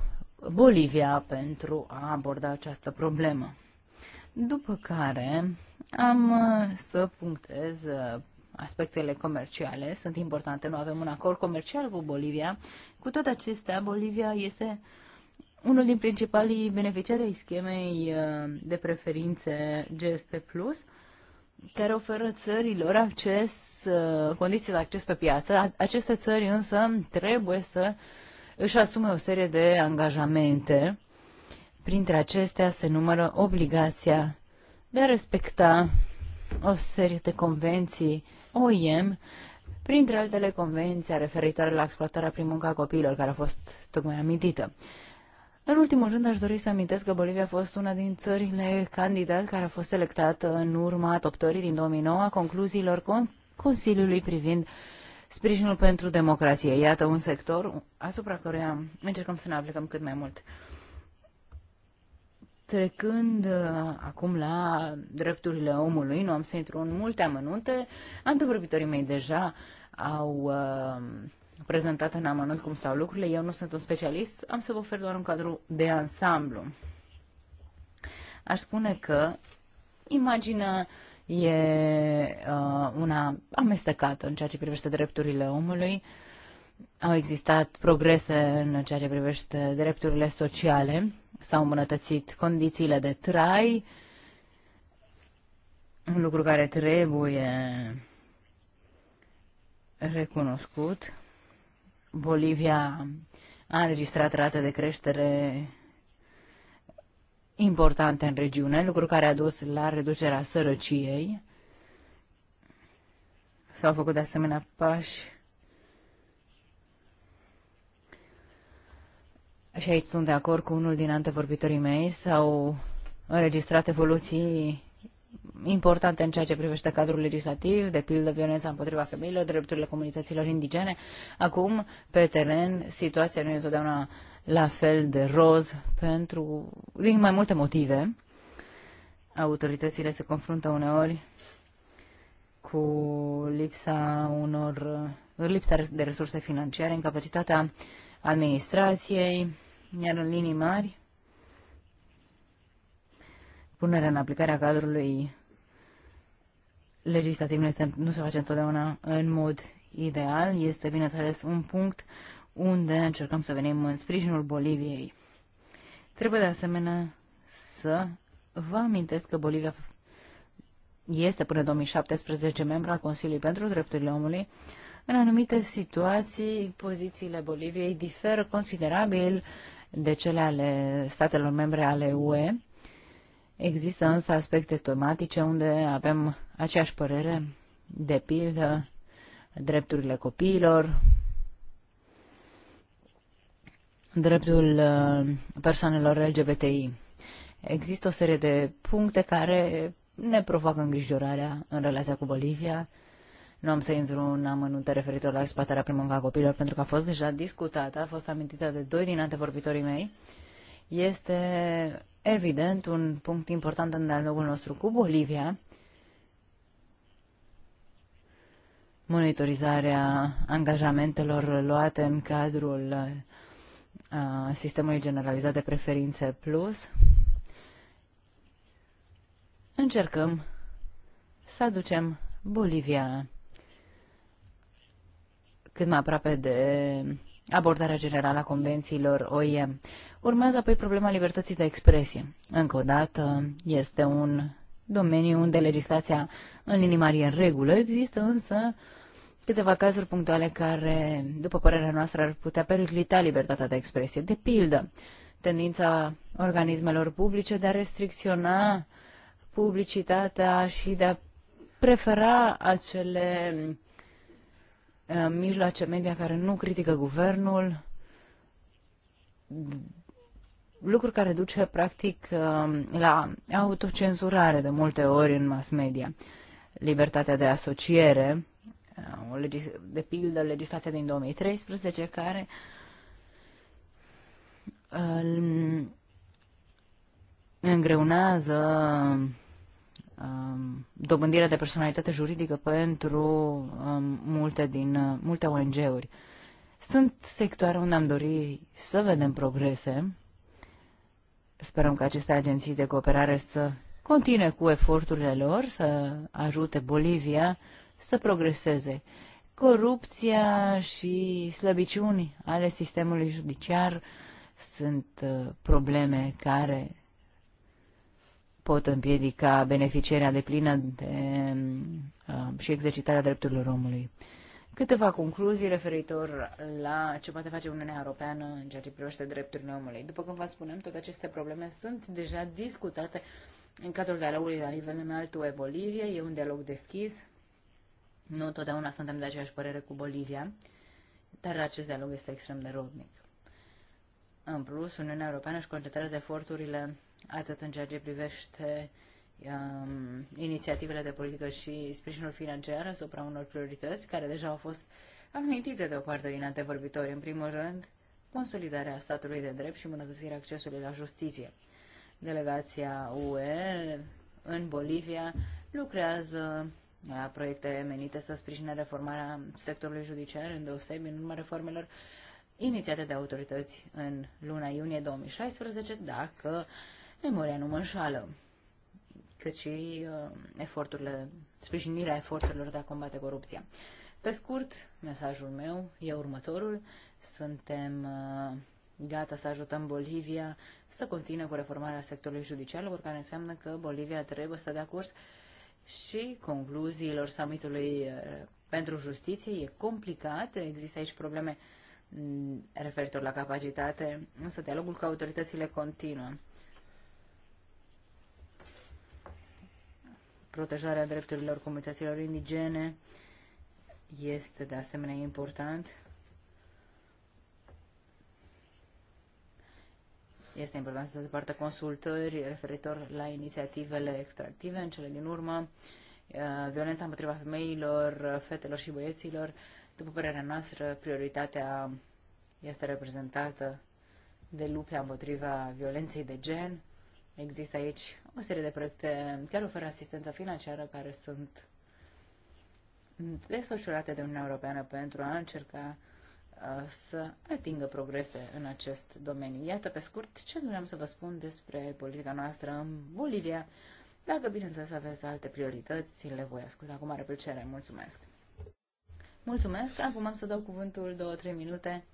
Bolivia pentru a aborda această problemă. După care am uh, să punctez uh, aspectele comerciale, sunt importante, nu avem un acord comercial cu Bolivia. Cu toate acestea, Bolivia este unul din principalii beneficiari ai schemei de preferințe GSP+, care oferă țărilor acces, uh, condiții de acces pe piață. Aceste țări însă trebuie să își asume o serie de angajamente. Printre acestea se numără obligația de a respecta o serie de convenții OIM, printre altele convenția referitoare la exploatarea prin munca copiilor, care a fost tocmai amintită. În ultimul rând, aș dori să amintesc că Bolivia a fost una din țările candidat care a fost selectată în urma adoptării din 2009 a concluziilor con Consiliului privind sprijinul pentru democrație. Iată un sector asupra căruia încercăm să ne aplicăm cât mai mult. Trecând uh, acum la drepturile omului, nu am să intru în multe amănunte, antevorbitorii mei deja au uh, prezentat în amănunt cum stau lucrurile. Eu nu sunt un specialist, am să vă ofer doar un cadru de ansamblu. Aș spune că imaginea e uh, una amestecată în ceea ce privește drepturile omului. Au existat progrese în ceea ce privește drepturile sociale, s-au îmbunătățit condițiile de trai, un lucru care trebuie recunoscut. Bolivia a înregistrat rate de creștere importante în regiune, lucru care a dus la reducerea sărăciei. S-au făcut de asemenea pași și aici sunt de acord cu unul din antevorbitorii mei, s-au înregistrat evoluții importante în ceea ce privește cadrul legislativ, de pildă violența împotriva femeilor, drepturile comunităților indigene. Acum, pe teren, situația nu e întotdeauna la fel de roz pentru, din mai multe motive. Autoritățile se confruntă uneori cu lipsa unor lipsa de resurse financiare, incapacitatea administrației, iar în linii mari, punerea în aplicare a cadrului legislativ nu, este, nu se face întotdeauna în mod ideal. Este, bineînțeles, un punct unde încercăm să venim în sprijinul Boliviei. Trebuie de asemenea să vă amintesc că Bolivia este până 2017 membru al Consiliului pentru Drepturile Omului. În anumite situații, pozițiile Boliviei diferă considerabil de cele ale statelor membre ale UE. Există însă aspecte tematice unde avem aceeași părere, de pildă drepturile copiilor, dreptul uh, persoanelor LGBTI. Există o serie de puncte care ne provoacă îngrijorarea în relația cu Bolivia. Nu am să intru în amănunte referitor la spatarea prin munca copiilor, pentru că a fost deja discutată, a fost amintită de doi din antevorbitorii mei. Este evident, un punct important în dialogul nostru cu Bolivia, monitorizarea angajamentelor luate în cadrul uh, sistemului generalizat de preferințe plus, încercăm să aducem Bolivia cât mai aproape de abordarea generală a convențiilor OIM. Urmează apoi problema libertății de expresie. Încă o dată, este un domeniu unde legislația în linii mari în regulă, există însă câteva cazuri punctuale care, după părerea noastră, ar putea periclita libertatea de expresie. De pildă, tendința organismelor publice de a restricționa publicitatea și de a prefera acele uh, mijloace media care nu critică guvernul, lucru care duce practic um, la autocenzurare de multe ori în mass media. Libertatea de asociere, uh, o legis- de pildă legislația din 2013 care um, îngreunează um, dobândirea de personalitate juridică pentru multe din uh, multe ONG-uri. Sunt sectoare unde am dori să vedem progrese, Sperăm că aceste agenții de cooperare să continue cu eforturile lor, să ajute Bolivia să progreseze. Corupția și slăbiciuni ale sistemului judiciar sunt uh, probleme care pot împiedica beneficierea deplină de, um, uh, și exercitarea drepturilor omului. Câteva concluzii referitor la ce poate face Uniunea Europeană în ceea ce privește drepturile omului. După cum vă spunem, toate aceste probleme sunt deja discutate în cadrul dialogului la nivel înalt UE Bolivia. E un dialog deschis. Nu totdeauna suntem de aceeași părere cu Bolivia, dar acest dialog este extrem de rodnic. În plus, Uniunea Europeană își concentrează eforturile atât în ceea ce privește uh, inițiativele de politică și sprijinul financiar asupra unor priorități care deja au fost amintite de o parte din antevorbitori. În primul rând, consolidarea statului de drept și îmbunătățirea accesului la justiție. Delegația UE în Bolivia lucrează la proiecte menite să sprijine reformarea sectorului judiciar, deosebi în urma reformelor inițiate de autorități în luna iunie 2016, dacă memoria nu mă înșală cât și uh, eforturile, sprijinirea eforturilor de a combate corupția. Pe scurt, mesajul meu e următorul. Suntem uh, gata să ajutăm Bolivia să continue cu reformarea sectorului judiciar, care înseamnă că Bolivia trebuie să dea curs și concluziilor summitului uh, pentru justiție. E complicat, există aici probleme mm, referitor la capacitate, însă dialogul cu autoritățile continuă. protejarea drepturilor comunităților indigene este de asemenea important. Este important să se departe consultări referitor la inițiativele extractive în cele din urmă, uh, violența împotriva femeilor, fetelor și băieților. După părerea noastră, prioritatea este reprezentată de lupta împotriva violenței de gen, Există aici o serie de proiecte chiar fără asistență financiară care sunt desfășurate de Uniunea Europeană pentru a încerca uh, să atingă progrese în acest domeniu. Iată pe scurt ce doream să vă spun despre politica noastră în Bolivia. Dacă, bineînțeles, aveți alte priorități, le voi asculta cu mare plăcere. Mulțumesc! Mulțumesc! Acum am să dau cuvântul 2-3 minute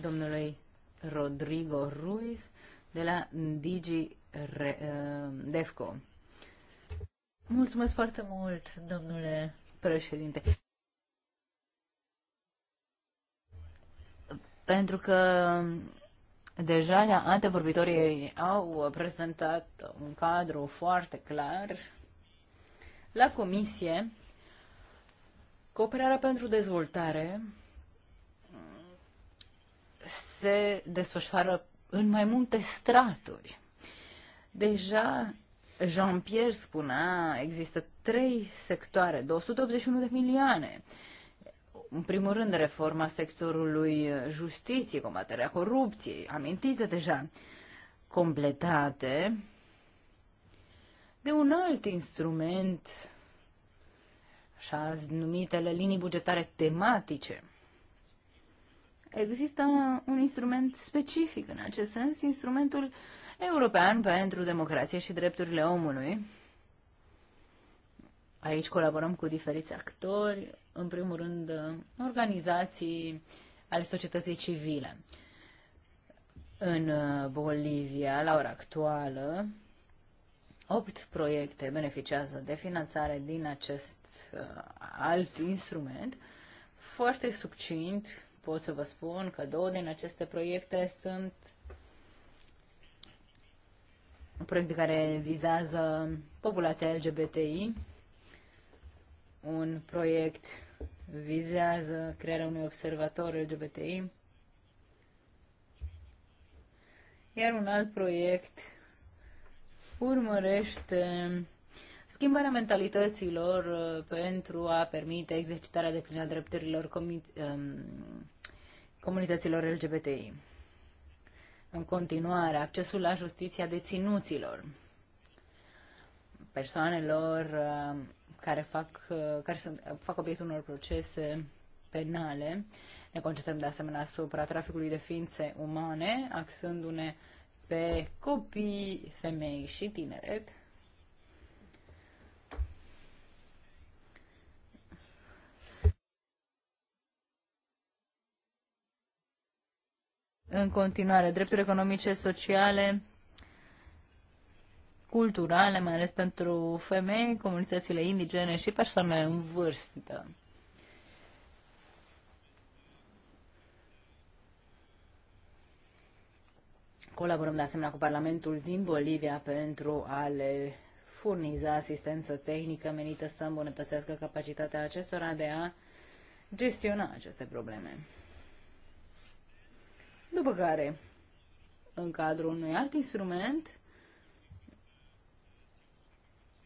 domnului Rodrigo Ruiz de la Digi Re, uh, DEFCO. Mulțumesc foarte mult, domnule președinte. Pentru că deja antevorbitorii au prezentat un cadru foarte clar la comisie. Cooperarea pentru dezvoltare se desfășoară în mai multe straturi. Deja Jean-Pierre spunea, există trei sectoare, 281 de milioane. În primul rând, reforma sectorului justiției, combaterea corupției, amintiți deja, completate de un alt instrument, așa numitele linii bugetare tematice. Există un instrument specific în acest sens, instrumentul uh, european pentru democrație și drepturile omului. Aici colaborăm cu diferiți actori, în primul rând organizații ale societății civile. În uh, Bolivia, la ora actuală, opt proiecte beneficiază de finanțare din acest uh, alt instrument. Foarte succint pot să vă spun că două din aceste proiecte sunt un proiect care vizează populația LGBTI, un proiect vizează crearea unui observator LGBTI, iar un alt proiect urmărește schimbarea mentalităților uh, pentru a permite exercitarea de plină a drepturilor um, comunităților LGBTI. În continuare, accesul la justiția deținuților, persoanelor uh, care, fac, uh, care sunt, fac obiectul unor procese penale. Ne concentrăm de asemenea asupra traficului de ființe umane, axându-ne pe copii, femei și tineret. în continuare drepturi economice, sociale, culturale, mai ales pentru femei, comunitățile indigene și persoanele în vârstă. Colaborăm de asemenea cu Parlamentul din Bolivia pentru a le furniza asistență tehnică menită să îmbunătățească capacitatea acestora de a gestiona aceste probleme după care, în cadrul unui alt instrument,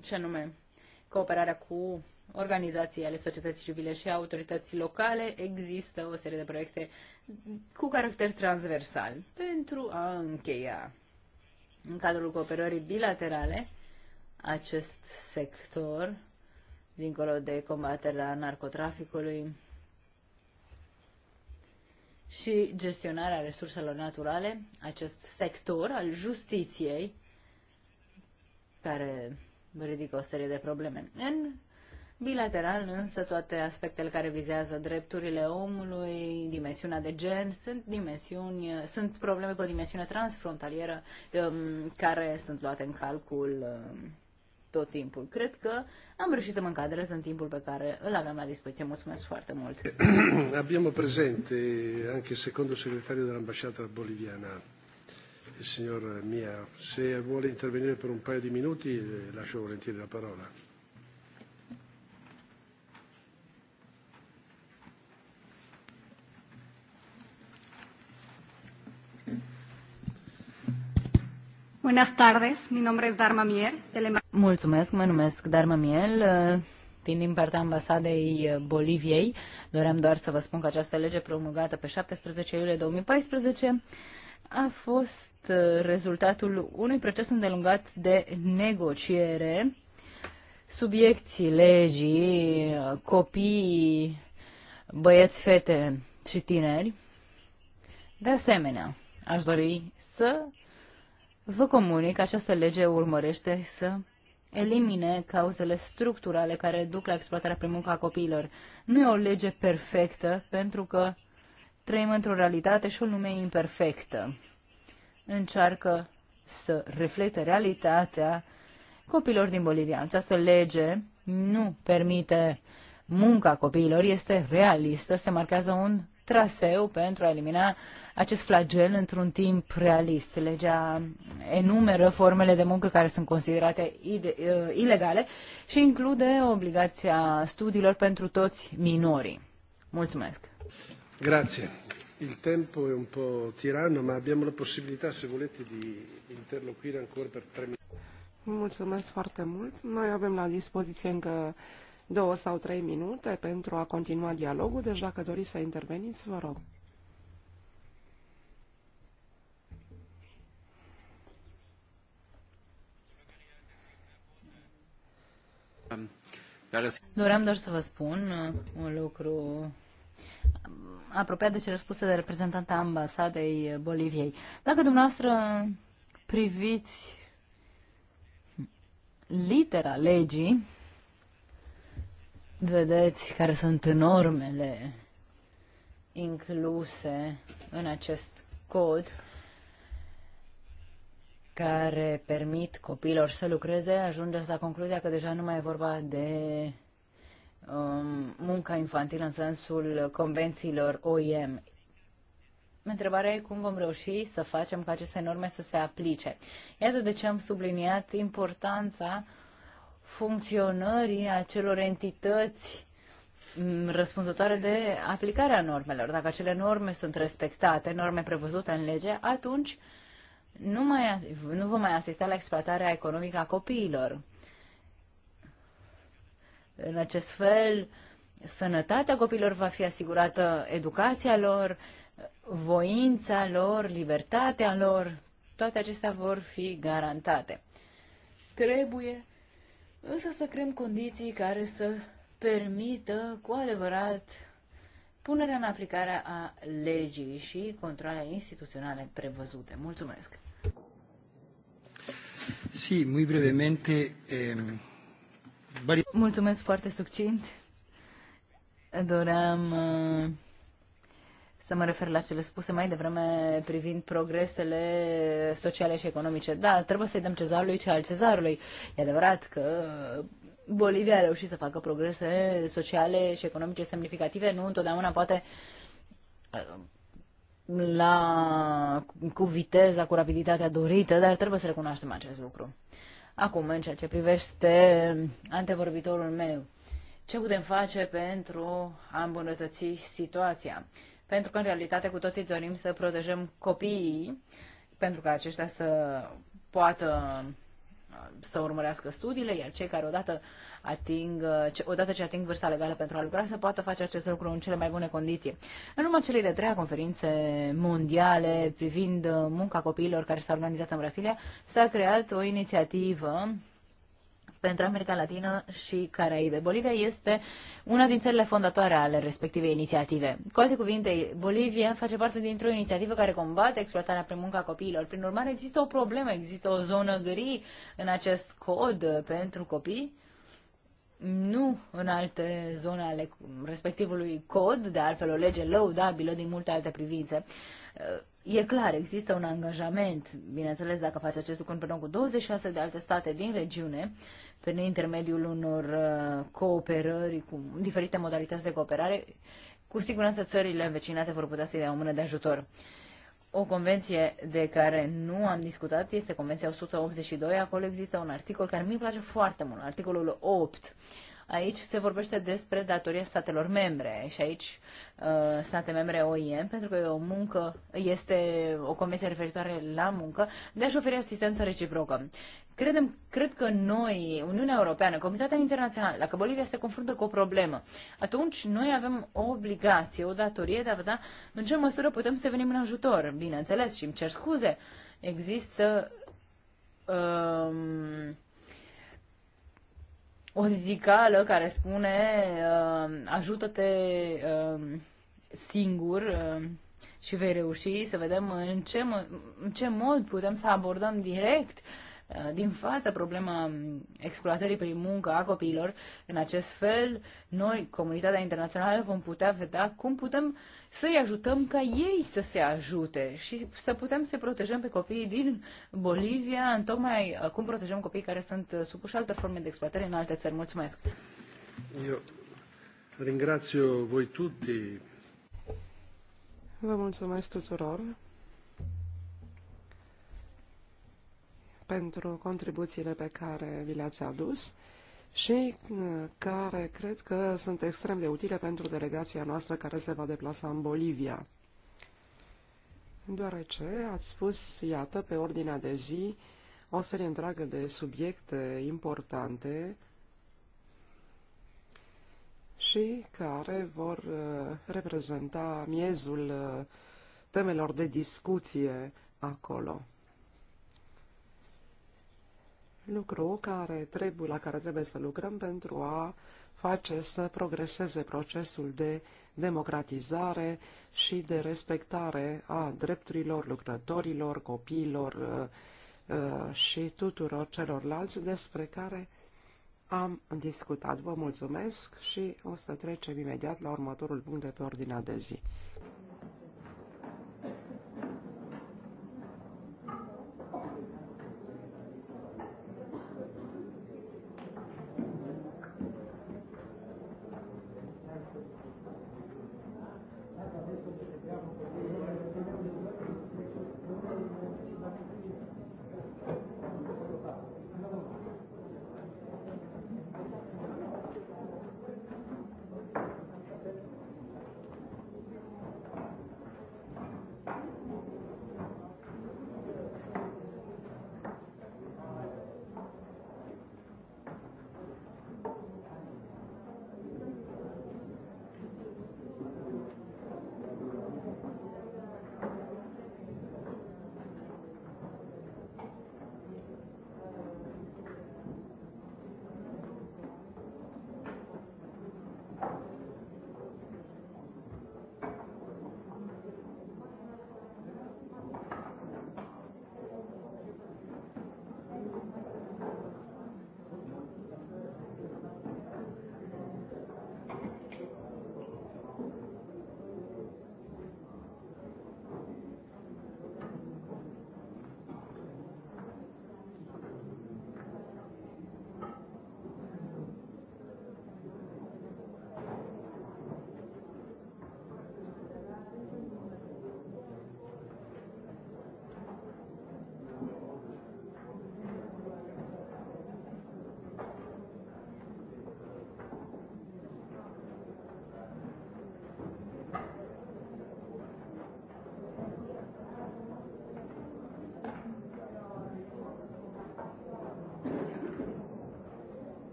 ce anume cooperarea cu organizații ale societății civile și autorități locale, există o serie de proiecte cu caracter transversal pentru a încheia în cadrul cooperării bilaterale acest sector, dincolo de combaterea narcotraficului, și gestionarea resurselor naturale, acest sector al justiției, care ridică o serie de probleme. În bilateral, însă, toate aspectele care vizează drepturile omului, dimensiunea de gen, sunt dimensiuni, sunt probleme cu o dimensiune transfrontalieră um, care sunt luate în calcul um, tot timpul. Cred că am reușit să mă încadrez în timpul pe care îl aveam la dispoziție. Mulțumesc foarte mult. <clears throat> Abbiamo presente anche il secondo segretario dell'ambasciata boliviana, il signor Mia. Se vuole intervenire per un paio di minuti, eh, lascio volentieri la parola. Buenas tardes, mi nombre es Darma Miel. Mulțumesc, mă numesc Darma Miel. Fiind din partea ambasadei Boliviei. Doream doar să vă spun că această lege promulgată pe 17 iulie 2014 a fost rezultatul unui proces îndelungat de negociere. Subiecții legii, copii, băieți, fete și tineri. De asemenea, aș dori să Vă comunic, această lege urmărește să elimine cauzele structurale care duc la exploatarea prin muncă a copiilor. Nu e o lege perfectă, pentru că trăim într-o realitate și o lume imperfectă. Încearcă să reflecte realitatea copiilor din Bolivia. Această lege nu permite munca copiilor, este realistă, se marchează un traseu pentru a elimina acest flagel într-un timp realist. Legea enumeră formele de muncă care sunt considerate uh, ilegale și include obligația studiilor pentru toți minorii. Mulțumesc! Grazie. Il tempo è un po' tiranno, ma abbiamo la possibilità, se volete, di interloquire ancora per tre minuti. Mulțumesc foarte mult. Noi avem la dispoziție încă două sau trei minute pentru a continua dialogul, deci dacă doriți să interveniți, vă rog. Doream doar să vă spun uh, un lucru apropiat de cele spuse de reprezentanta ambasadei Boliviei. Dacă dumneavoastră priviți litera legii, vedeți care sunt normele incluse în acest cod care permit copiilor să lucreze, ajungeți la concluzia că deja nu mai e vorba de um, munca infantilă în sensul convențiilor OIM. Întrebarea e cum vom reuși să facem ca aceste norme să se aplice. Iată de ce am subliniat importanța uh, funcționării acelor entități mm, răspunzătoare de aplicarea normelor. Dacă acele norme sunt respectate, norme prevăzute în lege, atunci nu, mai, nu vom mai asista la exploatarea economică a copiilor. În acest fel, sănătatea copiilor va fi asigurată, educația lor, voința lor, libertatea lor, toate acestea vor fi garantate. Trebuie însă să creăm condiții care să permită cu adevărat punerea în aplicare a legii și controlele instituționale prevăzute. Mulțumesc! Sí, muy brevemente. Eh, vari... Mulțumesc foarte succint. Doream uh, să mă refer la cele spuse mai devreme privind progresele sociale și economice. Da, trebuie să-i dăm cezarului ce al cezarului. E adevărat că Bolivia a reușit să facă progrese sociale și economice semnificative, nu întotdeauna poate uh, la, cu viteza, cu rapiditatea dorită, dar trebuie să recunoaștem acest lucru. Acum, în ceea ce privește antevorbitorul meu, ce putem face pentru a îmbunătăți situația? pentru că în realitate cu toții dorim să protejăm copiii, pentru că aceștia să poată uh, să urmărească studiile, iar cei care odată ating, uh, odată ce ating vârsta legală pentru a lucra, să poată face acest lucru în cele mai bune condiții. În urma celei de treia conferințe mondiale privind uh, munca copiilor care s-a organizat în Brasilia, s-a creat o inițiativă pentru America Latină și Caraibe. Bolivia este una din țările fondatoare ale respectivei inițiative. Cu alte cuvinte, Bolivia face parte dintr-o inițiativă care combate exploatarea prin munca copiilor. Prin urmare, există o problemă, există o zonă gri în acest cod pentru copii nu în alte zone ale respectivului cod, de altfel o lege lăudabilă din multe alte privințe. E clar, există un angajament, bineînțeles dacă face acest lucru împreună cu 26 de alte state din regiune, prin intermediul unor uh, cooperări cu diferite modalități de cooperare, cu siguranță țările învecinate vor putea să-i dea o mână de ajutor. O convenție de care nu am discutat este Convenția 182. Acolo există un articol care mi place foarte mult, articolul 8. Aici se vorbește despre datoria statelor membre și aici uh, state membre OIM, pentru că e o muncă, este o convenție referitoare la muncă, de a-și oferi asistență reciprocă. Credem, cred că noi, Uniunea Europeană, Comitatea Internațională, dacă Bolivia se confruntă cu o problemă, atunci noi avem o obligație, o datorie de a vedea în ce măsură putem să venim în ajutor. Bineînțeles, și îmi cer scuze, există um, o zicală care spune um, ajută-te um, singur um, și vei reuși să vedem în ce, în ce mod putem să abordăm direct uh, Uh, din față problema exploatării prin muncă a copiilor. În acest fel, noi, comunitatea internațională, vom putea vedea cum putem să-i ajutăm ca ei să se ajute și să putem să protejăm pe copiii din Bolivia, în tocmai uh, cum protejăm copiii care sunt uh, supuși altor forme de exploatare în alte țări. Mulțumesc! Eu ringrazio voi tutti. Vă mulțumesc tuturor. pentru contribuțiile pe care vi le-ați adus și uh, care cred că sunt extrem de utile pentru delegația noastră care se va deplasa în Bolivia. Deoarece ați spus, iată, pe ordinea de zi, o serie întreagă de subiecte importante și care vor uh, reprezenta miezul uh, temelor de discuție acolo lucru care trebuie, la care trebuie să lucrăm pentru a face să progreseze procesul de democratizare și de respectare a drepturilor lucrătorilor, copiilor uh, uh, și tuturor celorlalți despre care am discutat. Vă mulțumesc și o să trecem imediat la următorul punct de pe ordinea de zi.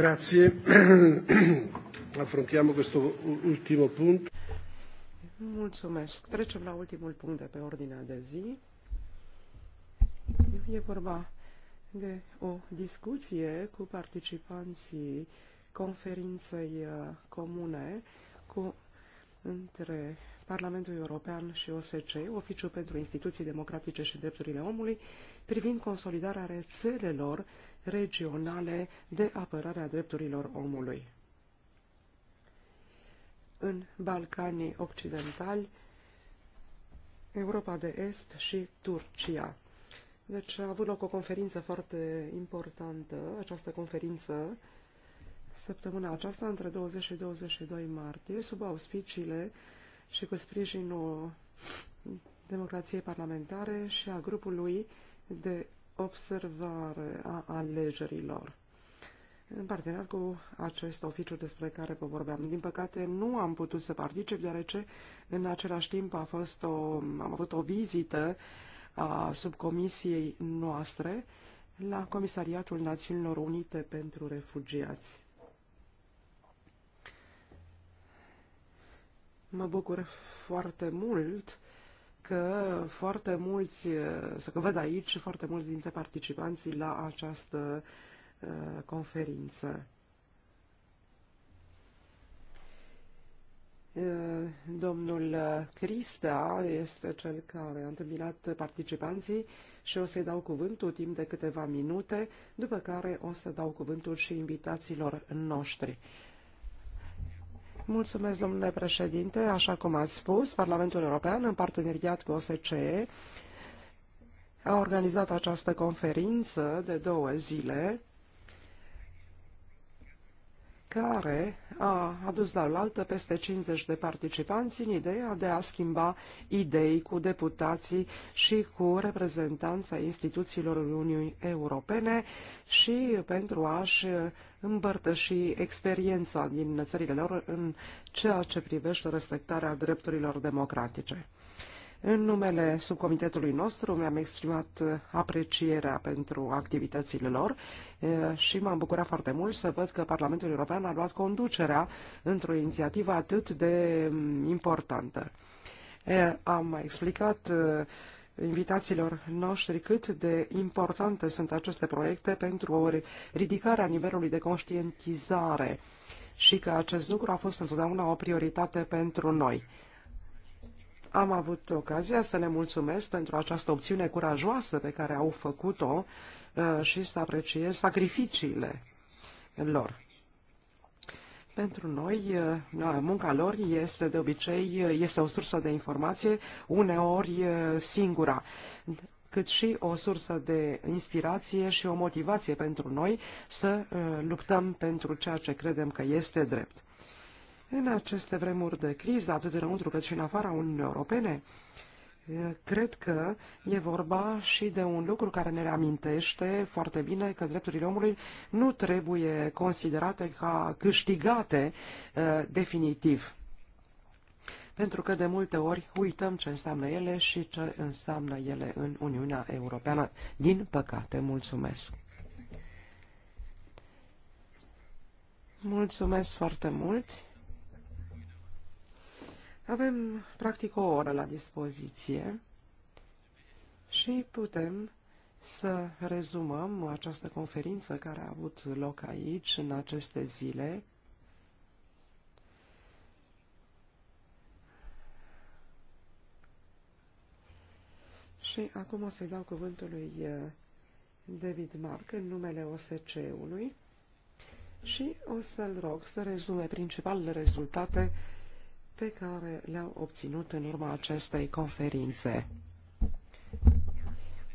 Grazie. <clears throat> Affrontiamo questo ultimo punto. Mulțumesc. Trecem la ultimul punct de pe ordinea de zi. E vorba de o discuție cu participanții conferinței uh, comune cu, între Parlamentul European și OSCE, Oficiul pentru Instituții Democratice și Drepturile Omului, privind consolidarea rețelelor regionale de apărare a drepturilor omului. În Balcanii Occidentali, Europa de Est și Turcia. Deci a avut loc o conferință foarte importantă, această conferință, săptămâna aceasta, între 20 și 22 martie, sub auspiciile și cu sprijinul democrației parlamentare și a grupului de observare a alegerilor. În parteneriat cu acest oficiu despre care vă vorbeam. Din păcate, nu am putut să particip, deoarece în același timp a fost o, am avut o vizită a subcomisiei noastre la Comisariatul Națiunilor Unite pentru Refugiați. Mă bucur foarte mult că foarte mulți, eh, să că văd aici foarte mulți dintre participanții la această uh, conferință. Eh, domnul Crista este cel care a întâmpinat participanții și o să-i dau cuvântul timp de câteva minute, după care o să dau cuvântul și invitațiilor noștri. Mulțumesc, domnule președinte. Așa cum ați spus, Parlamentul European, în parteneriat cu OSCE, a organizat această conferință de două zile care a adus la oaltă peste 50 de participanți în ideea de a schimba idei cu deputații și cu reprezentanța instituțiilor Uniunii Europene și pentru a-și îmbărtăși experiența din țările lor în ceea ce privește respectarea drepturilor democratice. În numele subcomitetului nostru mi-am exprimat aprecierea pentru activitățile lor și m-am bucurat foarte mult să văd că Parlamentul European a luat conducerea într-o inițiativă atât de mm, importantă. Am explicat invitațiilor noștri cât de importante sunt aceste proiecte pentru ridicarea nivelului de conștientizare și că acest lucru a fost întotdeauna o prioritate pentru noi. Am avut ocazia să le mulțumesc pentru această opțiune curajoasă pe care au făcut-o uh, și să apreciez sacrificiile lor. Pentru noi, uh, munca lor este de obicei, uh, este o sursă de informație, uneori singura, cât și o sursă de inspirație și o motivație pentru noi să luptăm pentru ceea ce credem că este drept. În aceste vremuri de criză, atât înăuntru cât și în afara Uniunii Europene, Cred că e vorba și de un lucru care ne reamintește foarte bine că drepturile omului nu trebuie considerate ca câștigate definitiv. Pentru că de multe ori uităm ce înseamnă ele și ce înseamnă ele în Uniunea Europeană. Din păcate, mulțumesc! Mulțumesc foarte mult! Avem practic o oră la dispoziție și putem să rezumăm această conferință care a avut loc aici în aceste zile. Și acum o să-i dau cuvântul lui eh, David Mark în numele OSCE-ului și o să-l rog să rezume principalele rezultate pe care le-au obținut în urma acestei conferințe.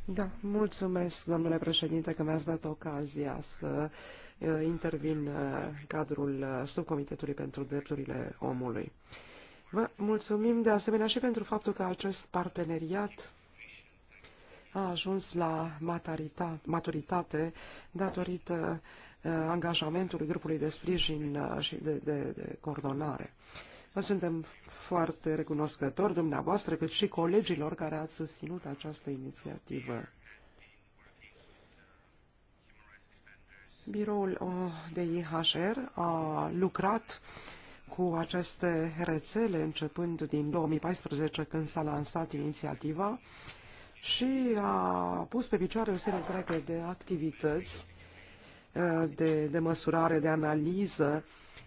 Da, mulțumesc, domnule președinte, că mi-ați dat ocazia să uh, intervin uh, în cadrul uh, subcomitetului pentru drepturile omului. Vă mulțumim de asemenea și pentru faptul că acest parteneriat a ajuns la maturitate datorită angajamentului grupului de sprijin și de, de, de coordonare. Vă suntem foarte recunoscători dumneavoastră, cât și colegilor care ați susținut această inițiativă. Biroul uh, de IHR a lucrat cu aceste rețele începând din 2014 când s-a lansat inițiativa și a pus pe picioare o serie întreagă de activități uh, de, de măsurare, de analiză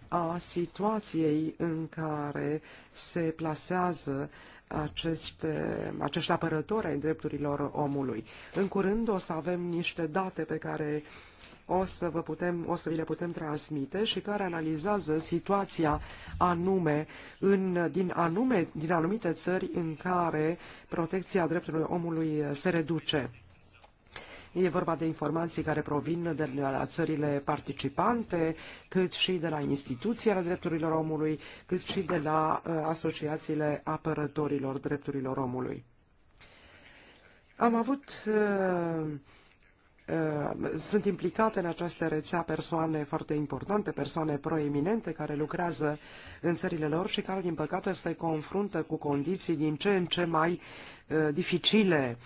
a situației în care se plasează aceste, acești apărători ai drepturilor omului. În curând o să avem niște date pe care o să, vă putem, o să vi le putem transmite și care analizează situația anume în, din, anume, din anumite țări în care protecția drepturilor omului se reduce. E vorba de informații care provin de la țările participante, cât și de la instituții ale drepturilor omului, cât și de la uh, asociațiile apărătorilor drepturilor omului. Am avut uh, uh, sunt implicate în această rețea persoane foarte importante, persoane proeminente care lucrează în țările lor și care, din păcate, se confruntă cu condiții din ce în ce mai dificile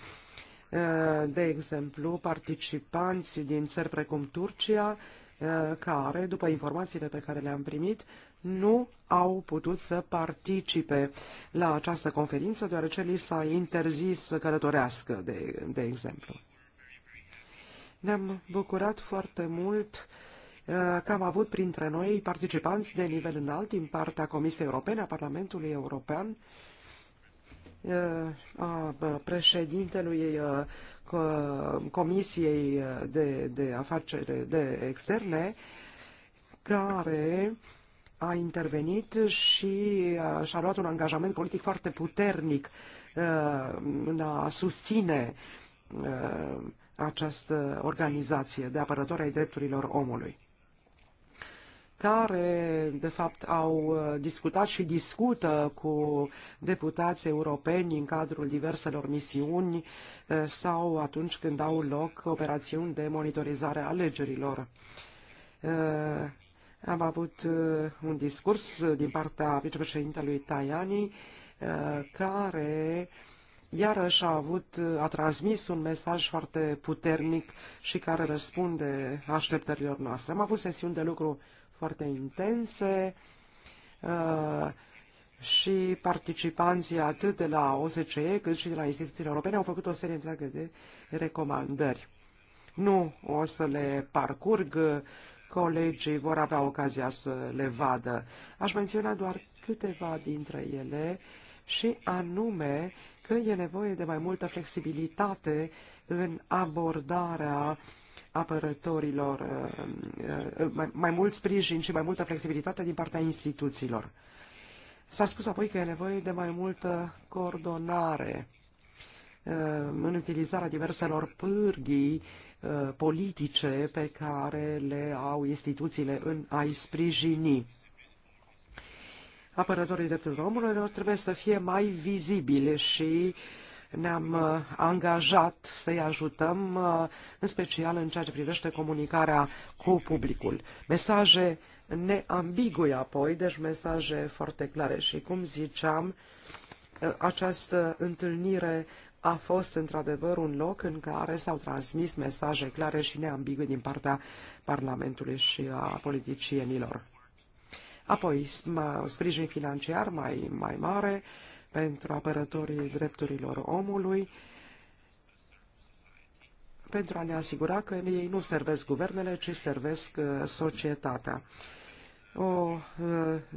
Eh, de exemplu, participanți din țări precum Turcia, eh, care, după informațiile pe care le-am primit, nu au putut să participe la această conferință, deoarece li s-a interzis să călătorească, de, de exemplu. Ne-am bucurat foarte mult eh, că am avut printre noi participanți de nivel înalt din partea Comisiei Europene, a Parlamentului European, a președintelui Comisiei de, de Afaceri de Externe, care a intervenit și și-a luat un angajament politic foarte puternic în a susține această organizație de apărători ai drepturilor omului care, de fapt, au uh, discutat și discută cu deputații europeni în cadrul diverselor misiuni uh, sau atunci când au loc operațiuni de monitorizare a alegerilor. Uh, am avut un discurs din partea vicepreședintelui Tajani care iarăși a avut, a transmis un mesaj foarte puternic și care răspunde așteptărilor noastre. Am avut sesiuni de lucru foarte intense uh, și participanții atât de la OSCE cât și de la instituțiile europene au făcut o serie întreagă de recomandări. Nu o să le parcurg, colegii vor avea ocazia să le vadă. Aș menționa doar câteva dintre ele și anume că e nevoie de mai multă flexibilitate în abordarea uh, apărătorilor, uh, uh, mai, mult sprijin și mai multă flexibilitate din partea instituțiilor. S-a spus apoi că e nevoie de mai multă coordonare uh, în utilizarea diverselor pârghii politice pe care le au instituțiile în a-i sprijini. Apărătorii drepturilor omului trebuie să fie mai vizibile și uh, ne-am uh, angajat să-i ajutăm, uh, în special în ceea ce privește comunicarea cu publicul. Mesaje neambigui apoi, deci mesaje foarte clare și cum ziceam, uh, această întâlnire a fost într-adevăr un loc în care s-au transmis mesaje clare și neambigui din partea Parlamentului și a politicienilor. Apoi, sprijin financiar mai, mai mare, uh, pentru apărătorii drepturilor omului, pentru a ne asigura că ei nu servesc guvernele, ci servesc uh, societatea. O uh,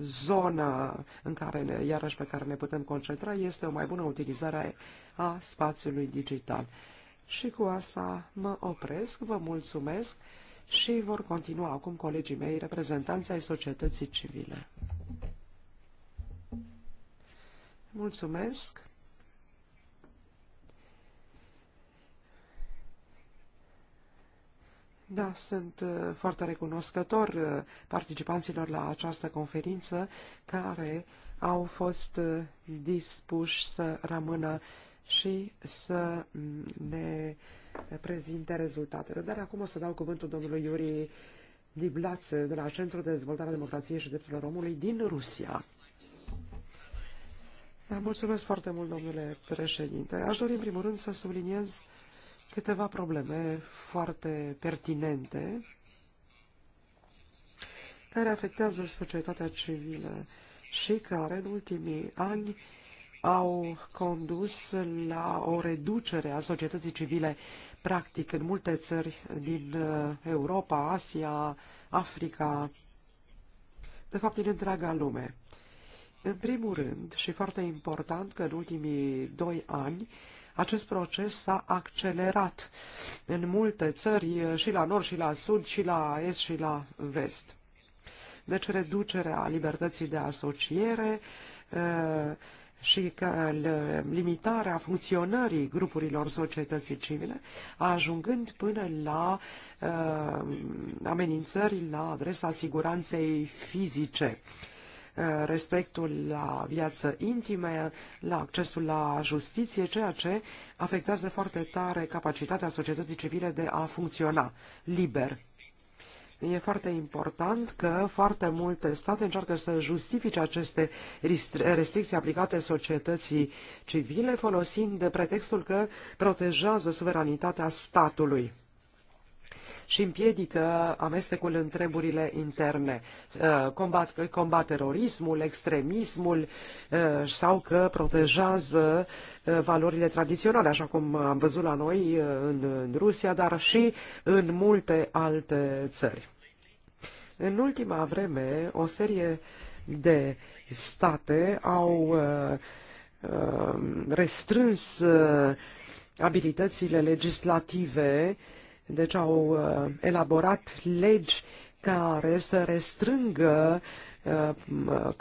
zonă în care, ne, iarăși pe care ne putem concentra, este o mai bună utilizare a spațiului digital. Și cu asta mă opresc, vă mulțumesc și vor continua acum colegii mei, reprezentanții ai societății civile. Mulțumesc. Da, sunt uh, foarte recunoscător uh, participanților la această conferință care au fost uh, dispuși să rămână și să mm, ne prezinte rezultatele. Dar acum o să dau cuvântul domnului Iuri Diblaț de la Centrul de Dezvoltare a Democrației și Drepturilor Omului din Rusia. Da, mulțumesc foarte mult, domnule președinte. Aș dori, în primul rând, să subliniez câteva probleme foarte pertinente care afectează societatea civilă și care, în ultimii ani, au condus la o reducere a societății civile, practic, în multe țări din uh, Europa, Asia, Africa, de fapt, din întreaga lume. În primul rând, și foarte important că în ultimii doi ani, acest proces s-a accelerat în multe țări, și la nord, și la sud, și la est, și la vest. Deci reducerea libertății de asociere uh, și limitarea funcționării grupurilor societății civile, ajungând până la uh, amenințări la adresa siguranței fizice respectul la viață intime, la accesul la justiție, ceea ce afectează foarte tare capacitatea societății civile de a funcționa liber. E foarte important că foarte multe state încearcă să justifice aceste restricții aplicate societății civile folosind pretextul că protejează suveranitatea statului și împiedică amestecul în treburile interne. Uh, combat, combat terorismul, extremismul uh, sau că protejează uh, valorile tradiționale, așa cum am văzut la noi în Rusia, dar și în multe alte țări. În ultima vreme, o serie de state au restrâns abilitățile legislative deci au uh, elaborat legi care să restrângă uh,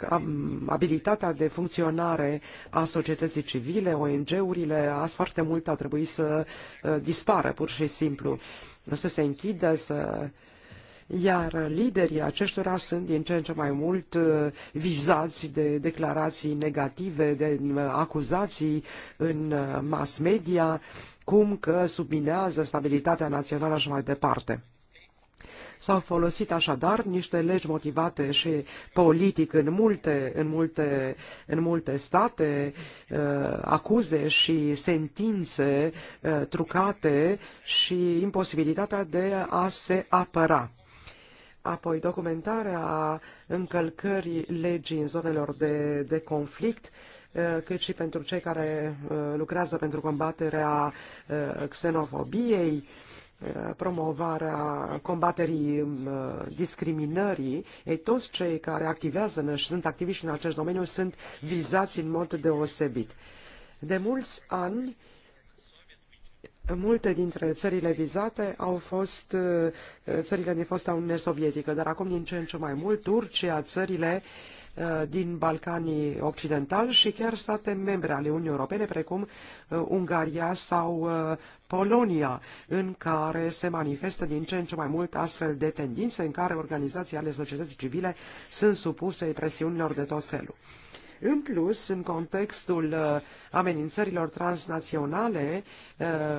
abilitatea de funcționare a societății civile, ONG-urile, azi foarte mult a trebuit să uh, dispară pur și simplu, să se închidă, să... Iar liderii aceștora sunt din ce în ce mai mult vizați de declarații negative, de acuzații în mass media, cum că subminează stabilitatea națională și mai departe. S-au folosit așadar niște legi motivate și politic în multe, în multe, în multe state, uh, acuze și sentințe uh, trucate și imposibilitatea de a se apăra. Apoi, documentarea încălcării legii în zonelor de, de conflict uh, Eh, cât și pentru cei care eh, lucrează pentru combaterea eh, xenofobiei, promovarea combaterii discriminării, ei toți cei care activează și sunt activiști în acest domeniu sunt vizați în mod deosebit. De mulți ani, multe dintre țările vizate au fost țările din fosta Uniune Sovietică, dar acum din ce în ce mai mult Turcia, țările uh, Uh, din Balcanii Occidentali și chiar state membre ale Uniunii Europene, precum uh, Ungaria sau uh, Polonia, în care se manifestă din ce în ce mai mult astfel de tendințe în care organizații ale societății civile sunt supuse presiunilor de tot felul. În plus, în contextul amenințărilor transnaționale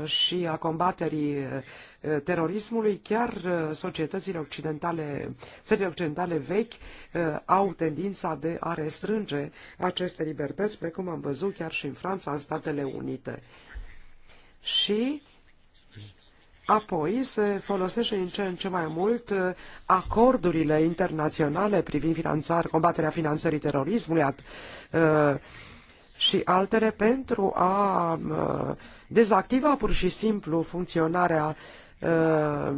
și a combaterii terorismului, chiar uh, societățile occidentale, țările occidentale vechi uh, au tendința de a restrânge aceste libertăți, precum am văzut chiar și în Franța, în Statele Unite. Și Apoi se folosește în ce în ce mai mult uh, acordurile internaționale privind finanțar, combaterea finanțării terorismului at, și altele pentru a dezactiva pur și simplu funcționarea Uh,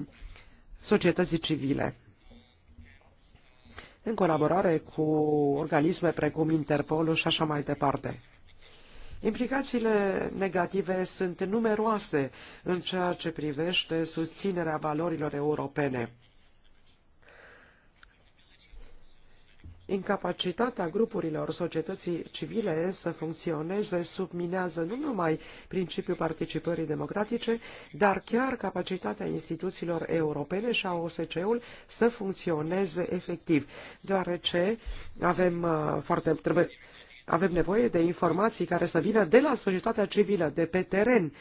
societății civile. În colaborare cu organisme precum Interpolul și așa mai departe. Implicațiile negative sunt numeroase în ceea ce privește susținerea valorilor europene Incapacitatea grupurilor societății civile să funcționeze subminează nu numai principiul participării democratice, dar chiar capacitatea instituțiilor europene și a osce ului să funcționeze efectiv, deoarece avem uh, foarte trebuie avem nevoie de informații care să vină de la societatea civilă, de pe teren, uh,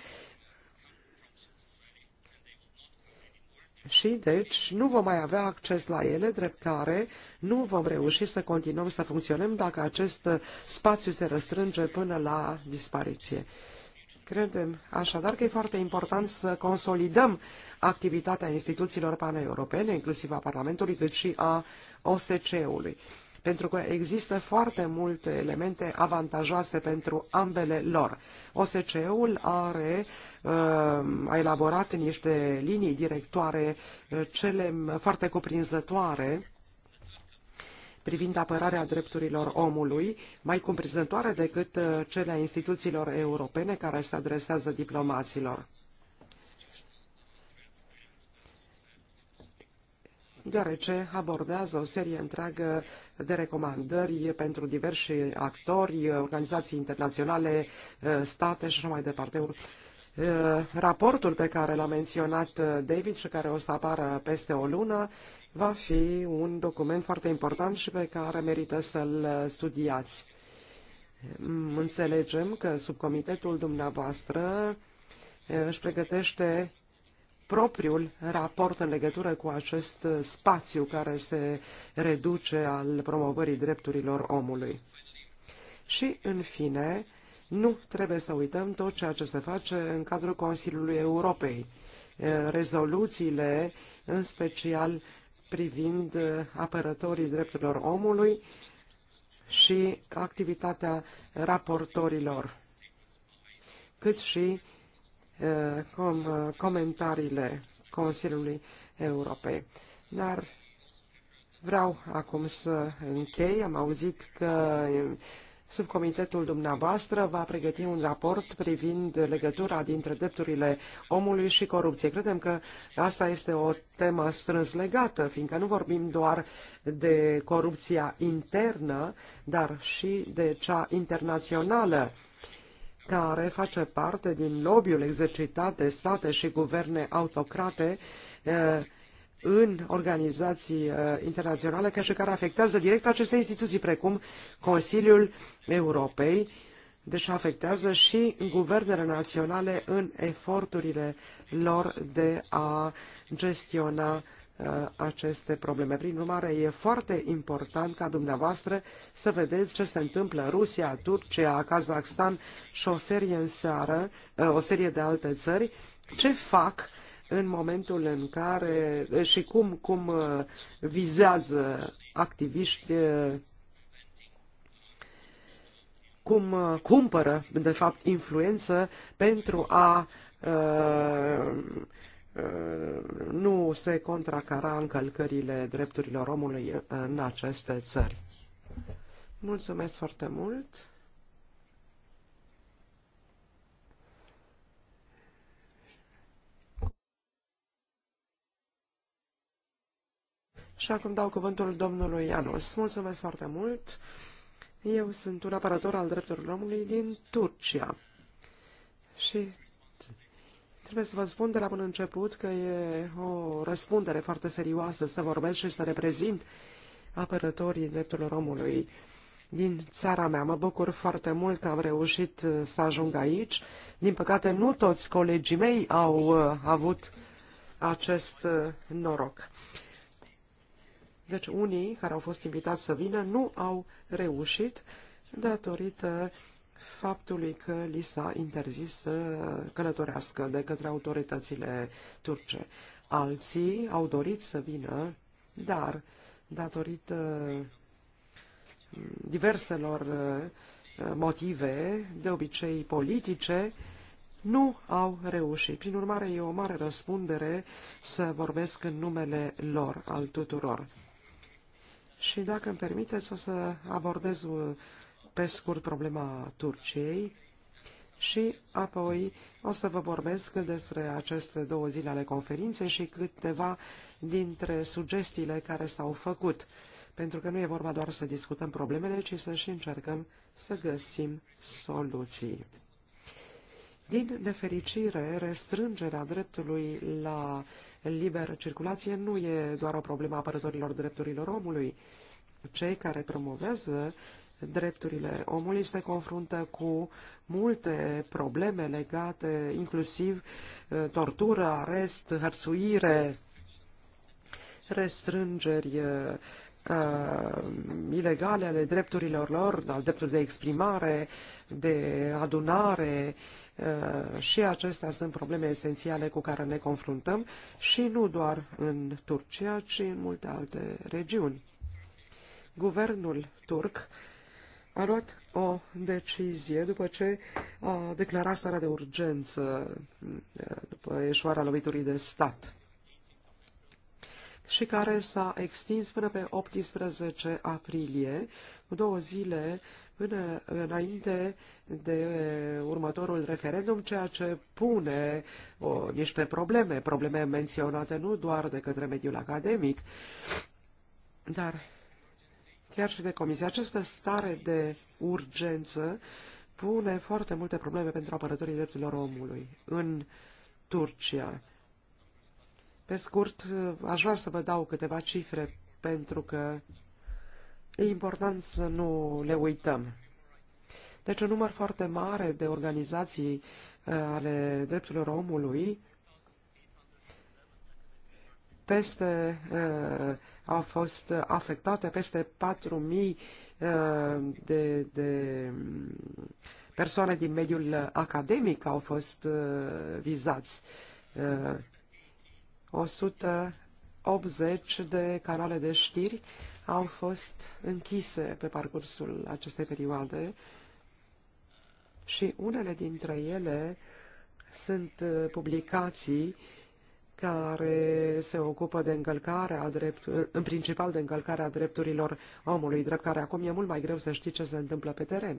și deci nu vom mai avea acces la ele, drept care nu vom reuși să continuăm să funcționăm dacă acest spațiu se răstrânge până la dispariție. Credem așadar că e foarte important să consolidăm activitatea instituțiilor paneuropene, inclusiv a Parlamentului, cât și a OSCE-ului pentru că există foarte multe elemente avantajoase pentru ambele lor. OSCE-ul are, uh, a elaborat niște linii directoare uh, cele foarte cuprinzătoare privind apărarea drepturilor omului, mai cuprinzătoare decât uh, cele a instituțiilor europene care se adresează diplomaților. deoarece abordează o serie întreagă de recomandări pentru diversi actori, organizații internaționale, eh, state și așa mai departe. Eh, raportul pe care l-a menționat eh, David și care o să apară peste o lună va fi un document foarte important și pe care merită să-l studiați. Mm, înțelegem că subcomitetul dumneavoastră își pregătește propriul raport în legătură cu acest spațiu care se reduce al promovării drepturilor omului. Și, în fine, nu trebuie să uităm tot ceea ce se face în cadrul Consiliului Europei. Rezoluțiile, în special privind apărătorii drepturilor omului și activitatea raportorilor, cât și comentariile Consiliului Europei. Dar vreau acum să închei. Am auzit că subcomitetul dumneavoastră va pregăti un raport privind legătura dintre drepturile omului și corupție. Credem că asta este o temă strâns legată, fiindcă nu vorbim doar de corupția internă, dar și de cea internațională care face parte din lobbyul exercitat de state și guverne autocrate eh, în organizații eh, internaționale, ca și care afectează direct aceste instituții, precum Consiliul Europei, deci afectează și guvernele naționale în eforturile lor de a gestiona Uh, aceste probleme. Prin urmare, e foarte important ca dumneavoastră să vedeți ce se întâmplă în Rusia, Turcia, Kazakhstan și o serie în seară, uh, o serie de alte țări, ce fac în momentul în care uh, și cum, cum vizează activiști cum cumpără, de fapt, influență pentru a uh, Uh, nu se contracara încălcările drepturilor omului în aceste țări. Mulțumesc foarte mult! Și acum dau cuvântul domnului Ianus. Mulțumesc foarte mult! Eu sunt un apărător al drepturilor omului din Turcia. Și Trebuie să vă spun de la bun început că e o răspundere foarte serioasă să vorbesc și să reprezint apărătorii drepturilor omului din țara mea. Mă bucur foarte mult că am reușit să ajung aici. Din păcate, nu toți colegii mei au uh, avut acest uh, noroc. Deci unii care au fost invitați să vină nu au reușit datorită faptului că li s-a interzis să călătorească de către autoritățile turce. Alții au dorit să vină, dar datorită mm, diverselor mm, motive, de obicei politice, nu au reușit. Prin urmare, e o mare răspundere să vorbesc în numele lor, al tuturor. Și dacă îmi permiteți, o să abordez uh, pe scurt problema Turciei și apoi o să vă vorbesc despre aceste două zile ale conferinței și câteva dintre sugestiile care s-au făcut. Pentru că nu e vorba doar să discutăm problemele, ci să și încercăm să găsim soluții. Din nefericire, restrângerea dreptului la liberă circulație nu e doar o problemă a apărătorilor drepturilor omului. Cei care promovează drepturile omului se confruntă cu multe probleme legate, inclusiv uh, tortură, arest, hărțuire, restrângeri uh, uh, ilegale ale drepturilor lor, al dreptului de exprimare, de adunare uh, și acestea sunt probleme esențiale cu care ne confruntăm și nu doar în Turcia, ci în multe alte regiuni. Guvernul turc uh, a luat o decizie după ce a declarat starea de urgență după eșuarea loviturii de stat și care s-a extins până pe 18 aprilie, cu două zile până înainte de următorul referendum, ceea ce pune o, niște probleme, probleme menționate nu doar de către mediul academic, dar chiar și de comisie. Această stare de urgență pune foarte multe probleme pentru apărătorii drepturilor omului în Turcia. Pe scurt, aș vrea să vă dau câteva cifre pentru că e important să nu le uităm. Deci un număr foarte mare de organizații uh, ale drepturilor omului, peste uh, au fost afectate peste 4.000 uh, de, de persoane din mediul academic au fost uh, vizați. 180 uh, de canale de știri au fost închise pe parcursul acestei perioade și unele dintre ele sunt publicații uh, care se ocupă de încălcarea drept, în principal de încălcarea drepturilor omului, drept care acum e mult mai greu să știi ce se întâmplă pe teren.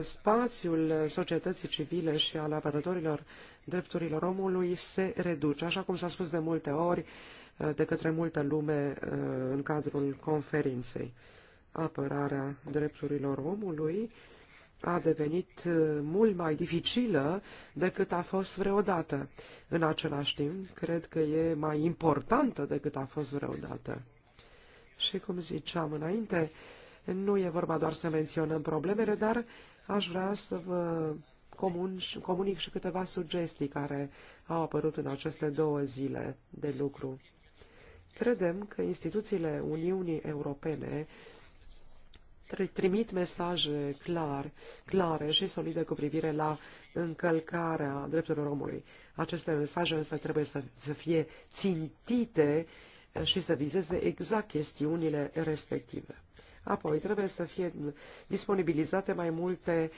Spațiul societății civile și al apărătorilor drepturilor omului se reduce, așa cum s-a spus de multe ori de către multă lume în cadrul conferinței. Apărarea drepturilor omului a devenit uh, mult mai dificilă decât a fost vreodată. În același timp, cred că e mai importantă decât a fost vreodată. Și cum ziceam înainte, nu e vorba doar să menționăm problemele, dar aș vrea să vă comunic și câteva sugestii care au apărut în aceste două zile de lucru. Credem că instituțiile Uniunii Europene trimit mesaje clar, clare și solide cu privire la încălcarea drepturilor omului. Aceste mesaje însă trebuie să, să fie țintite și să vizeze exact chestiunile respective. Apoi trebuie să fie disponibilizate mai multe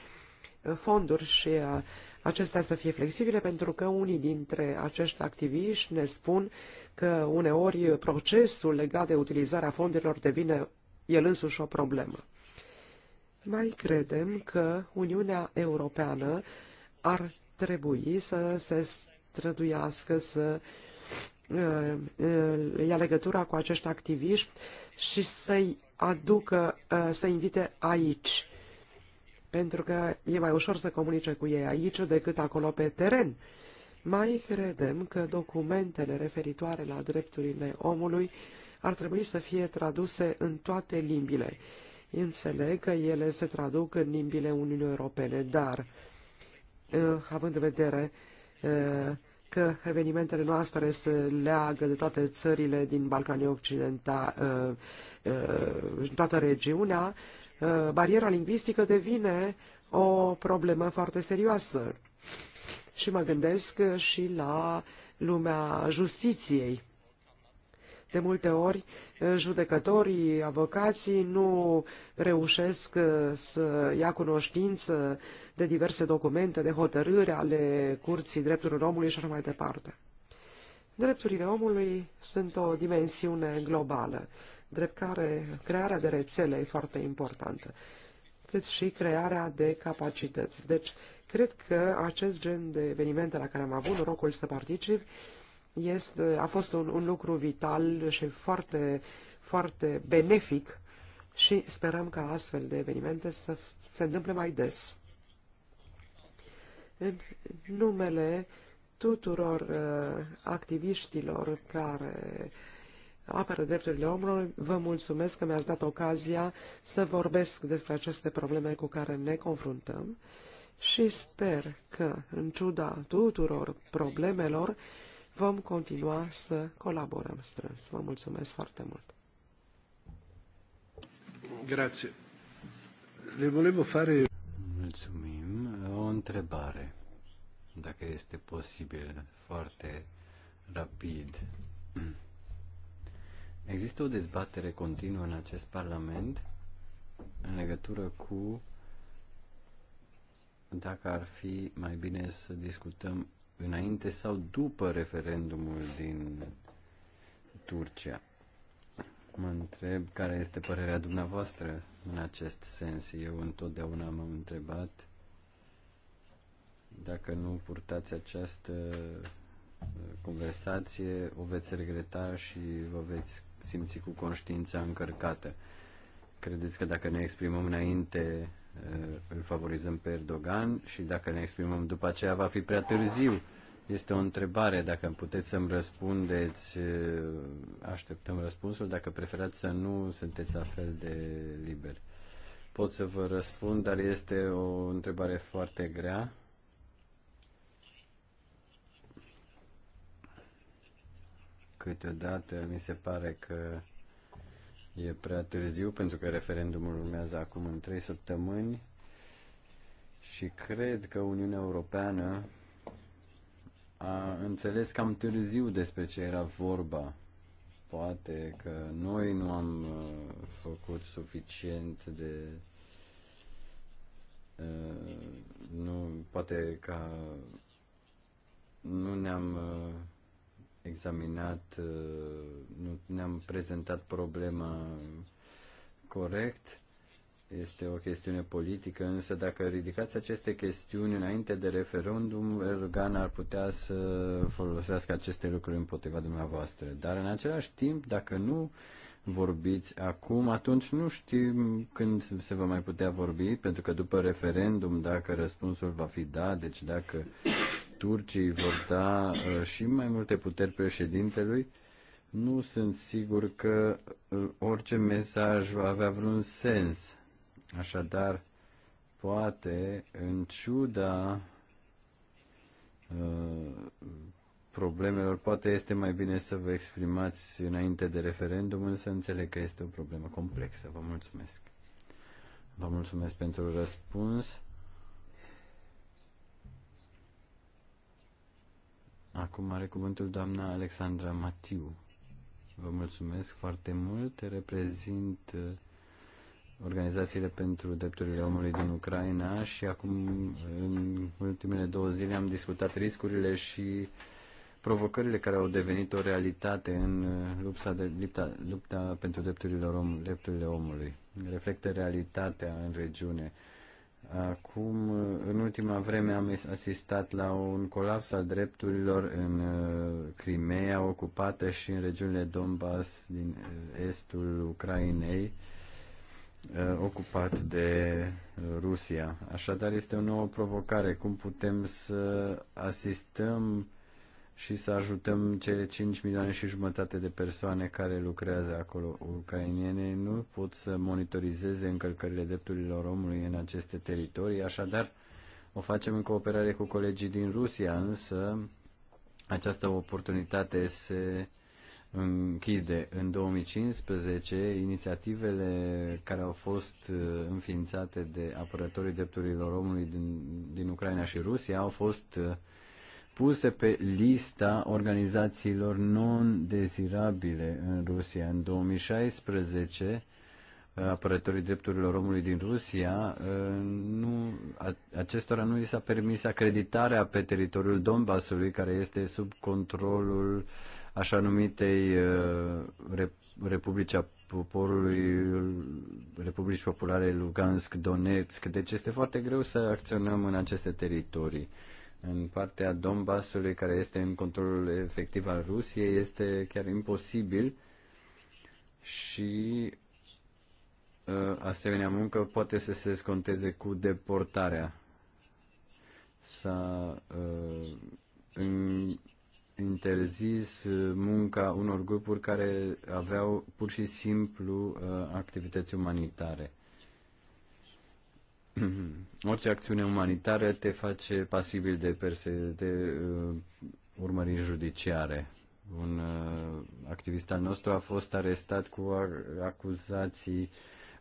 fonduri și uh, acestea să fie flexibile, pentru că unii dintre acești activiști ne spun că uneori procesul legat de utilizarea fondurilor devine el însuși o problemă. Mai credem că Uniunea Europeană ar trebui să se străduiască să uh, uh, ia legătura cu acești activiști și să-i aducă, uh, să invite aici. Pentru că e mai ușor să comunice cu ei aici decât acolo pe teren. Mai credem că documentele referitoare la drepturile omului ar trebui să fie traduse în toate limbile Înțeleg că ele se traduc în limbile Uniunii Europene, dar uh, având în vedere uh, că evenimentele noastre se leagă de toate țările din Balcanii Occidentali, uh, toată regiunea, bariera lingvistică devine o problemă foarte serioasă. Și mă gândesc și la lumea justiției. De multe ori, eh, judecătorii, avocații nu reușesc eh, să ia cunoștință de diverse documente, de hotărâri ale Curții Drepturilor Omului și așa mai departe. Drepturile omului sunt o dimensiune globală, drept care crearea de rețele e foarte importantă, cât și crearea de capacități. Deci, cred că acest gen de evenimente la care am avut norocul să particip este, a fost un, un lucru vital și foarte, foarte benefic și sperăm ca astfel de evenimente să se întâmple mai des. În numele tuturor uh, activiștilor care apără drepturile omului, vă mulțumesc că mi-ați dat ocazia să vorbesc despre aceste probleme cu care ne confruntăm și sper că, în ciuda tuturor problemelor, vom continua să colaborăm strâns. Vă mulțumesc foarte mult. Grazie. Le volevo fare... Mulțumim. O întrebare, dacă este posibil, foarte rapid. Există o dezbatere continuă în acest Parlament în legătură cu dacă ar fi mai bine să discutăm înainte sau după referendumul din Turcia. Mă întreb care este părerea dumneavoastră în acest sens. Eu întotdeauna m-am întrebat dacă nu purtați această uh, conversație, o veți regreta și vă veți simți cu conștiința încărcată. Credeți că dacă ne exprimăm înainte îl favorizăm pe Erdogan și dacă ne exprimăm după aceea va fi prea târziu. Este o întrebare, dacă puteți să-mi răspundeți, uh, așteptăm răspunsul, dacă preferați să nu sunteți la fel de liberi. Pot să vă răspund, dar este o întrebare foarte grea. Câteodată mi se pare că e prea târziu pentru că referendumul urmează acum în trei săptămâni și cred că Uniunea Europeană a înțeles cam târziu despre ce era vorba. Poate că noi nu am uh, făcut suficient de uh, nu, poate că nu ne-am uh, examinat, uh, nu ne-am prezentat problema corect. Este o chestiune politică, însă dacă ridicați aceste chestiuni înainte de referendum, Erdogan ar putea să folosească aceste lucruri împotriva dumneavoastră. Dar în același timp, dacă nu vorbiți acum, atunci nu știm când se va mai putea vorbi, pentru că după referendum, dacă răspunsul va fi da, deci dacă turcii vor da uh, și mai multe puteri președintelui, nu sunt sigur că uh, orice mesaj va avea vreun sens. Așadar, poate, în ciuda uh, problemelor, poate este mai bine să vă exprimați înainte de referendum, însă înțeleg că este o problemă complexă. Vă mulțumesc. Vă mulțumesc pentru răspuns. Acum are cuvântul doamna Alexandra Matiu. Vă mulțumesc foarte mult. Reprezint uh, organizațiile pentru drepturile omului din Ucraina și acum, uh, în ultimele două zile, am discutat riscurile și provocările care au devenit o realitate în uh, lupta, de, lupta, lupta pentru drepturile, om, drepturile omului. Reflectă realitatea în regiune. Uh, Acum, în ultima vreme, am asistat la un colaps al drepturilor în uh, Crimea ocupată și în regiunile Donbass din uh, estul Ucrainei, uh, ocupat de Rusia. Așadar, este o nouă provocare. Cum putem să asistăm și să ajutăm cele 5 milioane și jumătate de persoane care lucrează acolo. Ucrainiene nu pot să monitorizeze încălcările drepturilor omului în aceste teritorii, așadar o facem în cooperare cu colegii din Rusia, însă această oportunitate se închide. În 2015, inițiativele care au fost uh, înființate de apărătorii drepturilor omului din, din Ucraina și Rusia au fost uh, puse pe lista organizațiilor non-dezirabile în Rusia. În 2016, apărătorii drepturilor omului din Rusia, uh, nu, acestora nu li s-a permis acreditarea pe teritoriul Donbasului, care este sub controlul așa numitei uh, Republica Poporului, Republicii Populare Lugansk, Donetsk. Deci este foarte greu să acționăm în aceste teritorii în partea Donbassului, care este în controlul efectiv al Rusiei, este chiar imposibil și ă, asemenea muncă poate să se sconteze cu deportarea. S-a ă, interzis munca unor grupuri care aveau pur și simplu ă, activități umanitare. Mhm. orice acțiune umanitară te face pasibil de, perse- de uh, urmăriri judiciare. Un uh, activist al nostru a fost arestat cu acuzații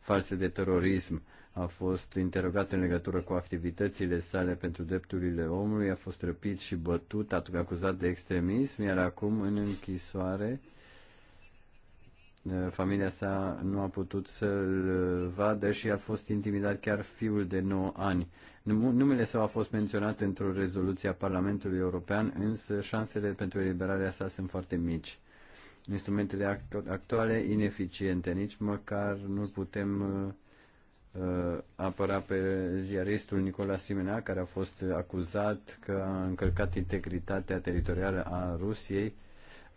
false de terorism. A fost interogat în legătură cu activitățile sale pentru drepturile omului, a fost răpit și bătut, acuzat de extremism, iar acum în închisoare Eh, familia sa nu a putut să-l eh, vadă și a fost intimidat chiar fiul de 9 ani. Numele său a fost menționat într-o rezoluție a Parlamentului European, însă șansele pentru eliberarea sa sunt foarte mici. Instrumentele actuale ineficiente, nici măcar nu putem uh, apăra pe ziaristul Nicola Simena, care a fost acuzat că a încălcat integritatea teritorială a Rusiei, uh,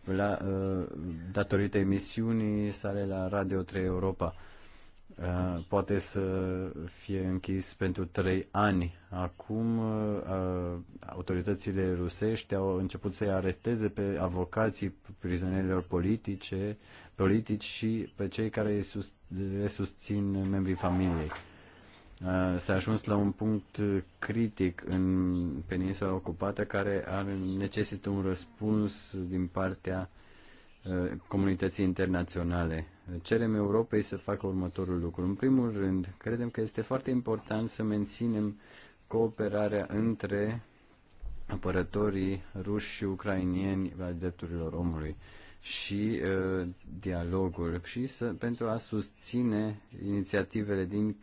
la, uh, datorită emisiunii sale la Radio 3 Europa. Uh, poate să fie închis pentru trei ani. Acum uh, autoritățile rusești au început să-i aresteze pe avocații prizonierilor politice, politici și pe cei care le susțin membrii familiei. Uh, s-a ajuns la un punct critic în peninsula ocupată care ar necesită un răspuns din partea uh, comunității internaționale. Cerem Europei să facă următorul lucru. În primul rând, credem că este foarte important să menținem cooperarea între apărătorii ruși și ucrainieni la drepturilor omului și uh, dialogul și să, pentru a susține inițiativele din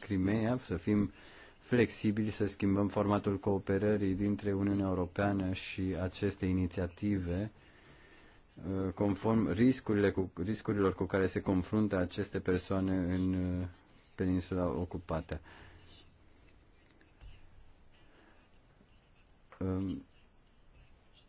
Crimea, să fim flexibili, să schimbăm formatul cooperării dintre Uniunea Europeană și aceste inițiative uh, conform riscurile cu, riscurilor cu care se confruntă aceste persoane în uh, peninsula ocupată. Um,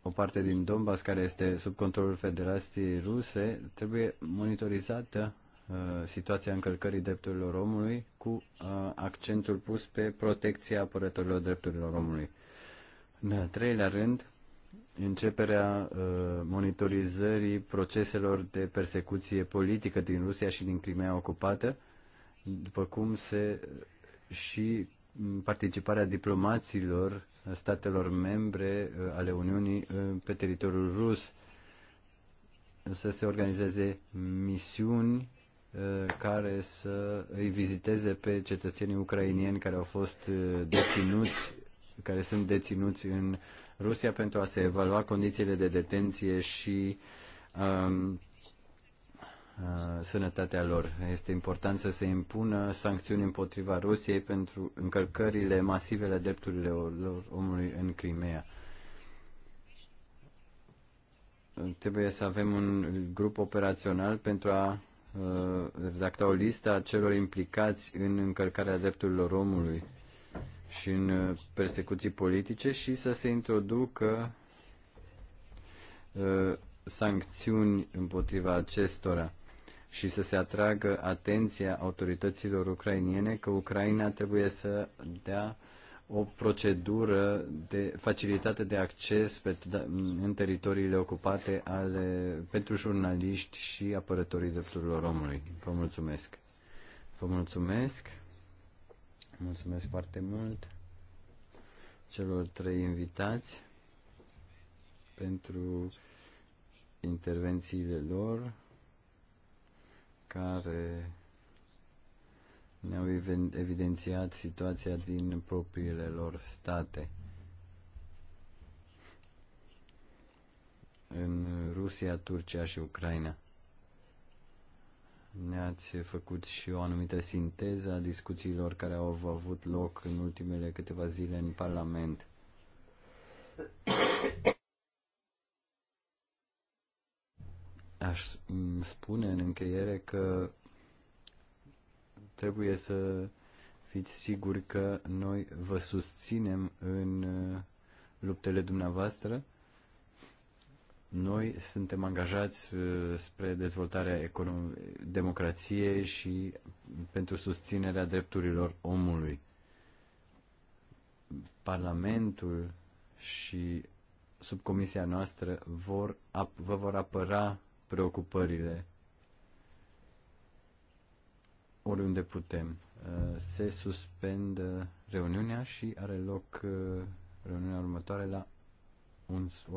o parte din Donbass care este sub controlul Federației Ruse, trebuie monitorizată uh, situația încălcării drepturilor omului cu uh, accentul pus pe protecția apărătorilor drepturilor omului. În al treilea rând, începerea uh, monitorizării proceselor de persecuție politică din Rusia și din Crimea ocupată, după cum se și participarea diplomaților statelor membre uh, ale Uniunii uh, pe teritoriul rus, să se organizeze misiuni uh, care să îi viziteze pe cetățenii ucrainieni care au fost deținuți, care sunt deținuți în Rusia pentru a se evalua condițiile de detenție și um, Uh, sănătatea lor. Este important să se impună sancțiuni împotriva Rusiei pentru încălcările masive drepturile lor omului în Crimea. Trebuie să avem un grup operațional pentru a uh, redacta o listă a celor implicați în încălcarea drepturilor omului și în uh, persecuții politice și să se introducă sancțiuni împotriva acestora și să se atragă atenția autorităților ucrainiene că Ucraina trebuie să dea o procedură de facilitate de acces pe, da, în teritoriile ocupate ale, pentru jurnaliști și apărătorii drepturilor omului. Vă mulțumesc. Vă mulțumesc. Mulțumesc foarte mult celor trei invitați pentru intervențiile lor care ne-au evidențiat situația din propriile lor state. În Rusia, Turcia și Ucraina. Ne-ați făcut și o anumită sinteză a discuțiilor care au avut loc în ultimele câteva zile în Parlament. Aș spune în încheiere că trebuie să fiți siguri că noi vă susținem în uh, luptele dumneavoastră. Noi suntem angajați uh, spre dezvoltarea democrației și pentru susținerea drepturilor omului. Parlamentul și subcomisia noastră vor, vă vor apăra preocupările oriunde putem. Uh, se suspendă reuniunea și are loc uh, reuniunea următoare la 11.